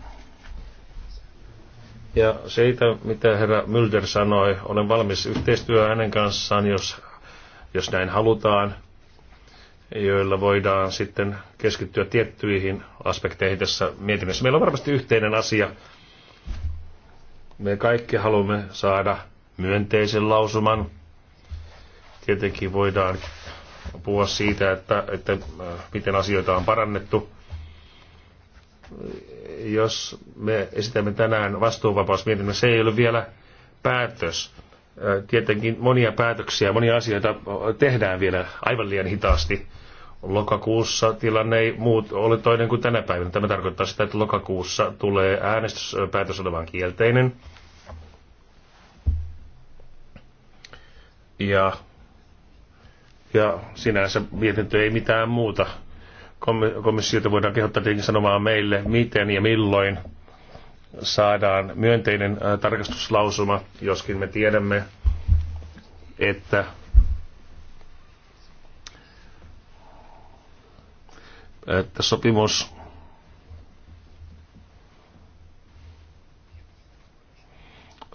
Ja siitä, mitä herra Mulder sanoi, olen valmis yhteistyöhön hänen kanssaan, jos, jos näin halutaan – joilla voidaan sitten keskittyä tiettyihin aspekteihin tässä mietinnössä. Meillä on varmasti yhteinen asia. Me kaikki haluamme saada myönteisen lausuman. Tietenkin voidaan puhua siitä, että, että äh, miten asioita on parannettu. Jos me esitämme tänään vastuuvapausmietinnön, se ei ole vielä päätös tietenkin monia päätöksiä, monia asioita tehdään vielä aivan liian hitaasti. Lokakuussa tilanne ei muut ole toinen kuin tänä päivänä. Tämä tarkoittaa sitä, että lokakuussa tulee äänestyspäätös olevan kielteinen. Ja, ja sinänsä mietintö ei mitään muuta. Komissiota voidaan kehottaa tietenkin sanomaan meille, miten ja milloin saadaan myönteinen tarkastuslausuma, joskin me tiedämme, että että sopimus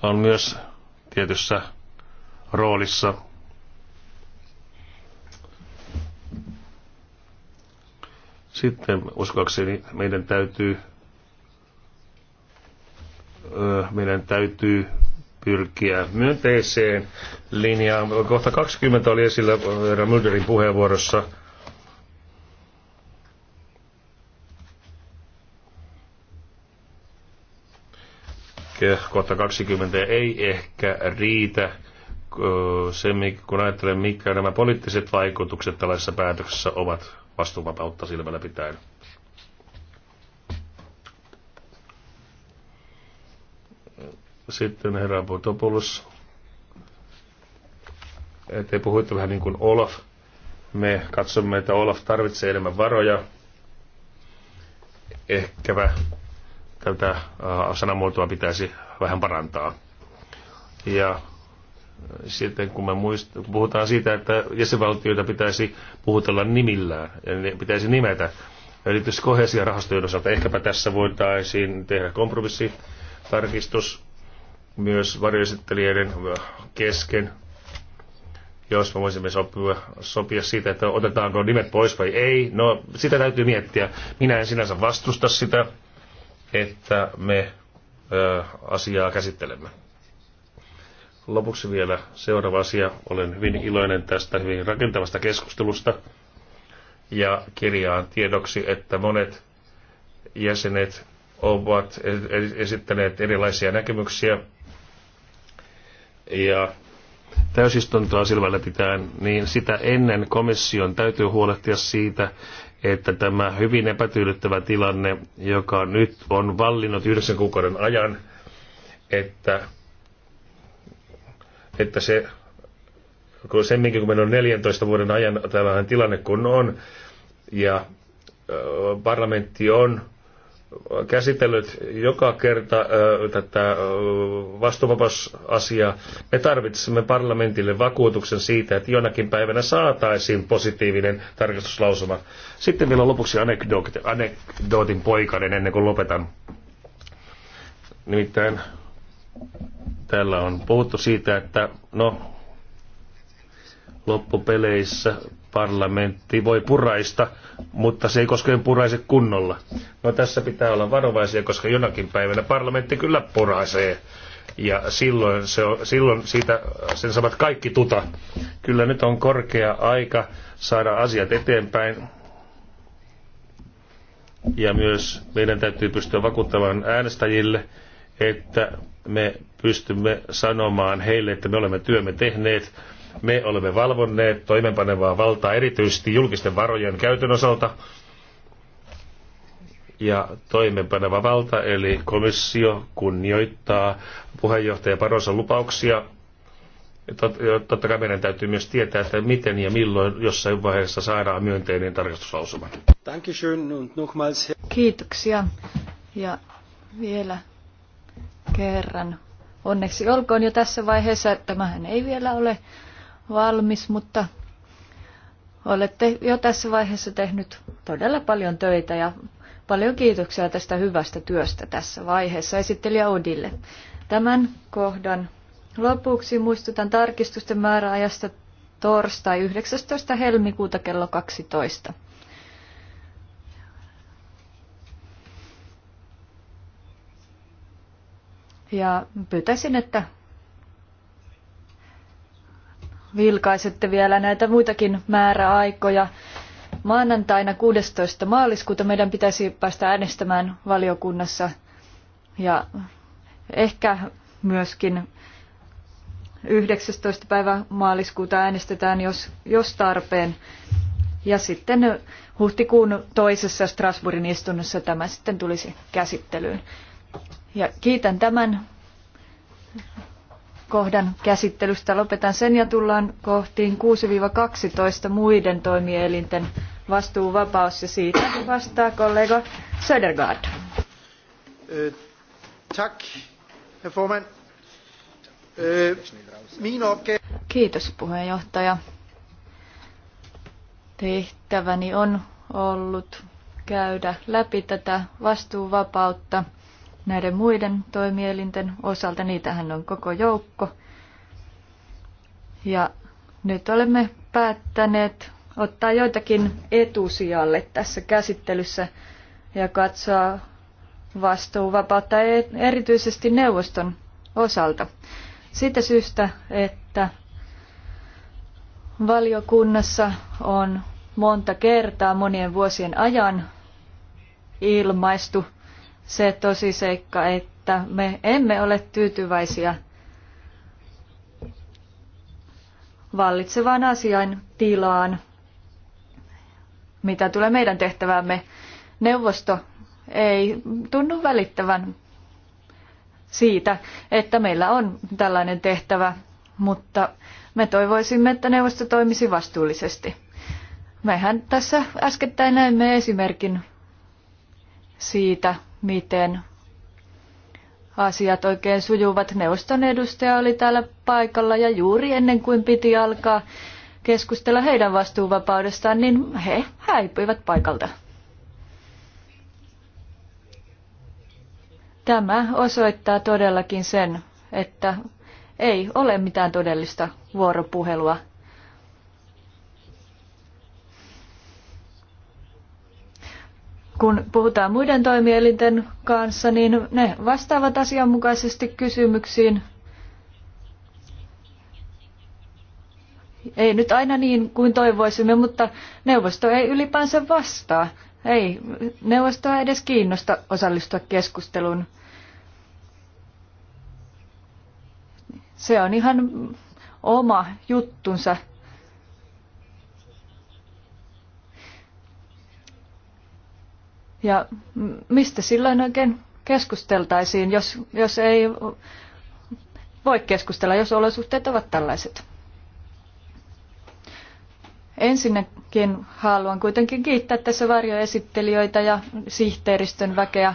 on myös tietyssä roolissa sitten uskoakseni meidän täytyy meidän täytyy pyrkiä myönteiseen linjaan. Kohta 20 oli esillä herra Mulderin puheenvuorossa. Kohta 20 ei ehkä riitä se, kun ajattelen, mitkä nämä poliittiset vaikutukset tällaisessa päätöksessä ovat vastuunvapautta silmällä pitäen. Sitten herra Potopoulos, te puhuitte vähän niin kuin Olaf. Me katsomme, että Olaf tarvitsee enemmän varoja. Ehkäpä tätä äh, sanamuotoa pitäisi vähän parantaa. Ja äh, sitten kun me muist, kun puhutaan siitä, että jäsenvaltioita pitäisi puhutella nimillään, ja ne pitäisi nimetä, erityisesti kohesia rahastojen osalta, ehkäpä tässä voitaisiin tehdä kompromissi, tarkistus, myös varjoesittelijöiden kesken, jos me voisimme sopia, sopia siitä, että otetaanko nimet pois vai ei. No, sitä täytyy miettiä. Minä en sinänsä vastusta sitä, että me ö, asiaa käsittelemme. Lopuksi vielä seuraava asia. Olen hyvin iloinen tästä hyvin rakentavasta keskustelusta ja kirjaan tiedoksi, että monet jäsenet ovat esittäneet erilaisia näkemyksiä ja täysistuntoa silmällä pitäen, niin sitä ennen komission täytyy huolehtia siitä, että tämä hyvin epätyydyttävä tilanne, joka nyt on vallinnut yhdeksän kuukauden ajan, että, että se, kun semminkin kun meillä on 14 vuoden ajan tällainen tilanne kun on, ja parlamentti on käsitellyt joka kerta tätä vastuuvapausasiaa. Me tarvitsemme parlamentille vakuutuksen siitä, että jonakin päivänä saataisiin positiivinen tarkastuslausuma. Sitten vielä lopuksi anekdootin poikainen ennen kuin lopetan. Nimittäin täällä on puhuttu siitä, että no, loppupeleissä parlamentti voi puraista mutta se ei koskaan puraise kunnolla. No tässä pitää olla varovaisia, koska jonakin päivänä parlamentti kyllä puraisee. Ja silloin, se on, silloin siitä, sen saavat kaikki tuta. Kyllä nyt on korkea aika saada asiat eteenpäin. Ja myös meidän täytyy pystyä vakuuttamaan äänestäjille, että me pystymme sanomaan heille, että me olemme työmme tehneet me olemme valvonneet toimenpanevaa valtaa erityisesti julkisten varojen käytön osalta. Ja toimenpaneva valta, eli komissio, kunnioittaa puheenjohtaja Paroson lupauksia totta kai meidän täytyy myös tietää, että miten ja milloin jossain vaiheessa saadaan myönteinen tarkastuslausuma. Kiitoksia. Ja vielä kerran. Onneksi olkoon jo tässä vaiheessa, että tämähän ei vielä ole valmis, mutta olette jo tässä vaiheessa tehnyt todella paljon töitä ja paljon kiitoksia tästä hyvästä työstä tässä vaiheessa esittelijä Odille. Tämän kohdan lopuksi muistutan tarkistusten määräajasta torstai 19. helmikuuta kello 12. Ja pyytäisin, että vilkaisette vielä näitä muitakin määräaikoja. Maanantaina 16. maaliskuuta meidän pitäisi päästä äänestämään valiokunnassa ja ehkä myöskin 19. päivä maaliskuuta äänestetään, jos, jos tarpeen. Ja sitten huhtikuun toisessa Strasbourgin istunnossa tämä sitten tulisi käsittelyyn. Ja kiitän tämän kohdan käsittelystä. Lopetan sen ja tullaan kohtiin 6-12 muiden toimielinten vastuuvapaus ja siitä vastaa kollega Södergaard. Tack, herr Forman. Kiitos puheenjohtaja. Tehtäväni on ollut käydä läpi tätä vastuuvapautta – näiden muiden toimielinten osalta. Niitähän on koko joukko. Ja nyt olemme päättäneet ottaa joitakin etusijalle tässä käsittelyssä ja katsoa vastuuvapautta e- erityisesti neuvoston osalta. Siitä syystä, että valiokunnassa on monta kertaa monien vuosien ajan ilmaistu se tosi seikka, että me emme ole tyytyväisiä vallitsevaan asian tilaan, mitä tulee meidän tehtävämme. Neuvosto ei tunnu välittävän siitä, että meillä on tällainen tehtävä, mutta me toivoisimme, että neuvosto toimisi vastuullisesti. Mehän tässä äskettäin näimme esimerkin siitä, miten asiat oikein sujuvat. Neuvoston edustaja oli täällä paikalla ja juuri ennen kuin piti alkaa keskustella heidän vastuuvapaudestaan, niin he häipyivät paikalta. Tämä osoittaa todellakin sen, että ei ole mitään todellista vuoropuhelua kun puhutaan muiden toimielinten kanssa, niin ne vastaavat asianmukaisesti kysymyksiin. Ei nyt aina niin kuin toivoisimme, mutta neuvosto ei ylipäänsä vastaa. Ei neuvostoa edes kiinnosta osallistua keskusteluun. Se on ihan oma juttunsa. Ja mistä silloin oikein keskusteltaisiin, jos, jos ei voi keskustella, jos olosuhteet ovat tällaiset? Ensinnäkin haluan kuitenkin kiittää tässä varjoesittelijöitä ja sihteeristön väkeä,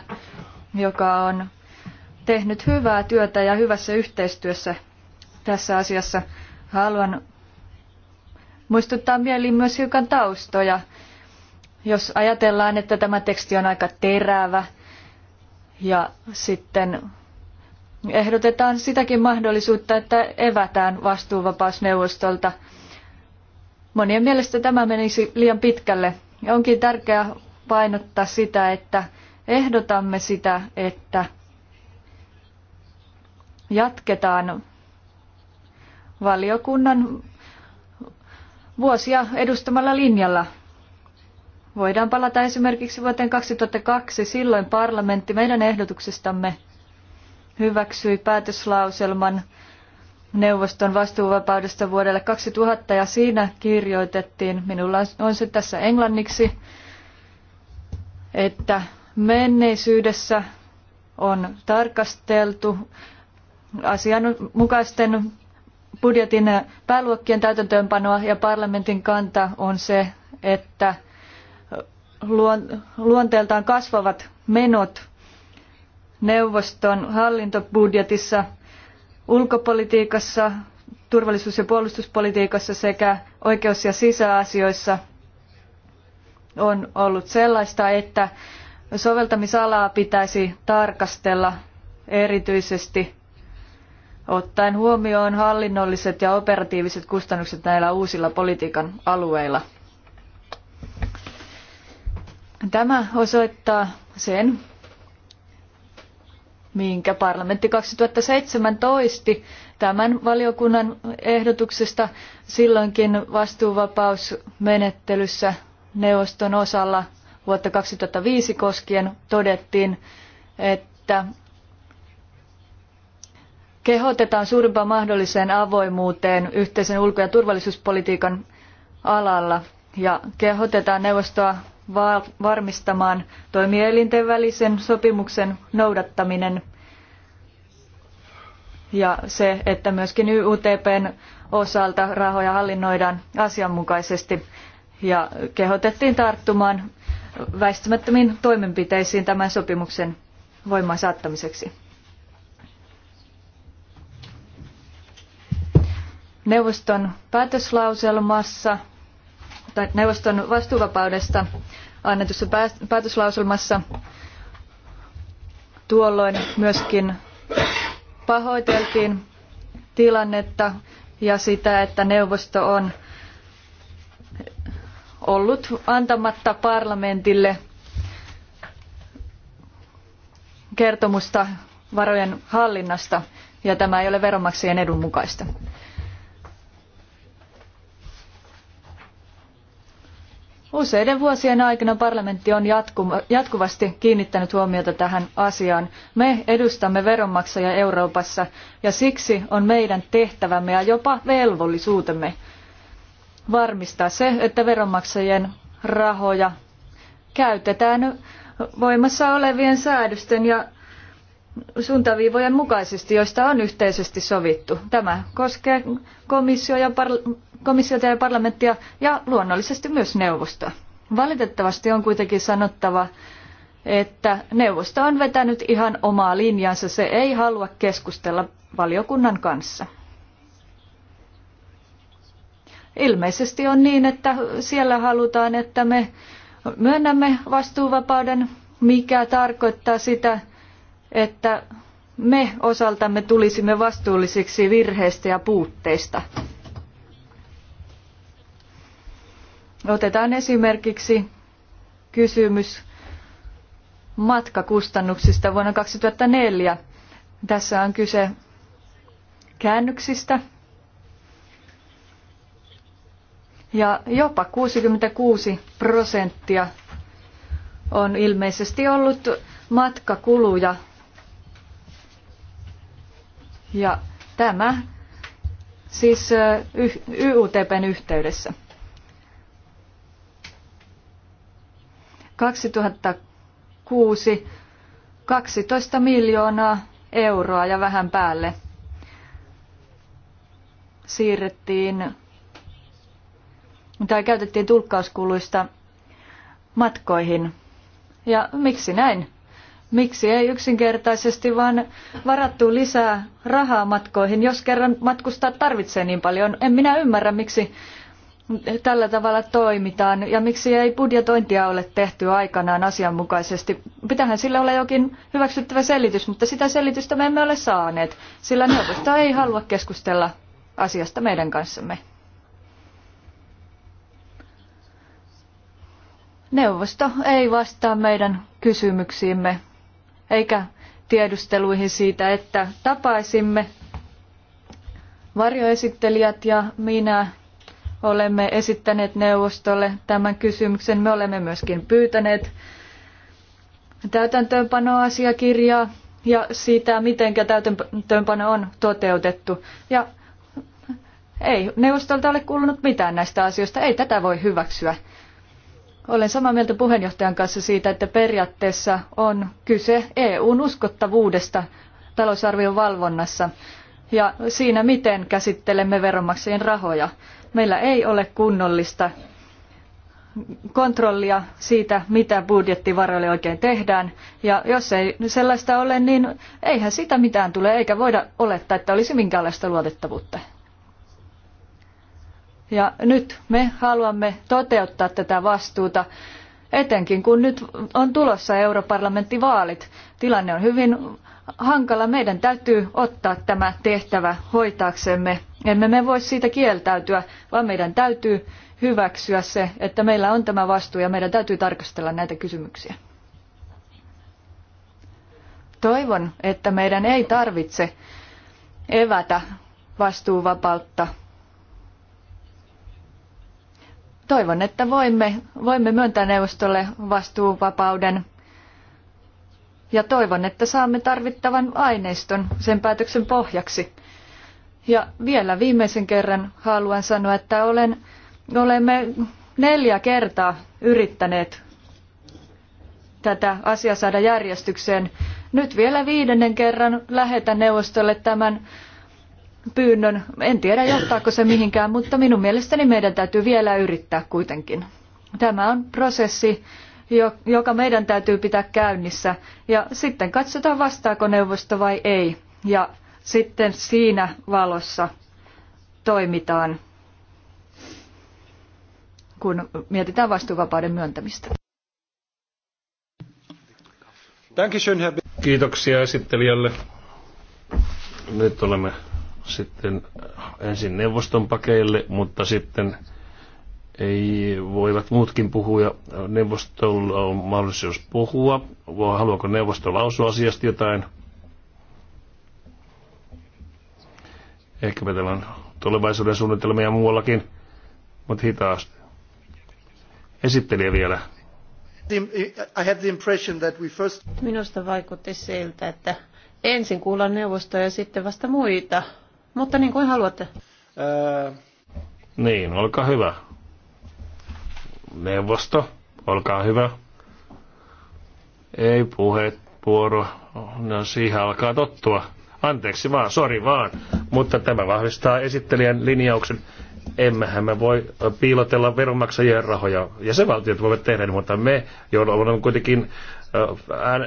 joka on tehnyt hyvää työtä ja hyvässä yhteistyössä tässä asiassa. Haluan muistuttaa mieliin myös hiukan taustoja jos ajatellaan, että tämä teksti on aika terävä ja sitten ehdotetaan sitäkin mahdollisuutta, että evätään vastuuvapausneuvostolta. Monien mielestä tämä menisi liian pitkälle ja onkin tärkeää painottaa sitä, että ehdotamme sitä, että jatketaan valiokunnan vuosia edustamalla linjalla Voidaan palata esimerkiksi vuoteen 2002. Silloin parlamentti meidän ehdotuksestamme hyväksyi päätöslauselman neuvoston vastuuvapaudesta vuodelle 2000 ja siinä kirjoitettiin, minulla on se tässä englanniksi, että menneisyydessä on tarkasteltu asianmukaisten budjetin pääluokkien täytäntöönpanoa ja parlamentin kanta on se, että luonteeltaan kasvavat menot neuvoston hallintobudjetissa, ulkopolitiikassa, turvallisuus- ja puolustuspolitiikassa sekä oikeus- ja sisäasioissa on ollut sellaista, että soveltamisalaa pitäisi tarkastella erityisesti ottaen huomioon hallinnolliset ja operatiiviset kustannukset näillä uusilla politiikan alueilla. Tämä osoittaa sen, minkä parlamentti seitsemän toisti tämän valiokunnan ehdotuksesta silloinkin vastuuvapausmenettelyssä neuvoston osalla vuotta 2005 koskien todettiin, että kehotetaan suurimpaan mahdolliseen avoimuuteen yhteisen ulko- ja turvallisuuspolitiikan alalla ja kehotetaan neuvostoa varmistamaan toimielinten välisen sopimuksen noudattaminen ja se, että myöskin YUTPn osalta rahoja hallinnoidaan asianmukaisesti ja kehotettiin tarttumaan väistämättömiin toimenpiteisiin tämän sopimuksen voimaan saattamiseksi. Neuvoston päätöslauselmassa neuvoston vastuuvapaudesta annetussa päätöslauselmassa tuolloin myöskin pahoiteltiin tilannetta ja sitä, että neuvosto on ollut antamatta parlamentille kertomusta varojen hallinnasta ja tämä ei ole veronmaksajien edun mukaista. Useiden vuosien aikana parlamentti on jatkuvasti kiinnittänyt huomiota tähän asiaan. Me edustamme veronmaksajia Euroopassa ja siksi on meidän tehtävämme ja jopa velvollisuutemme varmistaa se, että veronmaksajien rahoja käytetään voimassa olevien säädösten ja suuntaviivojen mukaisesti, joista on yhteisesti sovittu. Tämä koskee komissio ja komissiota ja parlamenttia ja luonnollisesti myös neuvostoa. Valitettavasti on kuitenkin sanottava, että neuvosto on vetänyt ihan omaa linjansa, se ei halua keskustella valiokunnan kanssa. Ilmeisesti on niin, että siellä halutaan, että me myönnämme vastuuvapauden, mikä tarkoittaa sitä, että me osaltamme tulisimme vastuullisiksi virheistä ja puutteista. Otetaan esimerkiksi kysymys matkakustannuksista vuonna 2004. Tässä on kyse käännöksistä ja jopa 66 prosenttia on ilmeisesti ollut matkakuluja ja tämä siis YUTPn yhteydessä. 2006 12 miljoonaa euroa ja vähän päälle siirrettiin tai käytettiin tulkkauskuluista matkoihin. Ja miksi näin? Miksi ei yksinkertaisesti vaan varattu lisää rahaa matkoihin, jos kerran matkustaa tarvitsee niin paljon? En minä ymmärrä, miksi tällä tavalla toimitaan ja miksi ei budjetointia ole tehty aikanaan asianmukaisesti. Pitähän sillä olla jokin hyväksyttävä selitys, mutta sitä selitystä me emme ole saaneet, sillä neuvosto ei halua keskustella asiasta meidän kanssamme. Neuvosto ei vastaa meidän kysymyksiimme eikä tiedusteluihin siitä, että tapaisimme varjoesittelijät ja minä olemme esittäneet neuvostolle tämän kysymyksen. Me olemme myöskin pyytäneet täytäntöönpanoasiakirjaa ja siitä, miten täytäntöönpano on toteutettu. Ja ei neuvostolta ole kuulunut mitään näistä asioista. Ei tätä voi hyväksyä. Olen samaa mieltä puheenjohtajan kanssa siitä, että periaatteessa on kyse EUn uskottavuudesta talousarvion valvonnassa ja siinä, miten käsittelemme veronmaksajien rahoja. Meillä ei ole kunnollista kontrollia siitä, mitä budjettivaroille oikein tehdään. Ja jos ei sellaista ole, niin eihän sitä mitään tule, eikä voida olettaa, että olisi minkäänlaista luotettavuutta. Ja nyt me haluamme toteuttaa tätä vastuuta, etenkin kun nyt on tulossa europarlamenttivaalit. Tilanne on hyvin hankala. Meidän täytyy ottaa tämä tehtävä hoitaaksemme. Emme me voi siitä kieltäytyä, vaan meidän täytyy hyväksyä se, että meillä on tämä vastuu ja meidän täytyy tarkastella näitä kysymyksiä. Toivon, että meidän ei tarvitse evätä vastuuvapautta Toivon, että voimme, voimme myöntää neuvostolle vastuuvapauden ja toivon, että saamme tarvittavan aineiston sen päätöksen pohjaksi. Ja vielä viimeisen kerran haluan sanoa, että olen, olemme neljä kertaa yrittäneet tätä asiaa saada järjestykseen. Nyt vielä viidennen kerran lähetän neuvostolle tämän pyynnön. En tiedä, johtaako se mihinkään, mutta minun mielestäni meidän täytyy vielä yrittää kuitenkin. Tämä on prosessi, joka meidän täytyy pitää käynnissä. Ja sitten katsotaan, vastaako neuvosto vai ei. Ja sitten siinä valossa toimitaan, kun mietitään vastuuvapauden myöntämistä. Kiitoksia esittelijälle. Nyt olemme sitten ensin neuvoston pakeille, mutta sitten ei voivat muutkin puhua. Neuvostolla on mahdollisuus puhua. Haluaako neuvosto lausua asiasta jotain? Ehkä me on tulevaisuuden suunnitelmia muuallakin, mutta hitaasti. Esittelijä vielä. Minusta vaikutti siltä, että ensin kuullaan neuvostoja, ja sitten vasta muita mutta niin kuin haluatte. Ää... Niin, olkaa hyvä. Neuvosto, olkaa hyvä. Ei puhe, puoro. No siihen alkaa tottua. Anteeksi vaan, sori vaan. Mutta tämä vahvistaa esittelijän linjauksen. Emmehän me voi piilotella veronmaksajien rahoja. Ja se valtiot voivat tehdä, mutta me on kuitenkin ää,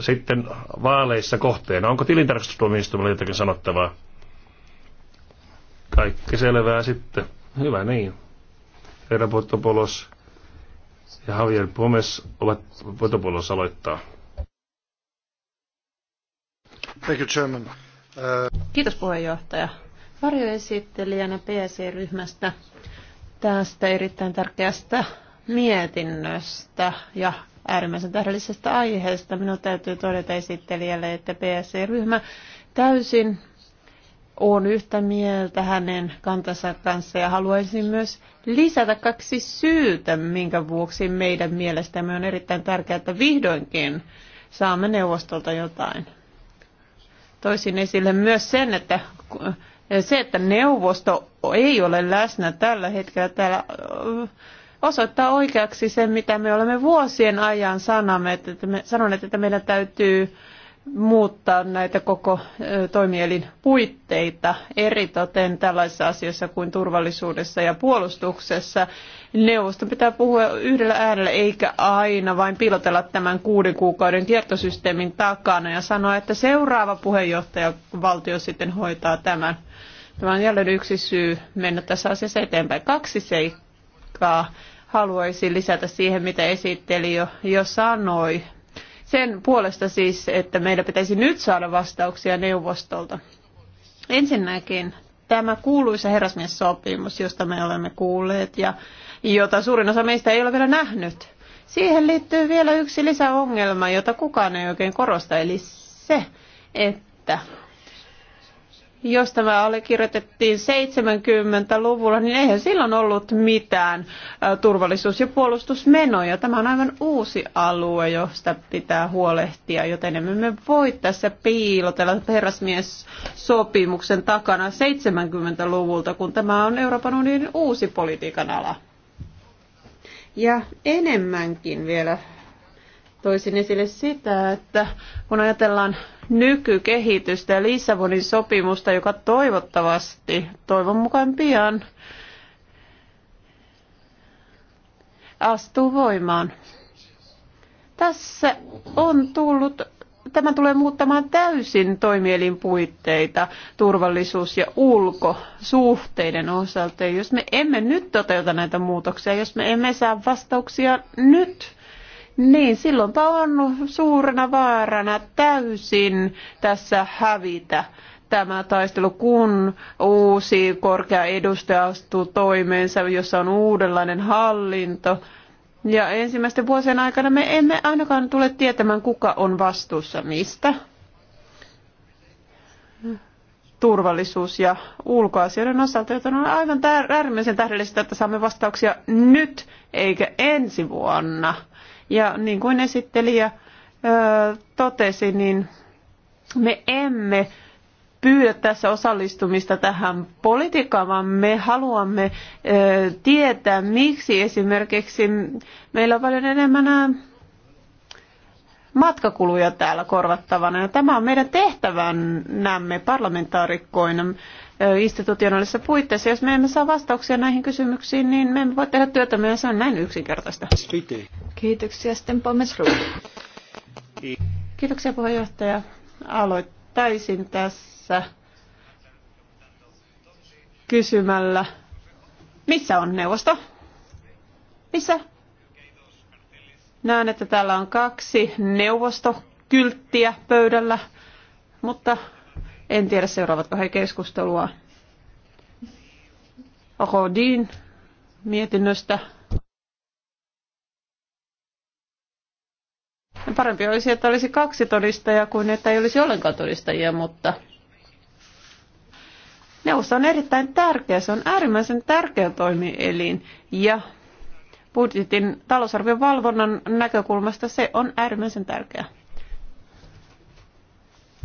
sitten vaaleissa kohteena. Onko tilintarkastustuomioistuimella jotakin sanottavaa? Kaikki selvää sitten. Hyvä niin. Herra Potopolos ja Javier Pomes ovat Potopolos aloittaa. Thank you, Chairman. Uh... Kiitos puheenjohtaja. Varjoesittelijänä PSE-ryhmästä tästä erittäin tärkeästä mietinnöstä ja äärimmäisen tähdellisestä aiheesta. Minun täytyy todeta esittelijälle, että PSE-ryhmä täysin on yhtä mieltä hänen kantansa kanssa ja haluaisin myös lisätä kaksi syytä, minkä vuoksi meidän mielestämme on erittäin tärkeää, että vihdoinkin saamme neuvostolta jotain. Toisin esille myös sen, että se, että neuvosto ei ole läsnä tällä hetkellä täällä osoittaa oikeaksi sen, mitä me olemme vuosien ajan sanoneet, että, me, sanoneet, että meidän täytyy muuttaa näitä koko toimielin puitteita eritoten tällaisissa asioissa kuin turvallisuudessa ja puolustuksessa. Neuvoston pitää puhua yhdellä äänellä eikä aina vain pilotella tämän kuuden kuukauden kiertosysteemin takana ja sanoa, että seuraava puheenjohtajavaltio sitten hoitaa tämän. Tämä on jälleen yksi syy mennä tässä asiassa eteenpäin. Kaksi seikkaa haluaisin lisätä siihen, mitä esitteli jo, jo sanoi. Sen puolesta siis, että meidän pitäisi nyt saada vastauksia neuvostolta. Ensinnäkin tämä kuuluisa herrasmiessopimus, sopimus josta me olemme kuulleet ja jota suurin osa meistä ei ole vielä nähnyt. Siihen liittyy vielä yksi lisäongelma, jota kukaan ei oikein korosta, eli se, että jos tämä allekirjoitettiin 70-luvulla, niin eihän silloin ollut mitään turvallisuus- ja puolustusmenoja. Tämä on aivan uusi alue, josta pitää huolehtia, joten emme me voi tässä piilotella herrasmies-sopimuksen takana 70-luvulta, kun tämä on Euroopan unionin uusi politiikan ala. Ja enemmänkin vielä toisin esille sitä, että kun ajatellaan nykykehitystä ja Lissabonin sopimusta, joka toivottavasti, toivon mukaan pian, astuu voimaan. Tässä on tullut, tämä tulee muuttamaan täysin toimielinpuitteita turvallisuus- ja ulkosuhteiden osalta. Ja jos me emme nyt toteuta näitä muutoksia, jos me emme saa vastauksia nyt, niin silloinpa on suurena vaarana täysin tässä hävitä tämä taistelu, kun uusi korkea edustaja astuu toimeensa, jossa on uudenlainen hallinto. Ja ensimmäisten vuosien aikana me emme ainakaan tule tietämään, kuka on vastuussa mistä. Turvallisuus ja ulkoasioiden osalta, joten on aivan äärimmäisen tähdellistä, että saamme vastauksia nyt eikä ensi vuonna. Ja niin kuin esittelijä totesi, niin me emme pyydä tässä osallistumista tähän politiikkaan, vaan me haluamme tietää, miksi esimerkiksi meillä on paljon enemmän matkakuluja täällä korvattavana. Ja tämä on meidän tehtävänämme parlamentaarikkoina institutionaalisissa puitteissa. Jos me emme saa vastauksia näihin kysymyksiin, niin me emme voi tehdä työtämme ja se on näin yksinkertaista. Kiitoksia. Sitten Pommes Kiitoksia puheenjohtaja. Aloittaisin tässä kysymällä, missä on neuvosto? Missä? Näen, että täällä on kaksi neuvostokylttiä pöydällä, mutta en tiedä, seuraavatko he keskustelua Rodin mietinnöstä. Parempi olisi, että olisi kaksi todistajaa kuin että ei olisi ollenkaan todistajia, mutta neuvosto on erittäin tärkeä. Se on äärimmäisen tärkeä toimielin ja budjetin talousarvion valvonnan näkökulmasta se on äärimmäisen tärkeä.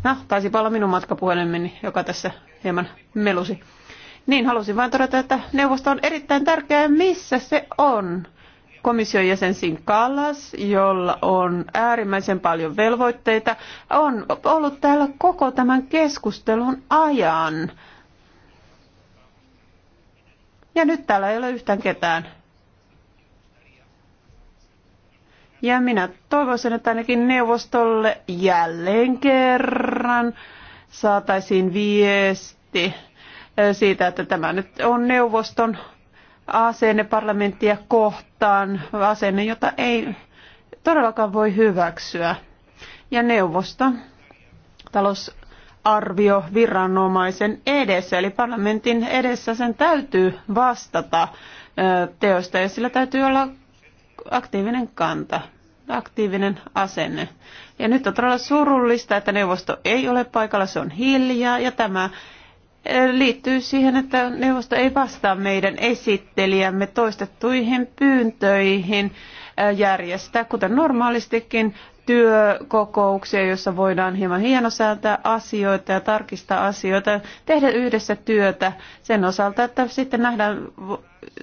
No, taisi olla minun matkapuhelimeni, joka tässä hieman melusi. Niin, halusin vain todeta, että neuvosto on erittäin tärkeä, missä se on. Komission jäsen Sinkalas, jolla on äärimmäisen paljon velvoitteita, on ollut täällä koko tämän keskustelun ajan. Ja nyt täällä ei ole yhtään ketään Ja minä toivoisin, että ainakin neuvostolle jälleen kerran saataisiin viesti siitä, että tämä nyt on neuvoston asenne parlamenttia kohtaan, asenne, jota ei todellakaan voi hyväksyä. Ja neuvosto talousarvio viranomaisen edessä, eli parlamentin edessä sen täytyy vastata teosta ja sillä täytyy olla aktiivinen kanta aktiivinen asenne. Ja nyt on todella surullista, että neuvosto ei ole paikalla, se on hiljaa ja tämä eh, liittyy siihen, että neuvosto ei vastaa meidän esittelijämme toistettuihin pyyntöihin eh, järjestää, kuten normaalistikin työkokouksia, joissa voidaan hieman hienosääntää asioita ja tarkistaa asioita, tehdä yhdessä työtä sen osalta, että sitten nähdään,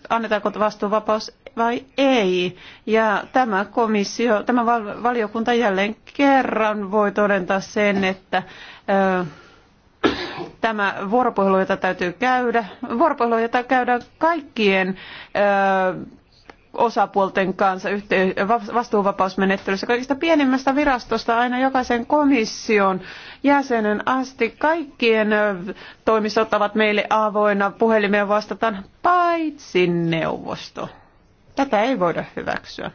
annetaanko vastuuvapaus vai ei. Ja tämä komissio, tämä valiokunta jälleen kerran voi todentaa sen, että tämä vuoropuhelu, jota täytyy käydä, vuoropuhelu, jota käydään kaikkien osapuolten kanssa vastuuvapausmenettelyssä kaikista pienimmästä virastosta aina jokaisen komission jäsenen asti. Kaikkien toimistot ovat meille avoinna, puhelimeen vastataan, paitsi neuvosto. Tätä ei voida hyväksyä.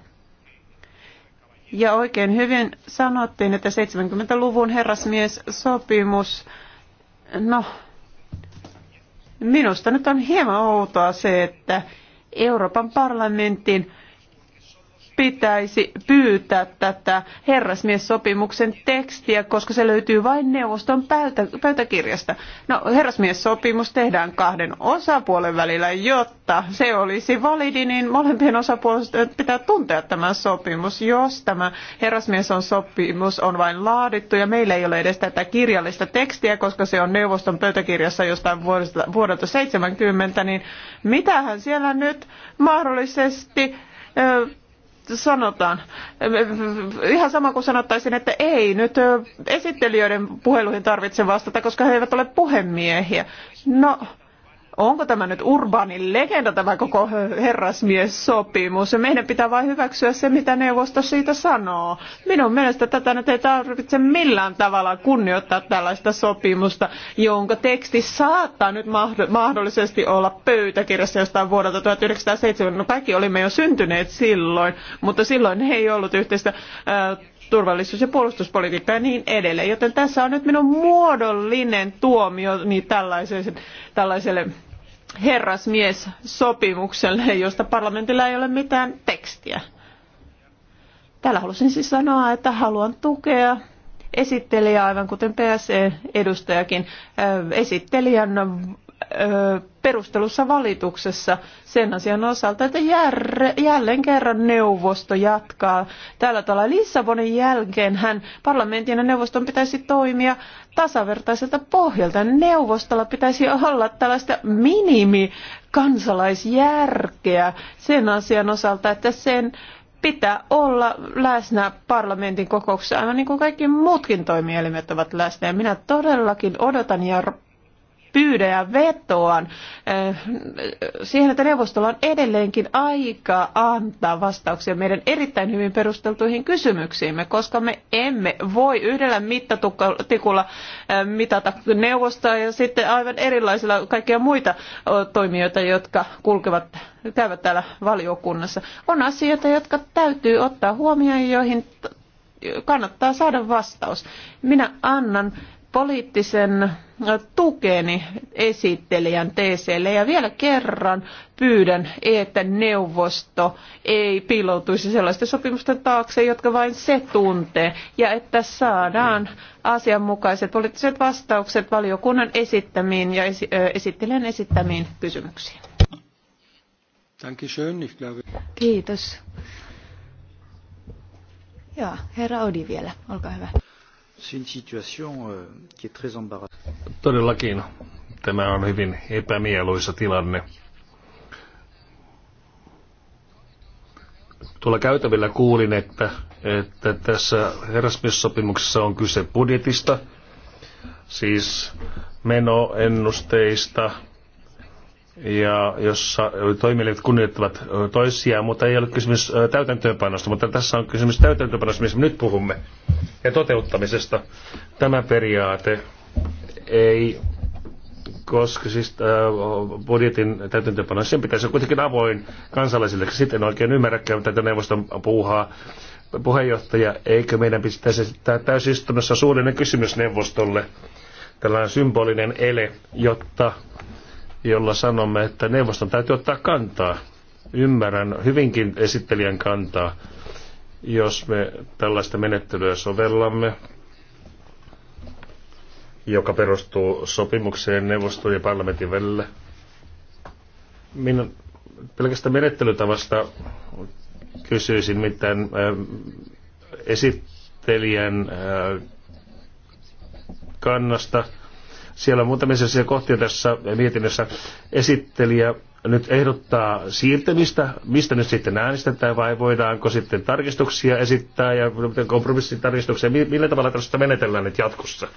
Ja oikein hyvin sanottiin, että 70-luvun herrasmies-sopimus, no minusta nyt on hieman outoa se, että Euroopan parlamentin pitäisi pyytää tätä herrasmiessopimuksen tekstiä, koska se löytyy vain neuvoston pöytäkirjasta. No, herrasmiessopimus tehdään kahden osapuolen välillä, jotta se olisi validi, niin molempien osapuolten pitää tuntea tämä sopimus. Jos tämä herrasmies on sopimus on vain laadittu ja meillä ei ole edes tätä kirjallista tekstiä, koska se on neuvoston pöytäkirjassa jostain vuodesta, vuodelta 70, niin mitähän siellä nyt mahdollisesti ö, sanotaan. Ihan sama kuin sanottaisin, että ei, nyt esittelijöiden puheluihin tarvitse vastata, koska he eivät ole puhemiehiä. No, Onko tämä nyt urbaani legenda tämä koko herrasmies-sopimus? Ja meidän pitää vain hyväksyä se, mitä neuvosto siitä sanoo. Minun mielestä tätä nyt ei tarvitse millään tavalla kunnioittaa tällaista sopimusta, jonka teksti saattaa nyt mahdollisesti olla pöytäkirjassa jostain vuodelta 1907. No kaikki olimme jo syntyneet silloin, mutta silloin ei ollut yhteistä äh, turvallisuus- ja puolustuspolitiikka ja niin edelleen. Joten tässä on nyt minun muodollinen tuomioni niin tällaiselle herrasmiessopimukselle josta parlamentilla ei ole mitään tekstiä. Tällä halusin siis sanoa, että haluan tukea esittelijää, aivan kuten PSE-edustajakin, äh, esittelijän perustelussa valituksessa sen asian osalta, että jälleen kerran neuvosto jatkaa tällä tavalla. Lissabonin jälkeen hän parlamentin ja neuvoston pitäisi toimia tasavertaiselta pohjalta. Neuvostolla pitäisi olla tällaista minimi kansalaisjärkeä sen asian osalta, että sen pitää olla läsnä parlamentin kokouksessa, aivan niin kuin kaikki muutkin toimielimet ovat läsnä. Ja minä todellakin odotan ja pyydän ja vetoan eh, siihen, että neuvostolla on edelleenkin aika antaa vastauksia meidän erittäin hyvin perusteltuihin kysymyksiimme, koska me emme voi yhdellä mittatikulla eh, mitata neuvostoa ja sitten aivan erilaisilla kaikkia muita eh, toimijoita, jotka kulkevat käyvät täällä valiokunnassa. On asioita, jotka täytyy ottaa huomioon, joihin kannattaa saada vastaus. Minä annan poliittisen tukeni esittelijän TClle ja vielä kerran pyydän, että neuvosto ei piiloutuisi sellaisten sopimusten taakse, jotka vain se tuntee ja että saadaan asianmukaiset poliittiset vastaukset valiokunnan esittämiin ja esittelijän esittämiin kysymyksiin. Kiitos. Ja herra Odi vielä, olkaa hyvä. Euh, Todellakin tämä on hyvin epämieluisa tilanne. Tuolla käytävillä kuulin, että, että tässä herrasmissopimuksessa on kyse budjetista, siis menoennusteista, ja jossa toimijat kunnioittavat toisiaan, mutta ei ole kysymys täytäntöönpanosta, mutta tässä on kysymys täytäntöönpanosta, missä me nyt puhumme, ja toteuttamisesta. Tämä periaate ei koska siis budjetin täytäntöönpano, sen pitäisi olla kuitenkin avoin kansalaisille. Sitten oikein ymmärräkään tätä neuvoston puuhaa puheenjohtaja, eikö meidän pitäisi esittää täysistunnossa suullinen kysymys neuvostolle, tällainen symbolinen ele, jotta jolla sanomme, että neuvoston täytyy ottaa kantaa. Ymmärrän hyvinkin esittelijän kantaa, jos me tällaista menettelyä sovellamme, joka perustuu sopimukseen neuvoston ja parlamentin välillä. Minä pelkästään menettelytavasta kysyisin, miten äh, esittelijän äh, kannasta – siellä on muutamia sellaisia kohtia tässä mietinnössä. Esittelijä nyt ehdottaa siirtämistä, mistä nyt sitten äänestetään vai voidaanko sitten tarkistuksia esittää ja kompromissitarkistuksia, millä tavalla tästä menetellään nyt jatkossa?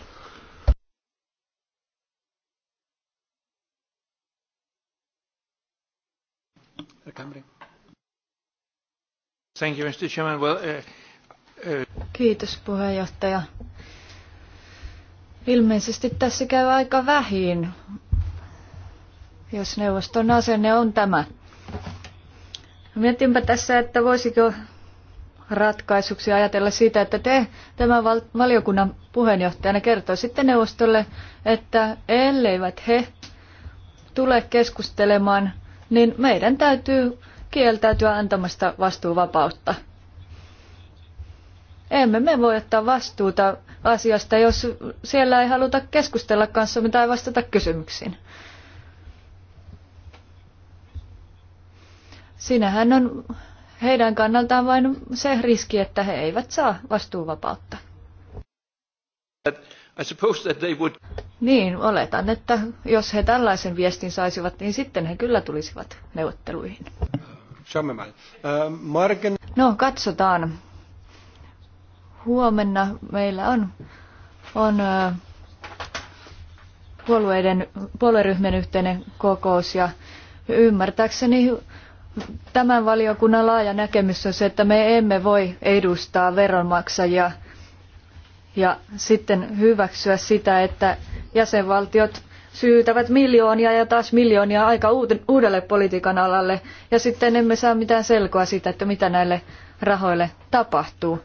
Thank you, Mr. Chairman. Well, uh, uh... Kiitos puheenjohtaja. Ilmeisesti tässä käy aika vähin, jos neuvoston asenne on tämä. Mietinpä tässä, että voisiko ratkaisuksi ajatella sitä, että te tämän val- valiokunnan puheenjohtajana kertoisitte neuvostolle, että elleivät he tule keskustelemaan, niin meidän täytyy kieltäytyä antamasta vastuuvapautta. Emme me voi ottaa vastuuta asiasta, jos siellä ei haluta keskustella kanssamme tai vastata kysymyksiin. Siinähän on heidän kannaltaan vain se riski, että he eivät saa vastuuvapautta. Would... Niin, oletan, että jos he tällaisen viestin saisivat, niin sitten he kyllä tulisivat neuvotteluihin. Äh, no, katsotaan. Huomenna meillä on, on puolueiden, puolueryhmän yhteinen kokous ja ymmärtääkseni tämän valiokunnan laaja näkemys on se, että me emme voi edustaa veronmaksajia ja sitten hyväksyä sitä, että jäsenvaltiot syytävät miljoonia ja taas miljoonia aika uudelle politiikan alalle ja sitten emme saa mitään selkoa siitä, että mitä näille rahoille tapahtuu.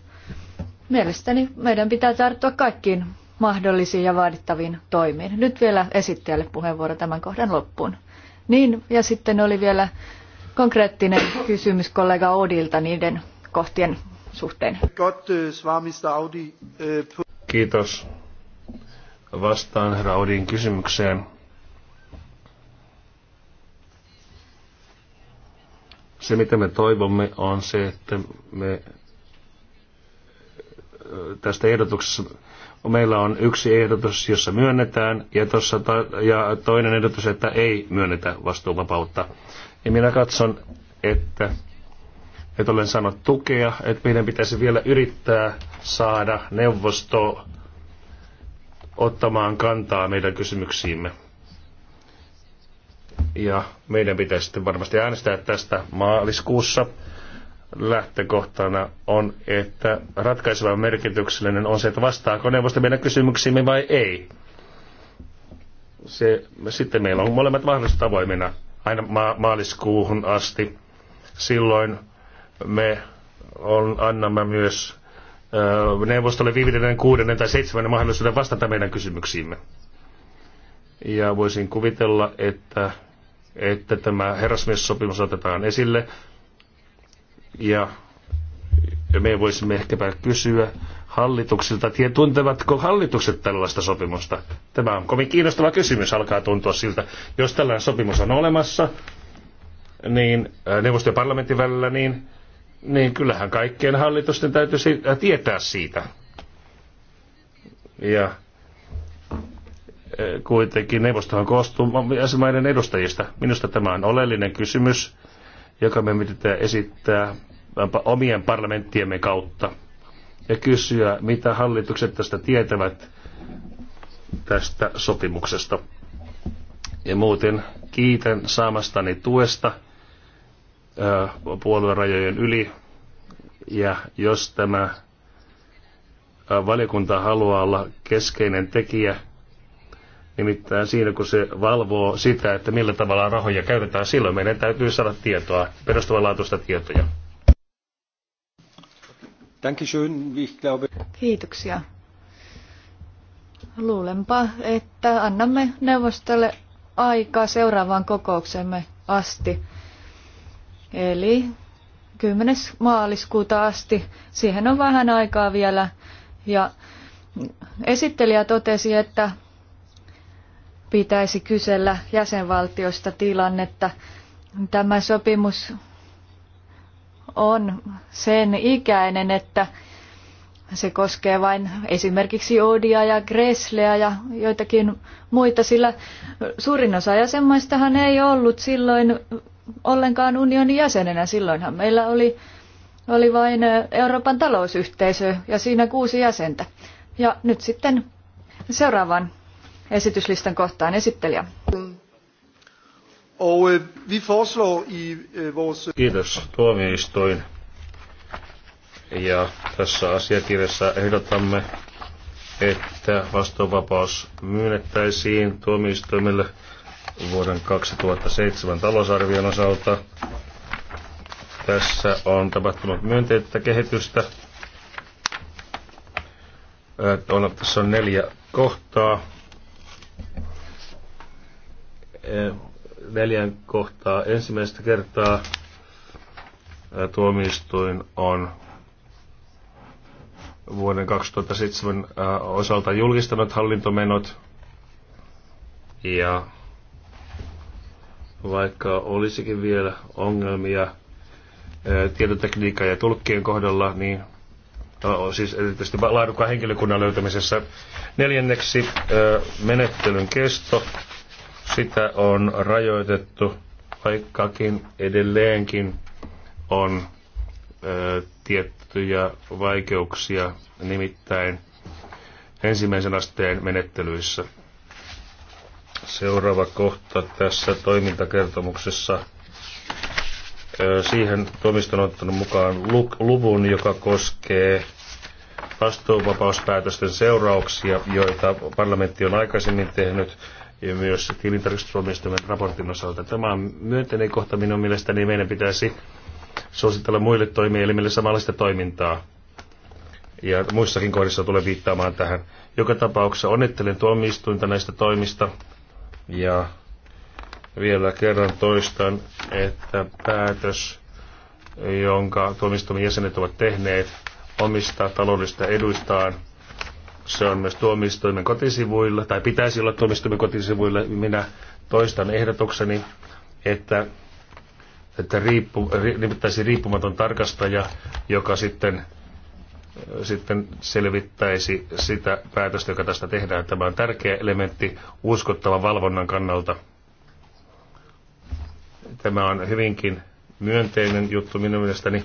Mielestäni meidän pitää tarttua kaikkiin mahdollisiin ja vaadittaviin toimiin. Nyt vielä esittäjälle puheenvuoro tämän kohdan loppuun. Niin, ja sitten oli vielä konkreettinen kysymys kollega Odilta niiden kohtien suhteen. Kiitos. Vastaan herra Odin kysymykseen. Se, mitä me toivomme, on se, että me tästä ehdotuksesta. Meillä on yksi ehdotus, jossa myönnetään, ja, tossa ta- ja toinen ehdotus, että ei myönnetä vastuuvapautta. Ja minä katson, että, että olen saanut tukea, että meidän pitäisi vielä yrittää saada neuvosto ottamaan kantaa meidän kysymyksiimme. Ja meidän pitäisi sitten varmasti äänestää tästä maaliskuussa lähtökohtana on, että ratkaiseva merkityksellinen on se, että vastaako neuvosto meidän kysymyksiimme vai ei. Se, sitten meillä on molemmat mahdollisuudet avoimina aina ma- maaliskuuhun asti. Silloin me on, annamme myös ö, neuvostolle viidennen, kuudennen tai seitsemännen mahdollisuuden vastata meidän kysymyksiimme. Ja voisin kuvitella, että, että tämä herrasmies-sopimus otetaan esille ja me voisimme ehkäpä kysyä hallituksilta, että tuntevatko hallitukset tällaista sopimusta? Tämä on kovin kiinnostava kysymys, alkaa tuntua siltä. Jos tällainen sopimus on olemassa, niin äh, neuvoston ja parlamentin välillä, niin, niin kyllähän kaikkien hallitusten täytyisi äh, tietää siitä. Ja äh, kuitenkin neuvostohan koostuu jäsenmaiden edustajista. Minusta tämä on oleellinen kysymys joka me yritetään esittää äh, omien parlamenttiemme kautta ja kysyä, mitä hallitukset tästä tietävät tästä sopimuksesta. Ja muuten kiitän saamastani tuesta äh, puoluerajojen yli. Ja jos tämä äh, valiokunta haluaa olla keskeinen tekijä Nimittäin siinä, kun se valvoo sitä, että millä tavalla rahoja käytetään, silloin meidän täytyy saada tietoa, perustavanlaatuista tietoja. Kiitoksia. Luulenpa, että annamme neuvostolle aikaa seuraavaan kokouksemme asti. Eli 10. maaliskuuta asti. Siihen on vähän aikaa vielä. Ja esittelijä totesi, että pitäisi kysellä jäsenvaltioista tilannetta. Tämä sopimus on sen ikäinen, että se koskee vain esimerkiksi Odia ja Gresleä ja joitakin muita, sillä suurin osa jäsenmaistahan ei ollut silloin ollenkaan unionin jäsenenä. Silloinhan meillä oli, oli vain Euroopan talousyhteisö ja siinä kuusi jäsentä. Ja nyt sitten seuraavan esityslistan kohtaan. Esittelijä. Øh, øh, Kiitos tuomioistuin. Ja tässä asiakirjassa ehdotamme, että vastuuvapaus myönnettäisiin tuomioistuimelle vuoden 2007 talousarvion osalta. Tässä on tapahtunut myönteistä kehitystä. Äh, tässä on neljä kohtaa. Eh, neljän kohtaa ensimmäistä kertaa eh, tuomioistuin on vuoden 2007 eh, osalta julkistanut hallintomenot ja vaikka olisikin vielä ongelmia tietotekniikan ja tulkkien kohdalla, niin siis erityisesti laadukkaan henkilökunnan löytämisessä. Neljänneksi menettelyn kesto. Sitä on rajoitettu, vaikkakin edelleenkin on ö, tiettyjä vaikeuksia, nimittäin ensimmäisen asteen menettelyissä. Seuraava kohta tässä toimintakertomuksessa. Ö, siihen toimiston on ottanut mukaan luvun, joka koskee vastuuvapauspäätösten seurauksia, joita parlamentti on aikaisemmin tehnyt ja myös tilintarkastustuomioistuimen raportin osalta. Tämä on myönteinen kohta minun mielestäni. Meidän pitäisi suositella muille toimielimille samanlaista toimintaa. Ja muissakin kohdissa tulee viittaamaan tähän. Joka tapauksessa onnittelen tuomioistuinta näistä toimista. Ja vielä kerran toistan, että päätös, jonka tuomioistuimen jäsenet ovat tehneet omista taloudellista eduistaan, se on myös tuomioistuimen kotisivuilla, tai pitäisi olla tuomioistuimen kotisivuilla. Minä toistan ehdotukseni, että, että riippu, ri, nimittäisi riippumaton tarkastaja, joka sitten sitten selvittäisi sitä päätöstä, joka tästä tehdään. Tämä on tärkeä elementti uskottavan valvonnan kannalta. Tämä on hyvinkin myönteinen juttu minun mielestäni,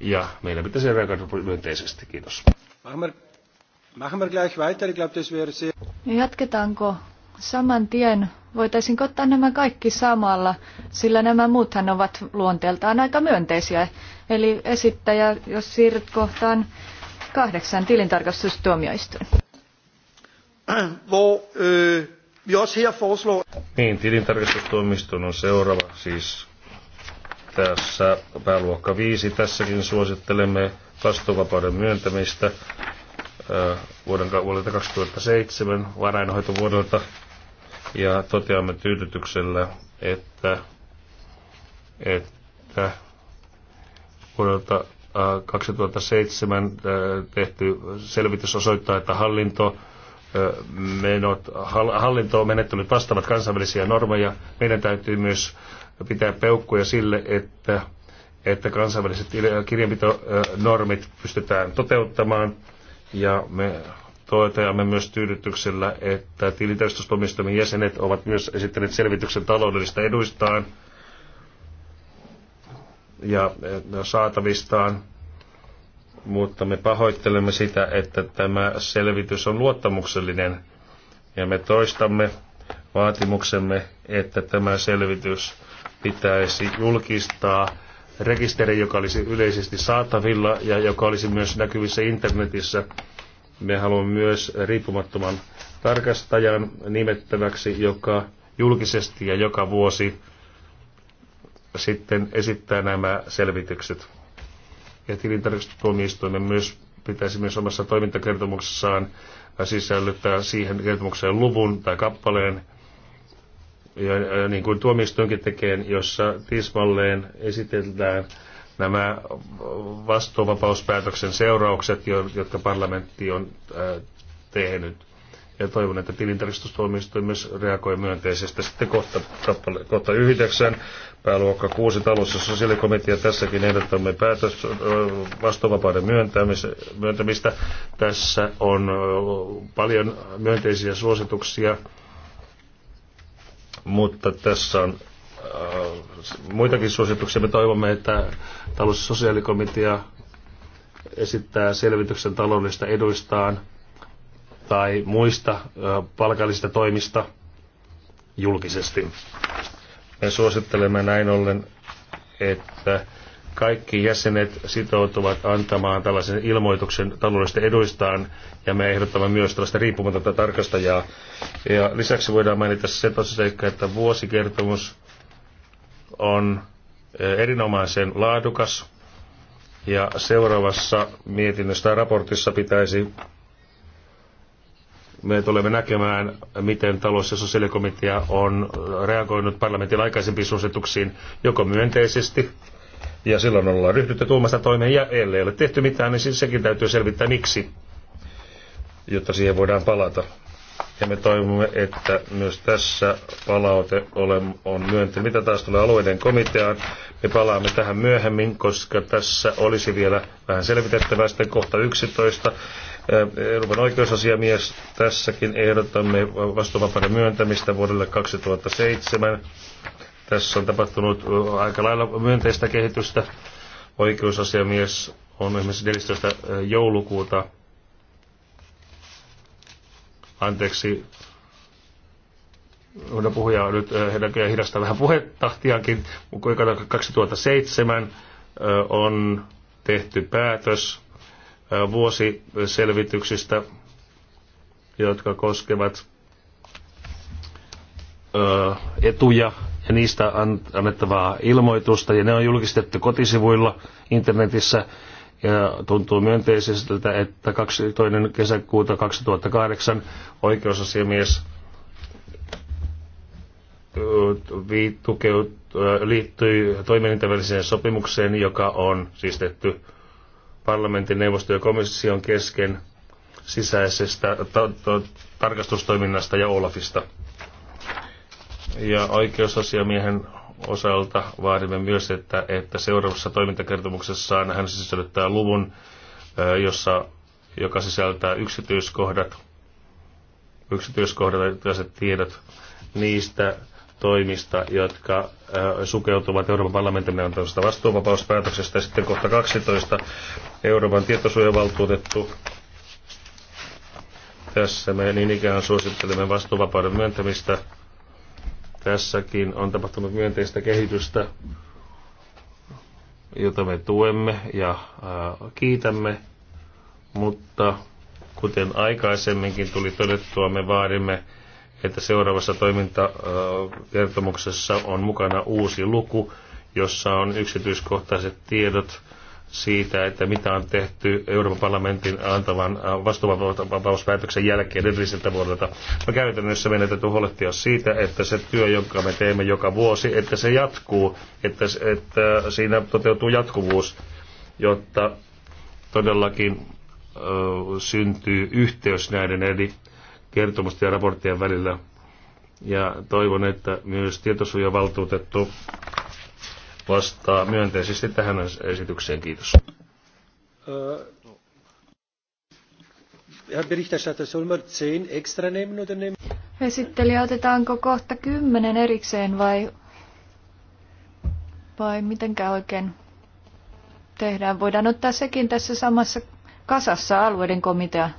ja meidän pitäisi reagoida myönteisesti. Kiitos. Ahmer. Jatketaanko saman tien? Voitaisiin ottaa nämä kaikki samalla, sillä nämä muuthan ovat luonteeltaan aika myönteisiä. Eli esittäjä, jos siirryt kohtaan kahdeksan tilintarkastustuomioistuin. Hvor, øh, vi foreslår... Niin, tilintarkastustuomioistuin on seuraava siis tässä pääluokka 5. Tässäkin suosittelemme vastuuvapauden myöntämistä vuodelta 2007 varainhoitovuodelta ja toteamme tyydytyksellä, että, että vuodelta 2007 tehty selvitys osoittaa, että hallinto menot, hallintoon menettänyt vastaavat kansainvälisiä normeja. Meidän täytyy myös pitää peukkuja sille, että, että kansainväliset kirjanpitonormit pystytään toteuttamaan ja me toteamme myös tyydytyksellä, että tilintarkastustoimistomme jäsenet ovat myös esittäneet selvityksen taloudellista eduistaan ja eh, saatavistaan, mutta me pahoittelemme sitä, että tämä selvitys on luottamuksellinen ja me toistamme vaatimuksemme, että tämä selvitys pitäisi julkistaa rekisteri, joka olisi yleisesti saatavilla ja joka olisi myös näkyvissä internetissä. Me haluamme myös riippumattoman tarkastajan nimettäväksi, joka julkisesti ja joka vuosi sitten esittää nämä selvitykset. Ja tilintarkastustuomioistuimen myös pitäisi myös omassa toimintakertomuksessaan sisällyttää siihen kertomukseen luvun tai kappaleen, ja, ja niin kuin tuomistoinkin tekee, jossa tismalleen esitellään nämä vastuuvapauspäätöksen seuraukset, jotka parlamentti on tehnyt. Ja toivon, että tilintarkastustuomioistuin myös reagoi myönteisesti. Sitten kohta, kappale, kohta 9, pääluokka 6 talossa sosiaalikomitea. Tässäkin ehdotamme päätös vastuuvapauden myöntämistä. Tässä on paljon myönteisiä suosituksia mutta tässä on äh, muitakin suosituksia. Me toivomme, että talous- ja sosiaalikomitea esittää selvityksen taloudellisista eduistaan tai muista äh, palkallisista toimista julkisesti. Me suosittelemme näin ollen, että kaikki jäsenet sitoutuvat antamaan tällaisen ilmoituksen taloudellisista eduistaan, ja me ehdottamme myös tällaista riippumatonta tarkastajaa. Ja lisäksi voidaan mainita se tosiseikka, että vuosikertomus on eh, erinomaisen laadukas, ja seuraavassa mietinnössä raportissa pitäisi me tulemme näkemään, miten talous- ja sosiaalikomitea on reagoinut parlamentin aikaisempiin suosituksiin joko myönteisesti ja silloin ollaan ryhdytty tuomasta toimeen ja ellei ole tehty mitään, niin siis sekin täytyy selvittää miksi, jotta siihen voidaan palata. Ja me toivomme, että myös tässä palaute on myönteinen. Mitä taas tulee alueiden komiteaan, me palaamme tähän myöhemmin, koska tässä olisi vielä vähän selvitettävää sitten kohta 11. Euroopan oikeusasiamies, tässäkin ehdotamme vastuuvapauden myöntämistä vuodelle 2007 tässä on tapahtunut aika lailla myönteistä kehitystä. Oikeusasiamies on esimerkiksi 14. joulukuuta, anteeksi, Uuden puhuja nyt heidän hidastaa vähän puhetahtiankin, mutta 2007 on tehty päätös vuosiselvityksistä, jotka koskevat etuja niistä annettavaa ilmoitusta ja ne on julkistettu kotisivuilla internetissä ja tuntuu myönteiseltä, että 2. kesäkuuta 2008 oikeusasiamies liittyi toimintaväliseen sopimukseen, joka on siis tehty parlamentin neuvosto ja komission kesken sisäisestä tarkastustoiminnasta ja Olafista. Ja oikeusasiamiehen osalta vaadimme myös, että, että seuraavassa toimintakertomuksessaan hän sisällyttää luvun, jossa, joka sisältää yksityiskohdat, yksityiskohdat ja tiedot niistä toimista, jotka sukeutuvat Euroopan parlamentin antamasta vastuuvapauspäätöksestä. Sitten kohta 12 Euroopan tietosuojavaltuutettu. Tässä me niin ikään suosittelemme vastuuvapauden myöntämistä Tässäkin on tapahtunut myönteistä kehitystä, jota me tuemme ja kiitämme, mutta kuten aikaisemminkin tuli todettua, me vaadimme, että seuraavassa toimintakertomuksessa on mukana uusi luku, jossa on yksityiskohtaiset tiedot siitä, että mitä on tehty Euroopan parlamentin antavan äh, vastuuvapauspäätöksen jälkeen edelliseltä vuodelta. No käytännössä meidän täytyy huolehtia siitä, että se työ, jonka me teemme joka vuosi, että se jatkuu, että, että siinä toteutuu jatkuvuus, jotta todellakin ö, äh, syntyy yhteys näiden eri kertomusten ja raporttien välillä. Ja toivon, että myös tietosuojavaltuutettu vastaa myönteisesti tähän esitykseen. Kiitos. Äh, Esittelijä, otetaanko kohta kymmenen erikseen vai, vai mitenkä oikein tehdään? Voidaan ottaa sekin tässä samassa kasassa alueiden komitea.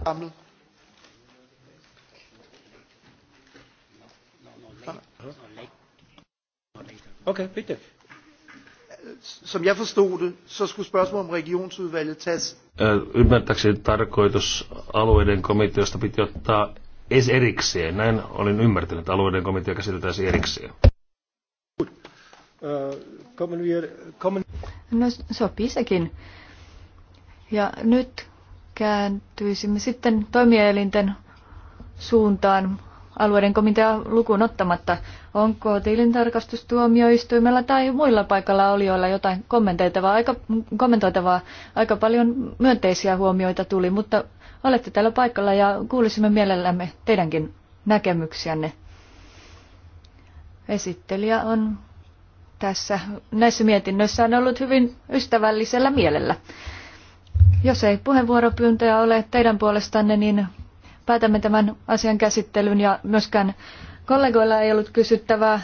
Okei, okay, pitää som jag förstod det, så skulle spörsmål om regionsutvalget tas. Äh, Ymmärtääkseni tarkoitus alueiden komiteosta piti ottaa erikseen. Näin olin ymmärtänyt, että alueiden komitea käsiteltäisiin siis erikseen. Äh, vi, No sopii sekin. Ja nyt kääntyisimme sitten toimielinten suuntaan alueiden komitea lukuun ottamatta. Onko tilintarkastustuomioistuimella tai muilla paikalla olijoilla jotain kommentoitavaa? Aika, kommentoitavaa. Aika paljon myönteisiä huomioita tuli, mutta olette täällä paikalla ja kuulisimme mielellämme teidänkin näkemyksiänne. Esittelijä on tässä näissä mietinnöissä on ollut hyvin ystävällisellä mielellä. Jos ei puheenvuoropyyntöjä ole teidän puolestanne, niin päätämme tämän asian käsittelyn ja myöskään kollegoilla ei ollut kysyttävää.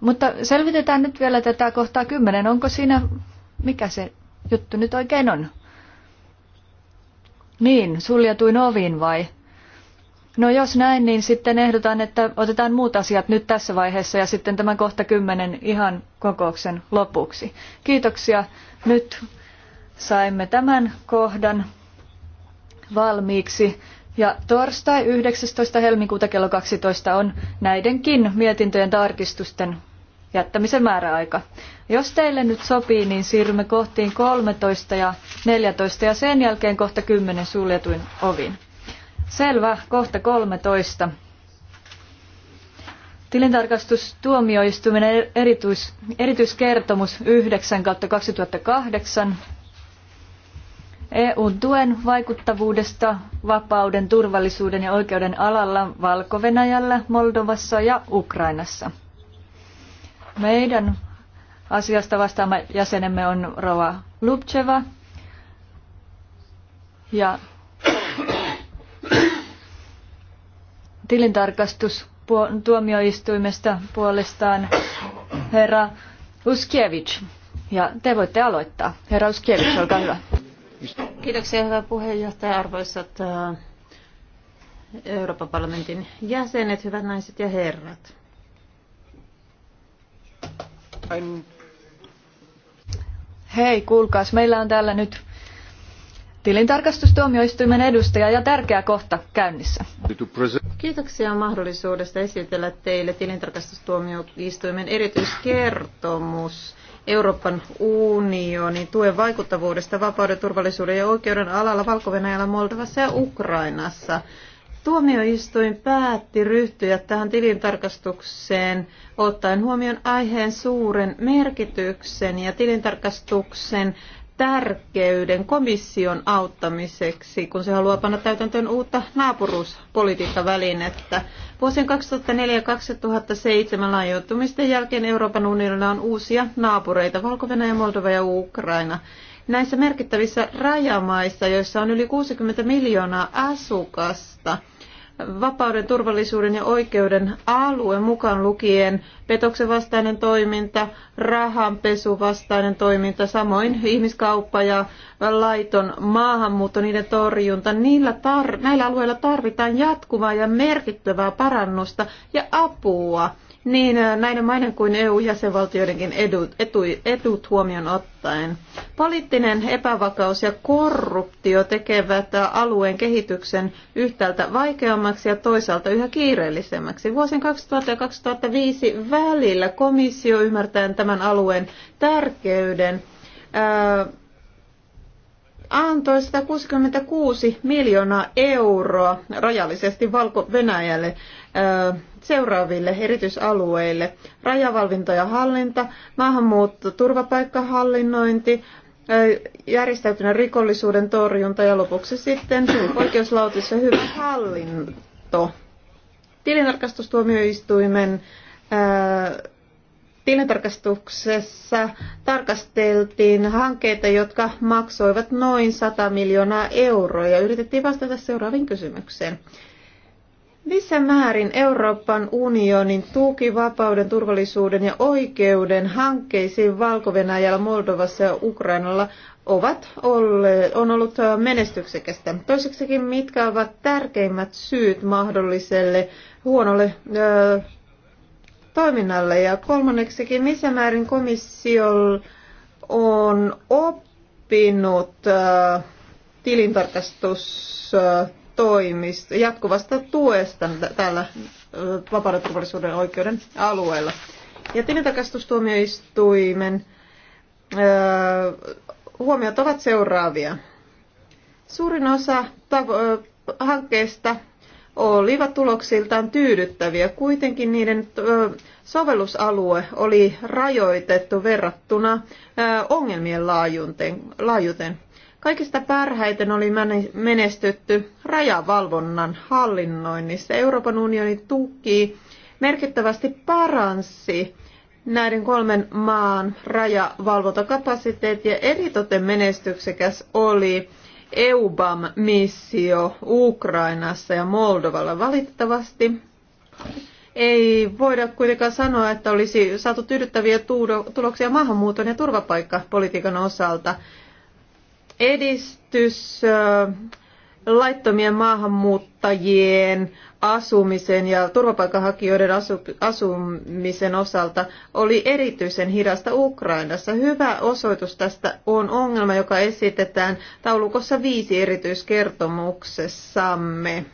Mutta selvitetään nyt vielä tätä kohtaa kymmenen. Onko siinä, mikä se juttu nyt oikein on? Niin, suljetuin ovin vai? No jos näin, niin sitten ehdotan, että otetaan muut asiat nyt tässä vaiheessa ja sitten tämän kohta kymmenen ihan kokouksen lopuksi. Kiitoksia. Nyt saimme tämän kohdan valmiiksi. Ja torstai 19. helmikuuta kello 12 on näidenkin mietintöjen tarkistusten jättämisen määräaika. Jos teille nyt sopii, niin siirrymme kohtiin 13 ja 14 ja sen jälkeen kohta 10 suljetuin ovin. Selvä, kohta 13. Tilintarkastustuomioistuimen erityis, erityiskertomus 9 2008 EU-tuen vaikuttavuudesta vapauden, turvallisuuden ja oikeuden alalla valko Moldovassa ja Ukrainassa. Meidän asiasta vastaava jäsenemme on Rova Lubcheva. Ja tilintarkastus tuomioistuimesta puolestaan herra Uskiewicz. Ja te voitte aloittaa. Herra Uskiewicz, olkaa hyvä. Kiitoksia hyvä puheenjohtaja, arvoisat äh, Euroopan parlamentin jäsenet, hyvät naiset ja herrat. Hei, kuulkaas, meillä on täällä nyt tilintarkastustuomioistuimen edustaja ja tärkeä kohta käynnissä. Kiitoksia mahdollisuudesta esitellä teille tilintarkastustuomioistuimen erityiskertomus Euroopan unionin tuen vaikuttavuudesta vapauden, turvallisuuden ja oikeuden alalla valko Moldovassa ja Ukrainassa. Tuomioistuin päätti ryhtyä tähän tilintarkastukseen ottaen huomioon aiheen suuren merkityksen ja tilintarkastuksen tärkeyden komission auttamiseksi, kun se haluaa panna täytäntöön uutta naapuruuspolitiikkavälinettä. Vuosien 2004 ja 2007 laajentumisten jälkeen Euroopan unionilla on uusia naapureita, valko Moldova ja Ukraina. Näissä merkittävissä rajamaissa, joissa on yli 60 miljoonaa asukasta, vapauden, turvallisuuden ja oikeuden alue mukaan lukien petoksen vastainen toiminta, rahanpesu vastainen toiminta, samoin ihmiskauppa ja laiton maahanmuutto, niiden torjunta. Niillä tar- näillä alueilla tarvitaan jatkuvaa ja merkittävää parannusta ja apua niin äh, näiden maiden kuin EU-jäsenvaltioidenkin edut, etu, edut huomioon ottaen. Poliittinen epävakaus ja korruptio tekevät äh, alueen kehityksen yhtäältä vaikeammaksi ja toisaalta yhä kiireellisemmäksi. Vuosien 2000 ja 2005 välillä komissio ymmärtää tämän alueen tärkeyden. Ää, äh, antoi 166 miljoonaa euroa rajallisesti Valko-Venäjälle seuraaville erityisalueille. Rajavalvinto ja hallinta, maahanmuutto, turvapaikkahallinnointi, järjestäytyneen rikollisuuden torjunta ja lopuksi sitten oikeuslautissa hyvä hallinto. Tilintarkastustuomioistuimen tilintarkastuksessa tarkasteltiin hankkeita, jotka maksoivat noin 100 miljoonaa euroa ja yritettiin vastata seuraaviin kysymykseen. Missä määrin Euroopan unionin tuki vapauden, turvallisuuden ja oikeuden hankkeisiin valko Moldovassa ja Ukrainalla ovat olleet, on ollut menestyksekästä? Toiseksikin, mitkä ovat tärkeimmät syyt mahdolliselle huonolle ö, toiminnalle. Ja kolmanneksikin, missä määrin komissio on oppinut äh, tilintarkastustoimista, jatkuvasta tuesta tällä äh, vapauden turvallisuuden oikeuden alueella. Ja tilintarkastustuomioistuimen äh, huomiot ovat seuraavia. Suurin osa hankkeesta olivat tuloksiltaan tyydyttäviä. Kuitenkin niiden sovellusalue oli rajoitettu verrattuna ongelmien laajuuteen. Kaikista parhaiten oli menestytty rajavalvonnan hallinnoinnissa. Euroopan unionin tuki merkittävästi paransi näiden kolmen maan rajavalvontakapasiteetti ja eritoten menestyksekäs oli EUBAM-missio Ukrainassa ja Moldovalla valitettavasti. Ei voida kuitenkaan sanoa, että olisi saatu tyydyttäviä tuloksia maahanmuuton ja turvapaikkapolitiikan osalta. Edistys laittomien maahanmuuttajien asumisen ja turvapaikanhakijoiden asumisen osalta oli erityisen hidasta Ukrainassa. Hyvä osoitus tästä on ongelma, joka esitetään taulukossa viisi erityiskertomuksessamme.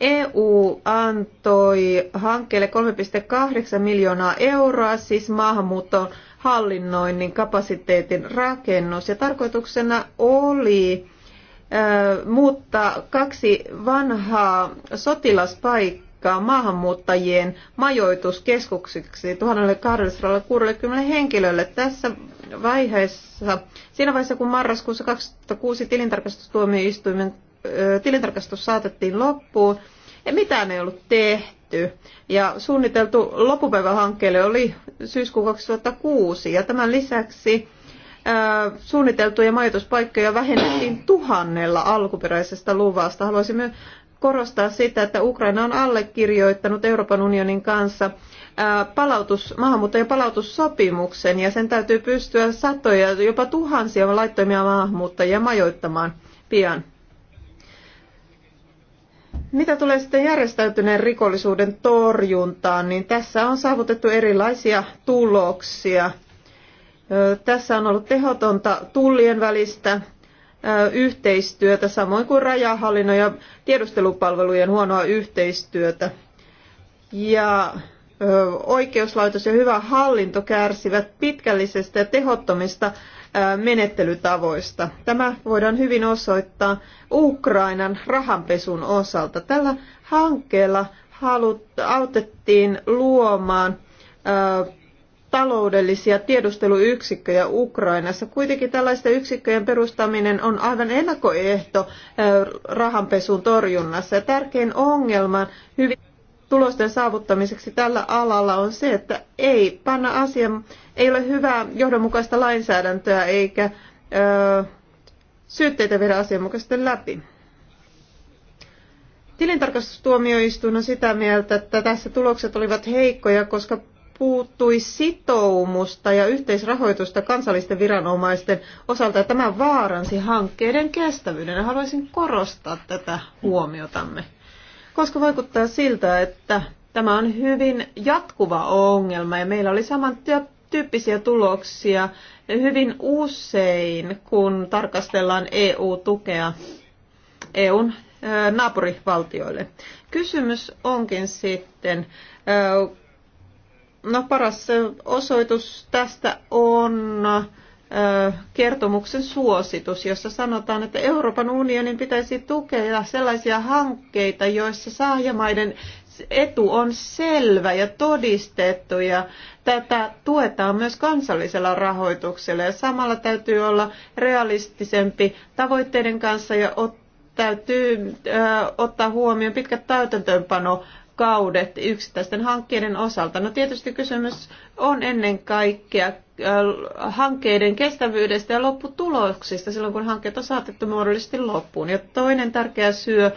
EU antoi hankkeelle 3,8 miljoonaa euroa, siis maahanmuuton hallinnoinnin kapasiteetin rakennus. Ja tarkoituksena oli muuttaa kaksi vanhaa sotilaspaikkaa maahanmuuttajien majoituskeskuksiksi 1260 henkilölle tässä vaiheessa. Siinä vaiheessa, kun marraskuussa 2006 tilintarkastustuomioistuimen tilintarkastus saatettiin loppuun, ja mitään ei ollut tehty. Ja suunniteltu loppupäivähankkeelle oli syyskuun 2006, ja tämän lisäksi suunniteltuja majoituspaikkoja vähennettiin tuhannella alkuperäisestä luvasta. Haluaisimme korostaa sitä, että Ukraina on allekirjoittanut Euroopan unionin kanssa palautus, maahanmuuttajien palautussopimuksen ja sen täytyy pystyä satoja, jopa tuhansia laittomia maahanmuuttajia majoittamaan pian. Mitä tulee sitten järjestäytyneen rikollisuuden torjuntaan, niin tässä on saavutettu erilaisia tuloksia. Tässä on ollut tehotonta tullien välistä yhteistyötä, samoin kuin rajahallinnon ja tiedustelupalvelujen huonoa yhteistyötä. Ja oikeuslaitos ja hyvä hallinto kärsivät pitkällisestä ja tehottomista menettelytavoista. Tämä voidaan hyvin osoittaa Ukrainan rahanpesun osalta. Tällä hankkeella halut, autettiin luomaan taloudellisia tiedusteluyksikköjä Ukrainassa. Kuitenkin tällaisten yksikköjen perustaminen on aivan ennakkoehto rahanpesun torjunnassa. Ja tärkein ongelma hyvin tulosten saavuttamiseksi tällä alalla on se, että ei panna asia, ei ole hyvää johdonmukaista lainsäädäntöä eikä ö, syytteitä viedä asianmukaisesti läpi. Tilintarkastustuomioistuin on sitä mieltä, että tässä tulokset olivat heikkoja, koska puuttui sitoumusta ja yhteisrahoitusta kansallisten viranomaisten osalta. Tämä vaaransi hankkeiden kestävyyden. Haluaisin korostaa tätä huomiotamme, koska vaikuttaa siltä, että tämä on hyvin jatkuva ongelma ja meillä oli saman tyyppisiä tuloksia hyvin usein, kun tarkastellaan EU-tukea EUn naapurivaltioille. Kysymys onkin sitten, No paras osoitus tästä on kertomuksen suositus, jossa sanotaan, että Euroopan unionin pitäisi tukea sellaisia hankkeita, joissa saajamaiden etu on selvä ja todistettu ja tätä tuetaan myös kansallisella rahoituksella ja samalla täytyy olla realistisempi tavoitteiden kanssa ja ot- täytyy ö, ottaa huomioon pitkät täytäntöönpano kaudet yksittäisten hankkeiden osalta. No tietysti kysymys on ennen kaikkea äh, hankkeiden kestävyydestä ja lopputuloksista silloin, kun hankkeet on saatettu muodollisesti loppuun. Ja toinen tärkeä syö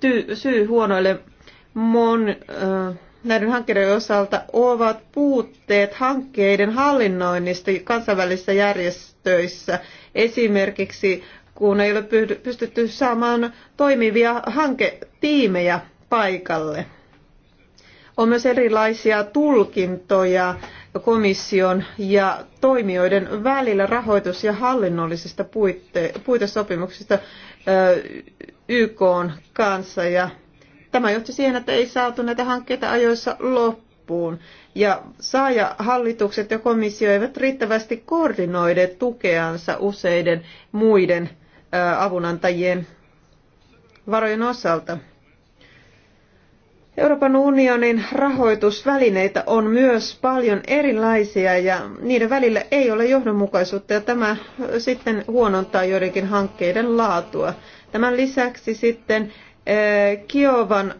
ty, syy huonoille mon, äh, näiden hankkeiden osalta ovat puutteet hankkeiden hallinnoinnista kansainvälisissä järjestöissä. Esimerkiksi kun ei ole pystytty saamaan toimivia hanketiimejä paikalle on myös erilaisia tulkintoja komission ja toimijoiden välillä rahoitus- ja hallinnollisista puitte- puitesopimuksista YK kanssa. Ja tämä johti siihen, että ei saatu näitä hankkeita ajoissa loppuun. Ja saajahallitukset ja komissio eivät riittävästi koordinoide tukeansa useiden muiden avunantajien varojen osalta. Euroopan unionin rahoitusvälineitä on myös paljon erilaisia ja niiden välillä ei ole johdonmukaisuutta ja tämä sitten huonontaa joidenkin hankkeiden laatua. Tämän lisäksi sitten eh, Kiovan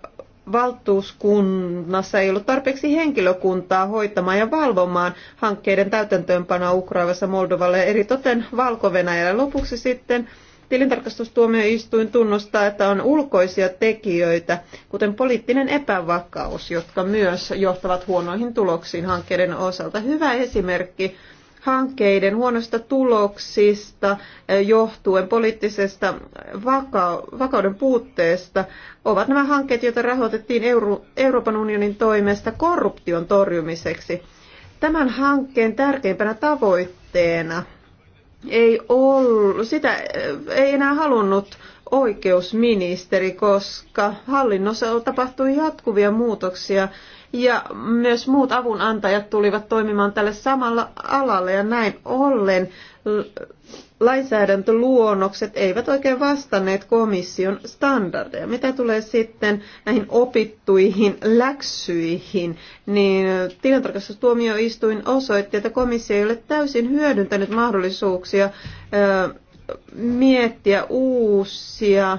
valtuuskunnassa ei ollut tarpeeksi henkilökuntaa hoitamaan ja valvomaan hankkeiden täytäntöönpanoa Ukrainassa, Moldovalla ja eritoten valko -Venäjällä. Lopuksi sitten Tilintarkastustuomioistuin tunnustaa, että on ulkoisia tekijöitä, kuten poliittinen epävakaus, jotka myös johtavat huonoihin tuloksiin hankkeiden osalta. Hyvä esimerkki hankkeiden huonoista tuloksista eh, johtuen poliittisesta vakauden puutteesta ovat nämä hankkeet, joita rahoitettiin Euro- Euroopan unionin toimesta korruption torjumiseksi. Tämän hankkeen tärkeimpänä tavoitteena ei ollut, sitä ei enää halunnut oikeusministeri, koska hallinnossa tapahtui jatkuvia muutoksia ja myös muut avunantajat tulivat toimimaan tälle samalla alalle ja näin ollen lainsäädäntöluonnokset eivät oikein vastanneet komission standardeja. Mitä tulee sitten näihin opittuihin läksyihin, niin tilintarkastustuomioistuin osoitti, että komissio ei ole täysin hyödyntänyt mahdollisuuksia miettiä uusia,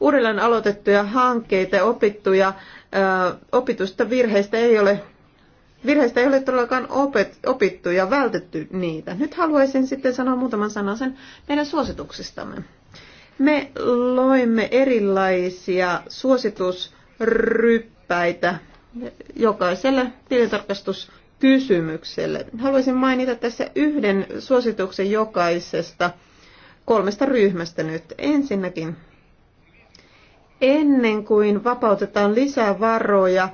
uudelleen aloitettuja hankkeita ja opittuja, opitusta virheistä ei ole Virheistä ei ole todellakaan opet, opittu ja vältetty niitä. Nyt haluaisin sitten sanoa muutaman sanan sen meidän suosituksistamme. Me loimme erilaisia suositusryppäitä jokaiselle tilintarkastuskysymykselle. Haluaisin mainita tässä yhden suosituksen jokaisesta kolmesta ryhmästä nyt. Ensinnäkin, ennen kuin vapautetaan lisää varoja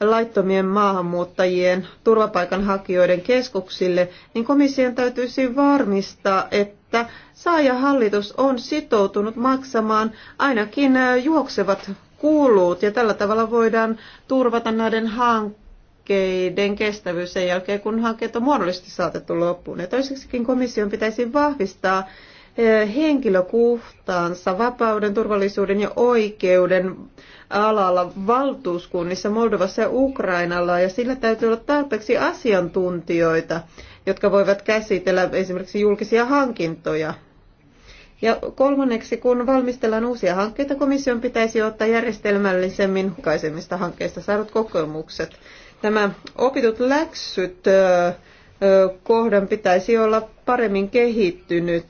laittomien maahanmuuttajien turvapaikanhakijoiden keskuksille, niin komission täytyisi varmistaa, että saajahallitus on sitoutunut maksamaan ainakin juoksevat kuulut ja tällä tavalla voidaan turvata näiden hankkeiden kestävyys sen jälkeen, kun hankkeet on muodollisesti saatettu loppuun. Ja toiseksikin komission pitäisi vahvistaa henkilökuhtaansa vapauden, turvallisuuden ja oikeuden alalla valtuuskunnissa Moldovassa ja Ukrainalla, ja sillä täytyy olla tarpeeksi asiantuntijoita, jotka voivat käsitellä esimerkiksi julkisia hankintoja. Ja kolmanneksi, kun valmistellaan uusia hankkeita, komission pitäisi ottaa järjestelmällisemmin hukaisemmista hankkeista saadut kokemukset. Tämä opitut läksyt kohdan pitäisi olla paremmin kehittynyt,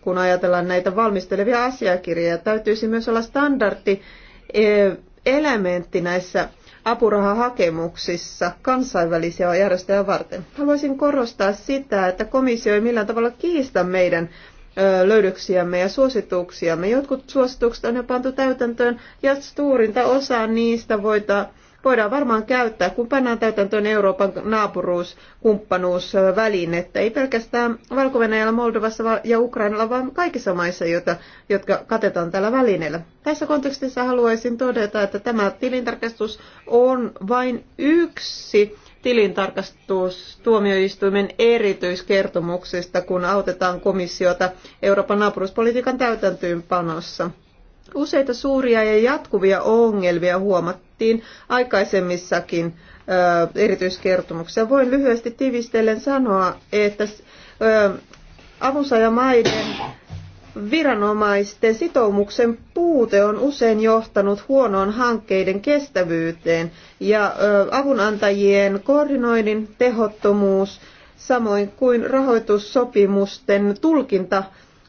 kun ajatellaan näitä valmistelevia asiakirjoja. Täytyisi myös olla standardi Eh, elementti näissä apurahahakemuksissa kansainvälisiä järjestöjä varten. Haluaisin korostaa sitä, että komissio ei millään tavalla kiistä meidän löydöksiämme ja suosituksiamme. Jotkut suositukset on jo pantu täytäntöön ja suurinta osaa niistä voidaan voidaan varmaan käyttää, kun pannaan täytäntöön Euroopan naapuruuskumppanuusvälinettä. Ei pelkästään valko Moldovassa ja Ukrainalla, vaan kaikissa maissa, joita, jotka katetaan tällä välineellä. Tässä kontekstissa haluaisin todeta, että tämä tilintarkastus on vain yksi tilintarkastus tuomioistuimen erityiskertomuksesta, kun autetaan komissiota Euroopan naapuruuspolitiikan täytäntöönpanossa. Useita suuria ja jatkuvia ongelmia huomattiin aikaisemmissakin erityiskertomuksissa. Voin lyhyesti tivistellen sanoa, että avunsaajamaiden viranomaisten sitoumuksen puute on usein johtanut huonoon hankkeiden kestävyyteen ja avunantajien koordinoinnin tehottomuus samoin kuin rahoitussopimusten tulkinta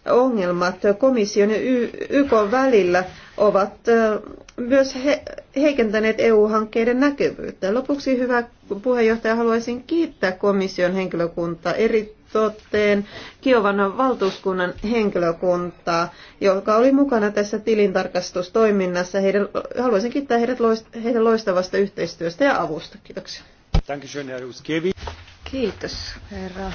ongelmat komission ja YK välillä ovat myös heikentäneet EU-hankkeiden näkyvyyttä. Lopuksi, hyvä puheenjohtaja, haluaisin kiittää komission henkilökuntaa eri toteen Kiovan valtuuskunnan henkilökuntaa, joka oli mukana tässä tilintarkastustoiminnassa. Heidän, haluaisin kiittää heidät heidän loistavasta yhteistyöstä ja avusta. Kiitoksia. Kiitos, herra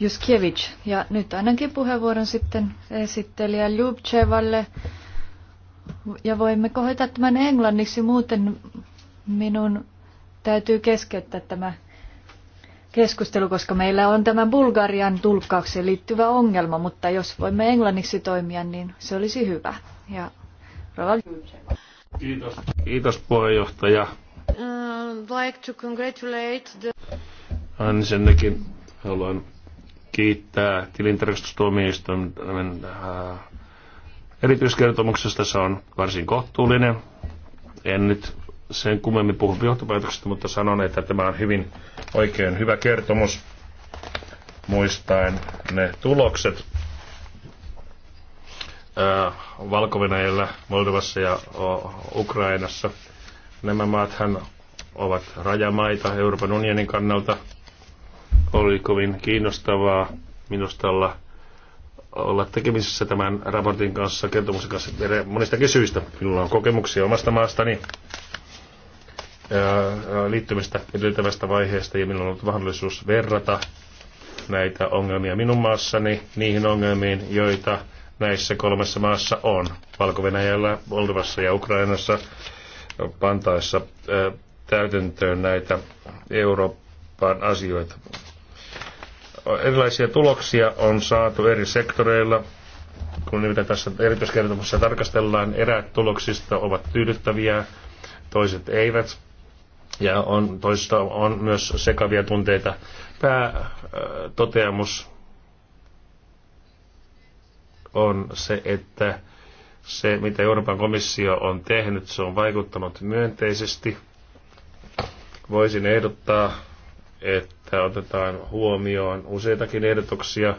Juskiewicz. Ja nyt ainakin puheenvuoron sitten esittelijä Ljubchevalle. Ja voimme hoitaa tämän englanniksi, muuten minun täytyy keskeyttää tämä keskustelu, koska meillä on tämä Bulgarian tulkkaukseen liittyvä ongelma, mutta jos voimme englanniksi toimia, niin se olisi hyvä. Ja Kiitos. Kiitos puheenjohtaja. Uh, like to congratulate the... Ensinnäkin haluan kiittää tilintarkastustuomioistuimen äh, erityiskertomuksesta. Se on varsin kohtuullinen. En nyt sen kummemmin puhu johtopäätöksestä, mutta sanon, että tämä on hyvin oikein hyvä kertomus muistaen ne tulokset äh, valko Moldovassa ja Ukrainassa. Nämä maathan ovat rajamaita Euroopan unionin kannalta oli kovin kiinnostavaa minusta olla, olla tekemisissä tämän raportin kanssa, kertomuksen kanssa monista syistä. Minulla on kokemuksia omasta maastani liittymistä edeltävästä vaiheesta ja minulla on ollut mahdollisuus verrata näitä ongelmia minun maassani niihin ongelmiin, joita näissä kolmessa maassa on. Valko-Venäjällä, Moldovassa ja Ukrainassa pantaessa täytäntöön näitä Euroopan asioita erilaisia tuloksia on saatu eri sektoreilla, kun niitä tässä erityiskertomuksessa tarkastellaan. Eräät tuloksista ovat tyydyttäviä, toiset eivät. Ja on, toista on myös sekavia tunteita. Päätoteamus on se, että se, mitä Euroopan komissio on tehnyt, se on vaikuttanut myönteisesti. Voisin ehdottaa, että että otetaan huomioon useitakin ehdotuksia,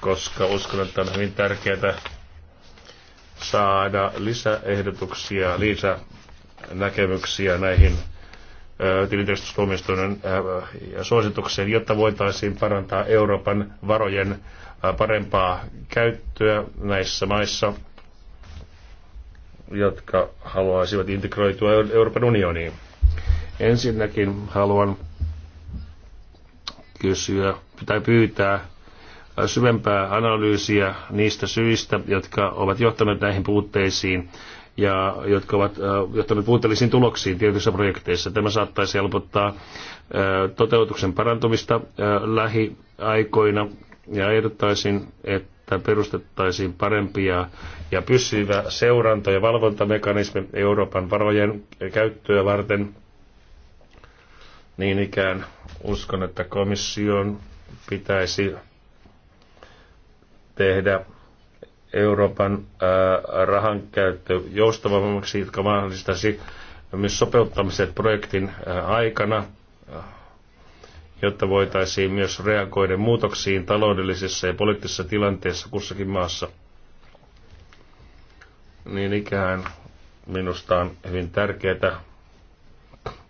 koska uskon, että on hyvin tärkeää saada lisäehdotuksia, lisänäkemyksiä näihin ja suositukseen, jotta voitaisiin parantaa Euroopan varojen parempaa käyttöä näissä maissa, jotka haluaisivat integroitua Euroopan unioniin. Ensinnäkin haluan kysyä tai pyytää syvempää analyysiä niistä syistä, jotka ovat johtaneet näihin puutteisiin ja jotka ovat äh, johtaneet puutteellisiin tuloksiin tietyissä projekteissa. Tämä saattaisi helpottaa äh, toteutuksen parantumista äh, lähiaikoina ja ehdottaisin, että perustettaisiin parempia ja pysyvä seuranta- ja valvontamekanismi Euroopan varojen käyttöä varten niin ikään – Uskon, että komission pitäisi tehdä Euroopan rahan käyttö joustavammaksi, jotka mahdollistaisi myös sopeuttamiset projektin aikana, jotta voitaisiin myös reagoida muutoksiin taloudellisessa ja poliittisessa tilanteessa kussakin maassa. Niin ikään minusta on hyvin tärkeää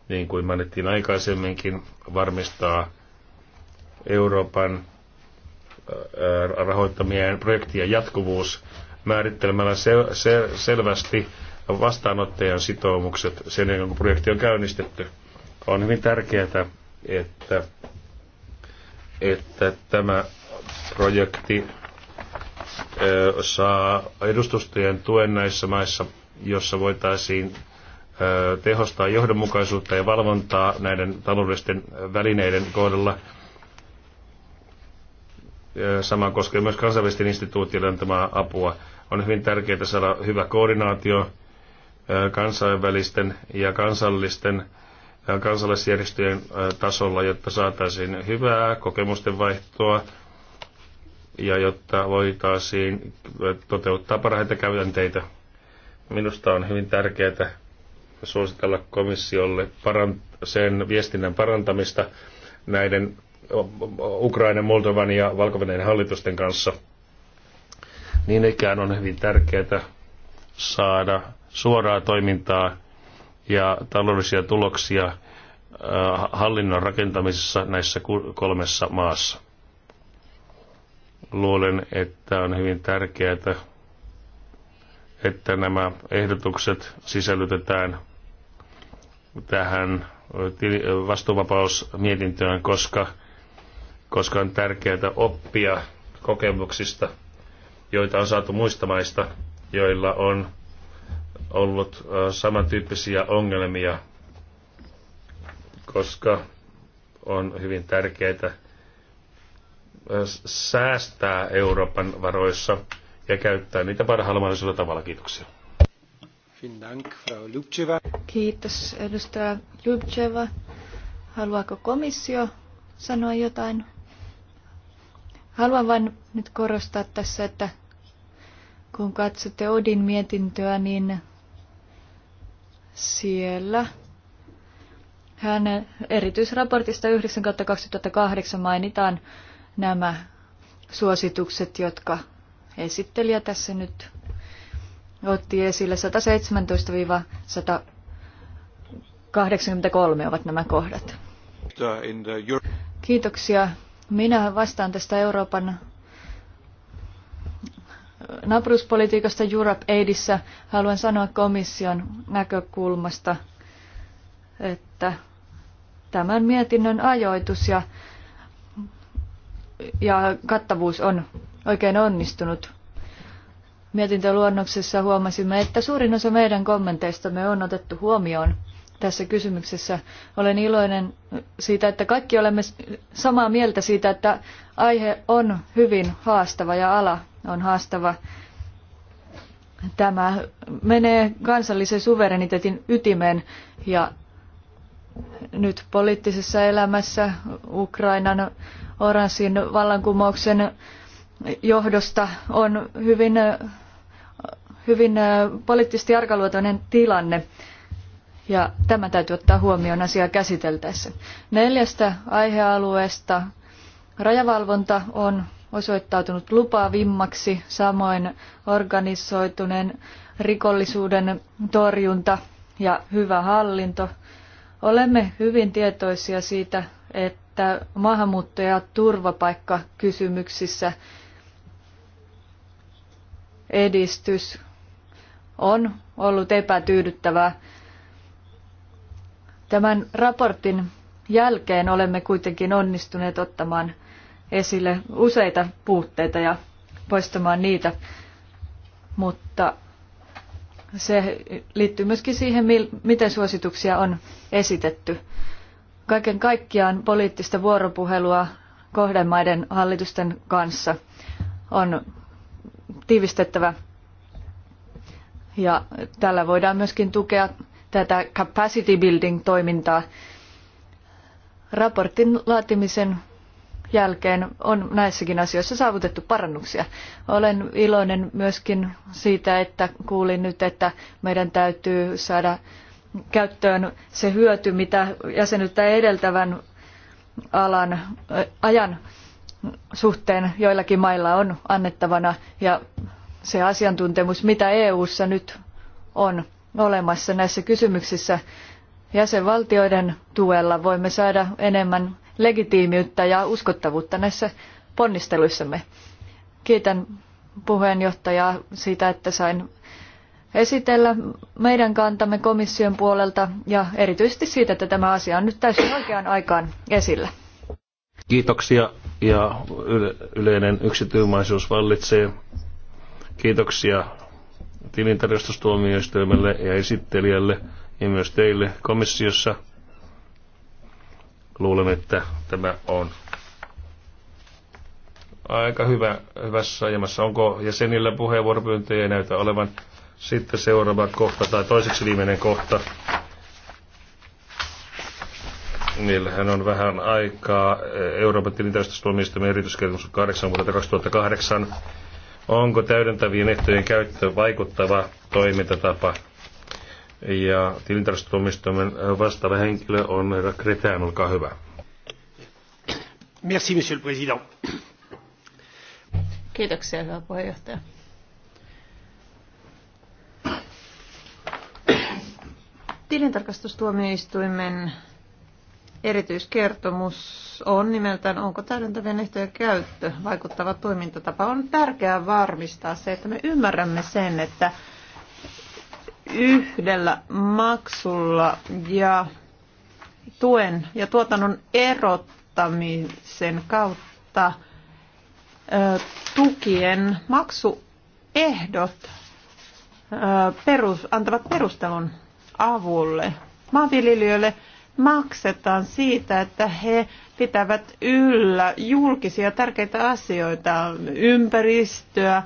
niin kuin mainittiin aikaisemminkin, varmistaa Euroopan äh, rahoittamien projektien jatkuvuus määrittelemällä sel- sel- selvästi vastaanottajan sitoumukset sen jälkeen, kun projekti on käynnistetty. On hyvin tärkeää, että, että tämä projekti äh, saa edustustojen tuen näissä maissa, jossa voitaisiin tehostaa johdonmukaisuutta ja valvontaa näiden taloudellisten välineiden kohdalla. Sama koskee myös kansainvälisten instituutioiden antamaa apua. On hyvin tärkeää saada hyvä koordinaatio kansainvälisten ja kansallisten kansalaisjärjestöjen tasolla, jotta saataisiin hyvää kokemusten vaihtoa ja jotta voitaisiin toteuttaa parhaita käytänteitä. Minusta on hyvin tärkeää suositella komissiolle parant- sen viestinnän parantamista näiden Ukrainan, Moldovan ja valko hallitusten kanssa. Niin ikään on hyvin tärkeää saada suoraa toimintaa ja taloudellisia tuloksia äh, hallinnon rakentamisessa näissä kolmessa maassa. Luulen, että on hyvin tärkeää, että nämä ehdotukset sisällytetään tähän vastuuvapausmietintöön, koska, koska on tärkeää oppia kokemuksista, joita on saatu muista maista, joilla on ollut samantyyppisiä ongelmia, koska on hyvin tärkeää säästää Euroopan varoissa ja käyttää niitä parhaalla mahdollisella tavalla. Kiitoksia. Kiitos edustaja Ljubcheva. Haluaako komissio sanoa jotain? Haluan vain nyt korostaa tässä, että kun katsotte Odin mietintöä, niin siellä hänen erityisraportista 9 2008 mainitaan nämä suositukset, jotka esittelijä tässä nyt otti esille 117-183 ovat nämä kohdat. Kiitoksia. Minä vastaan tästä Euroopan naapuruspolitiikasta Europe Aidissä. Haluan sanoa komission näkökulmasta, että tämän mietinnön ajoitus ja, ja kattavuus on oikein onnistunut mietintöluonnoksessa huomasimme, että suurin osa meidän kommenteistamme on otettu huomioon tässä kysymyksessä. Olen iloinen siitä, että kaikki olemme samaa mieltä siitä, että aihe on hyvin haastava ja ala on haastava. Tämä menee kansallisen suvereniteetin ytimeen ja nyt poliittisessa elämässä Ukrainan oranssin vallankumouksen johdosta on hyvin, poliittisesti arkaluontoinen tilanne ja tämä täytyy ottaa huomioon asiaa käsiteltäessä. Neljästä aihealueesta rajavalvonta on osoittautunut lupaavimmaksi, samoin organisoituneen rikollisuuden torjunta ja hyvä hallinto. Olemme hyvin tietoisia siitä, että maahanmuutto- ja turvapaikkakysymyksissä kysymyksissä edistys on ollut epätyydyttävää. Tämän raportin jälkeen olemme kuitenkin onnistuneet ottamaan esille useita puutteita ja poistamaan niitä, mutta se liittyy myöskin siihen, miten suosituksia on esitetty. Kaiken kaikkiaan poliittista vuoropuhelua kohdemaiden hallitusten kanssa on tiivistettävä. Ja tällä voidaan myöskin tukea tätä capacity building toimintaa. Raportin laatimisen jälkeen on näissäkin asioissa saavutettu parannuksia. Olen iloinen myöskin siitä, että kuulin nyt, että meidän täytyy saada käyttöön se hyöty, mitä jäsenyyttä edeltävän alan, ajan suhteen joillakin mailla on annettavana ja se asiantuntemus, mitä EU:ssa nyt on olemassa näissä kysymyksissä, jäsenvaltioiden tuella voimme saada enemmän legitiimiyttä ja uskottavuutta näissä ponnisteluissamme. Kiitän puheenjohtajaa siitä, että sain esitellä meidän kantamme komission puolelta ja erityisesti siitä, että tämä asia on nyt täysin oikeaan aikaan esillä. Kiitoksia ja yleinen yksityimaisuus vallitsee. Kiitoksia tilintarkastustuomioistuimelle ja esittelijälle ja myös teille komissiossa. Luulen, että tämä on aika hyvä, hyvässä ajamassa. Onko jäsenillä puheenvuoropyyntöjä? Ei näytä olevan. Sitten seuraava kohta tai toiseksi viimeinen kohta Niillähän on vähän aikaa Euroopan tilintarkastustuomioistuimen erityiskertomus 8 vuodelta 2008. Onko täydentävien ehtojen käyttö vaikuttava toimintatapa? Ja tilintarkastustuomioistuimen vastaava henkilö on herra Kretään, olkaa hyvä. Merci, monsieur le président. Kiitoksia, hyvä puheenjohtaja. Tilintarkastustuomioistuimen Erityiskertomus on nimeltään Onko täydentävien ehtojen käyttö vaikuttava toimintatapa? On tärkeää varmistaa se, että me ymmärrämme sen, että yhdellä maksulla ja tuen ja tuotannon erottamisen kautta tukien maksuehdot perus, antavat perustelun avulle maanviljelijöille – maksetaan siitä, että he pitävät yllä julkisia tärkeitä asioita, ympäristöä,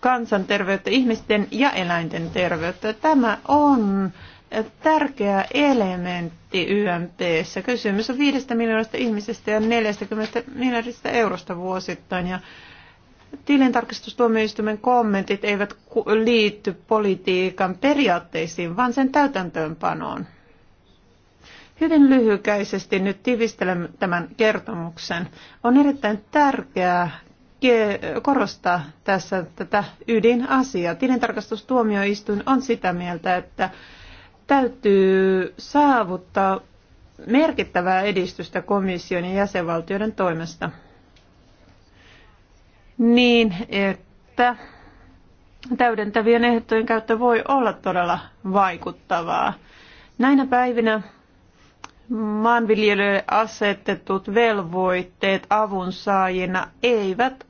kansanterveyttä, ihmisten ja eläinten terveyttä. Tämä on tärkeä elementti YMPssä. Kysymys on viidestä miljoonasta ihmisestä ja 40 miljardista eurosta vuosittain. Ja tilintarkastustuomioistuimen kommentit eivät liitty politiikan periaatteisiin, vaan sen täytäntöönpanoon. Hyvin lyhykäisesti nyt tivistelen tämän kertomuksen. On erittäin tärkeää korostaa tässä tätä ydinasiaa. Tilintarkastustuomioistuin on sitä mieltä, että täytyy saavuttaa merkittävää edistystä komission ja jäsenvaltioiden toimesta niin, että täydentävien ehtojen käyttö voi olla todella vaikuttavaa. Näinä päivinä maanviljelijöille asetetut velvoitteet avunsaajina eivät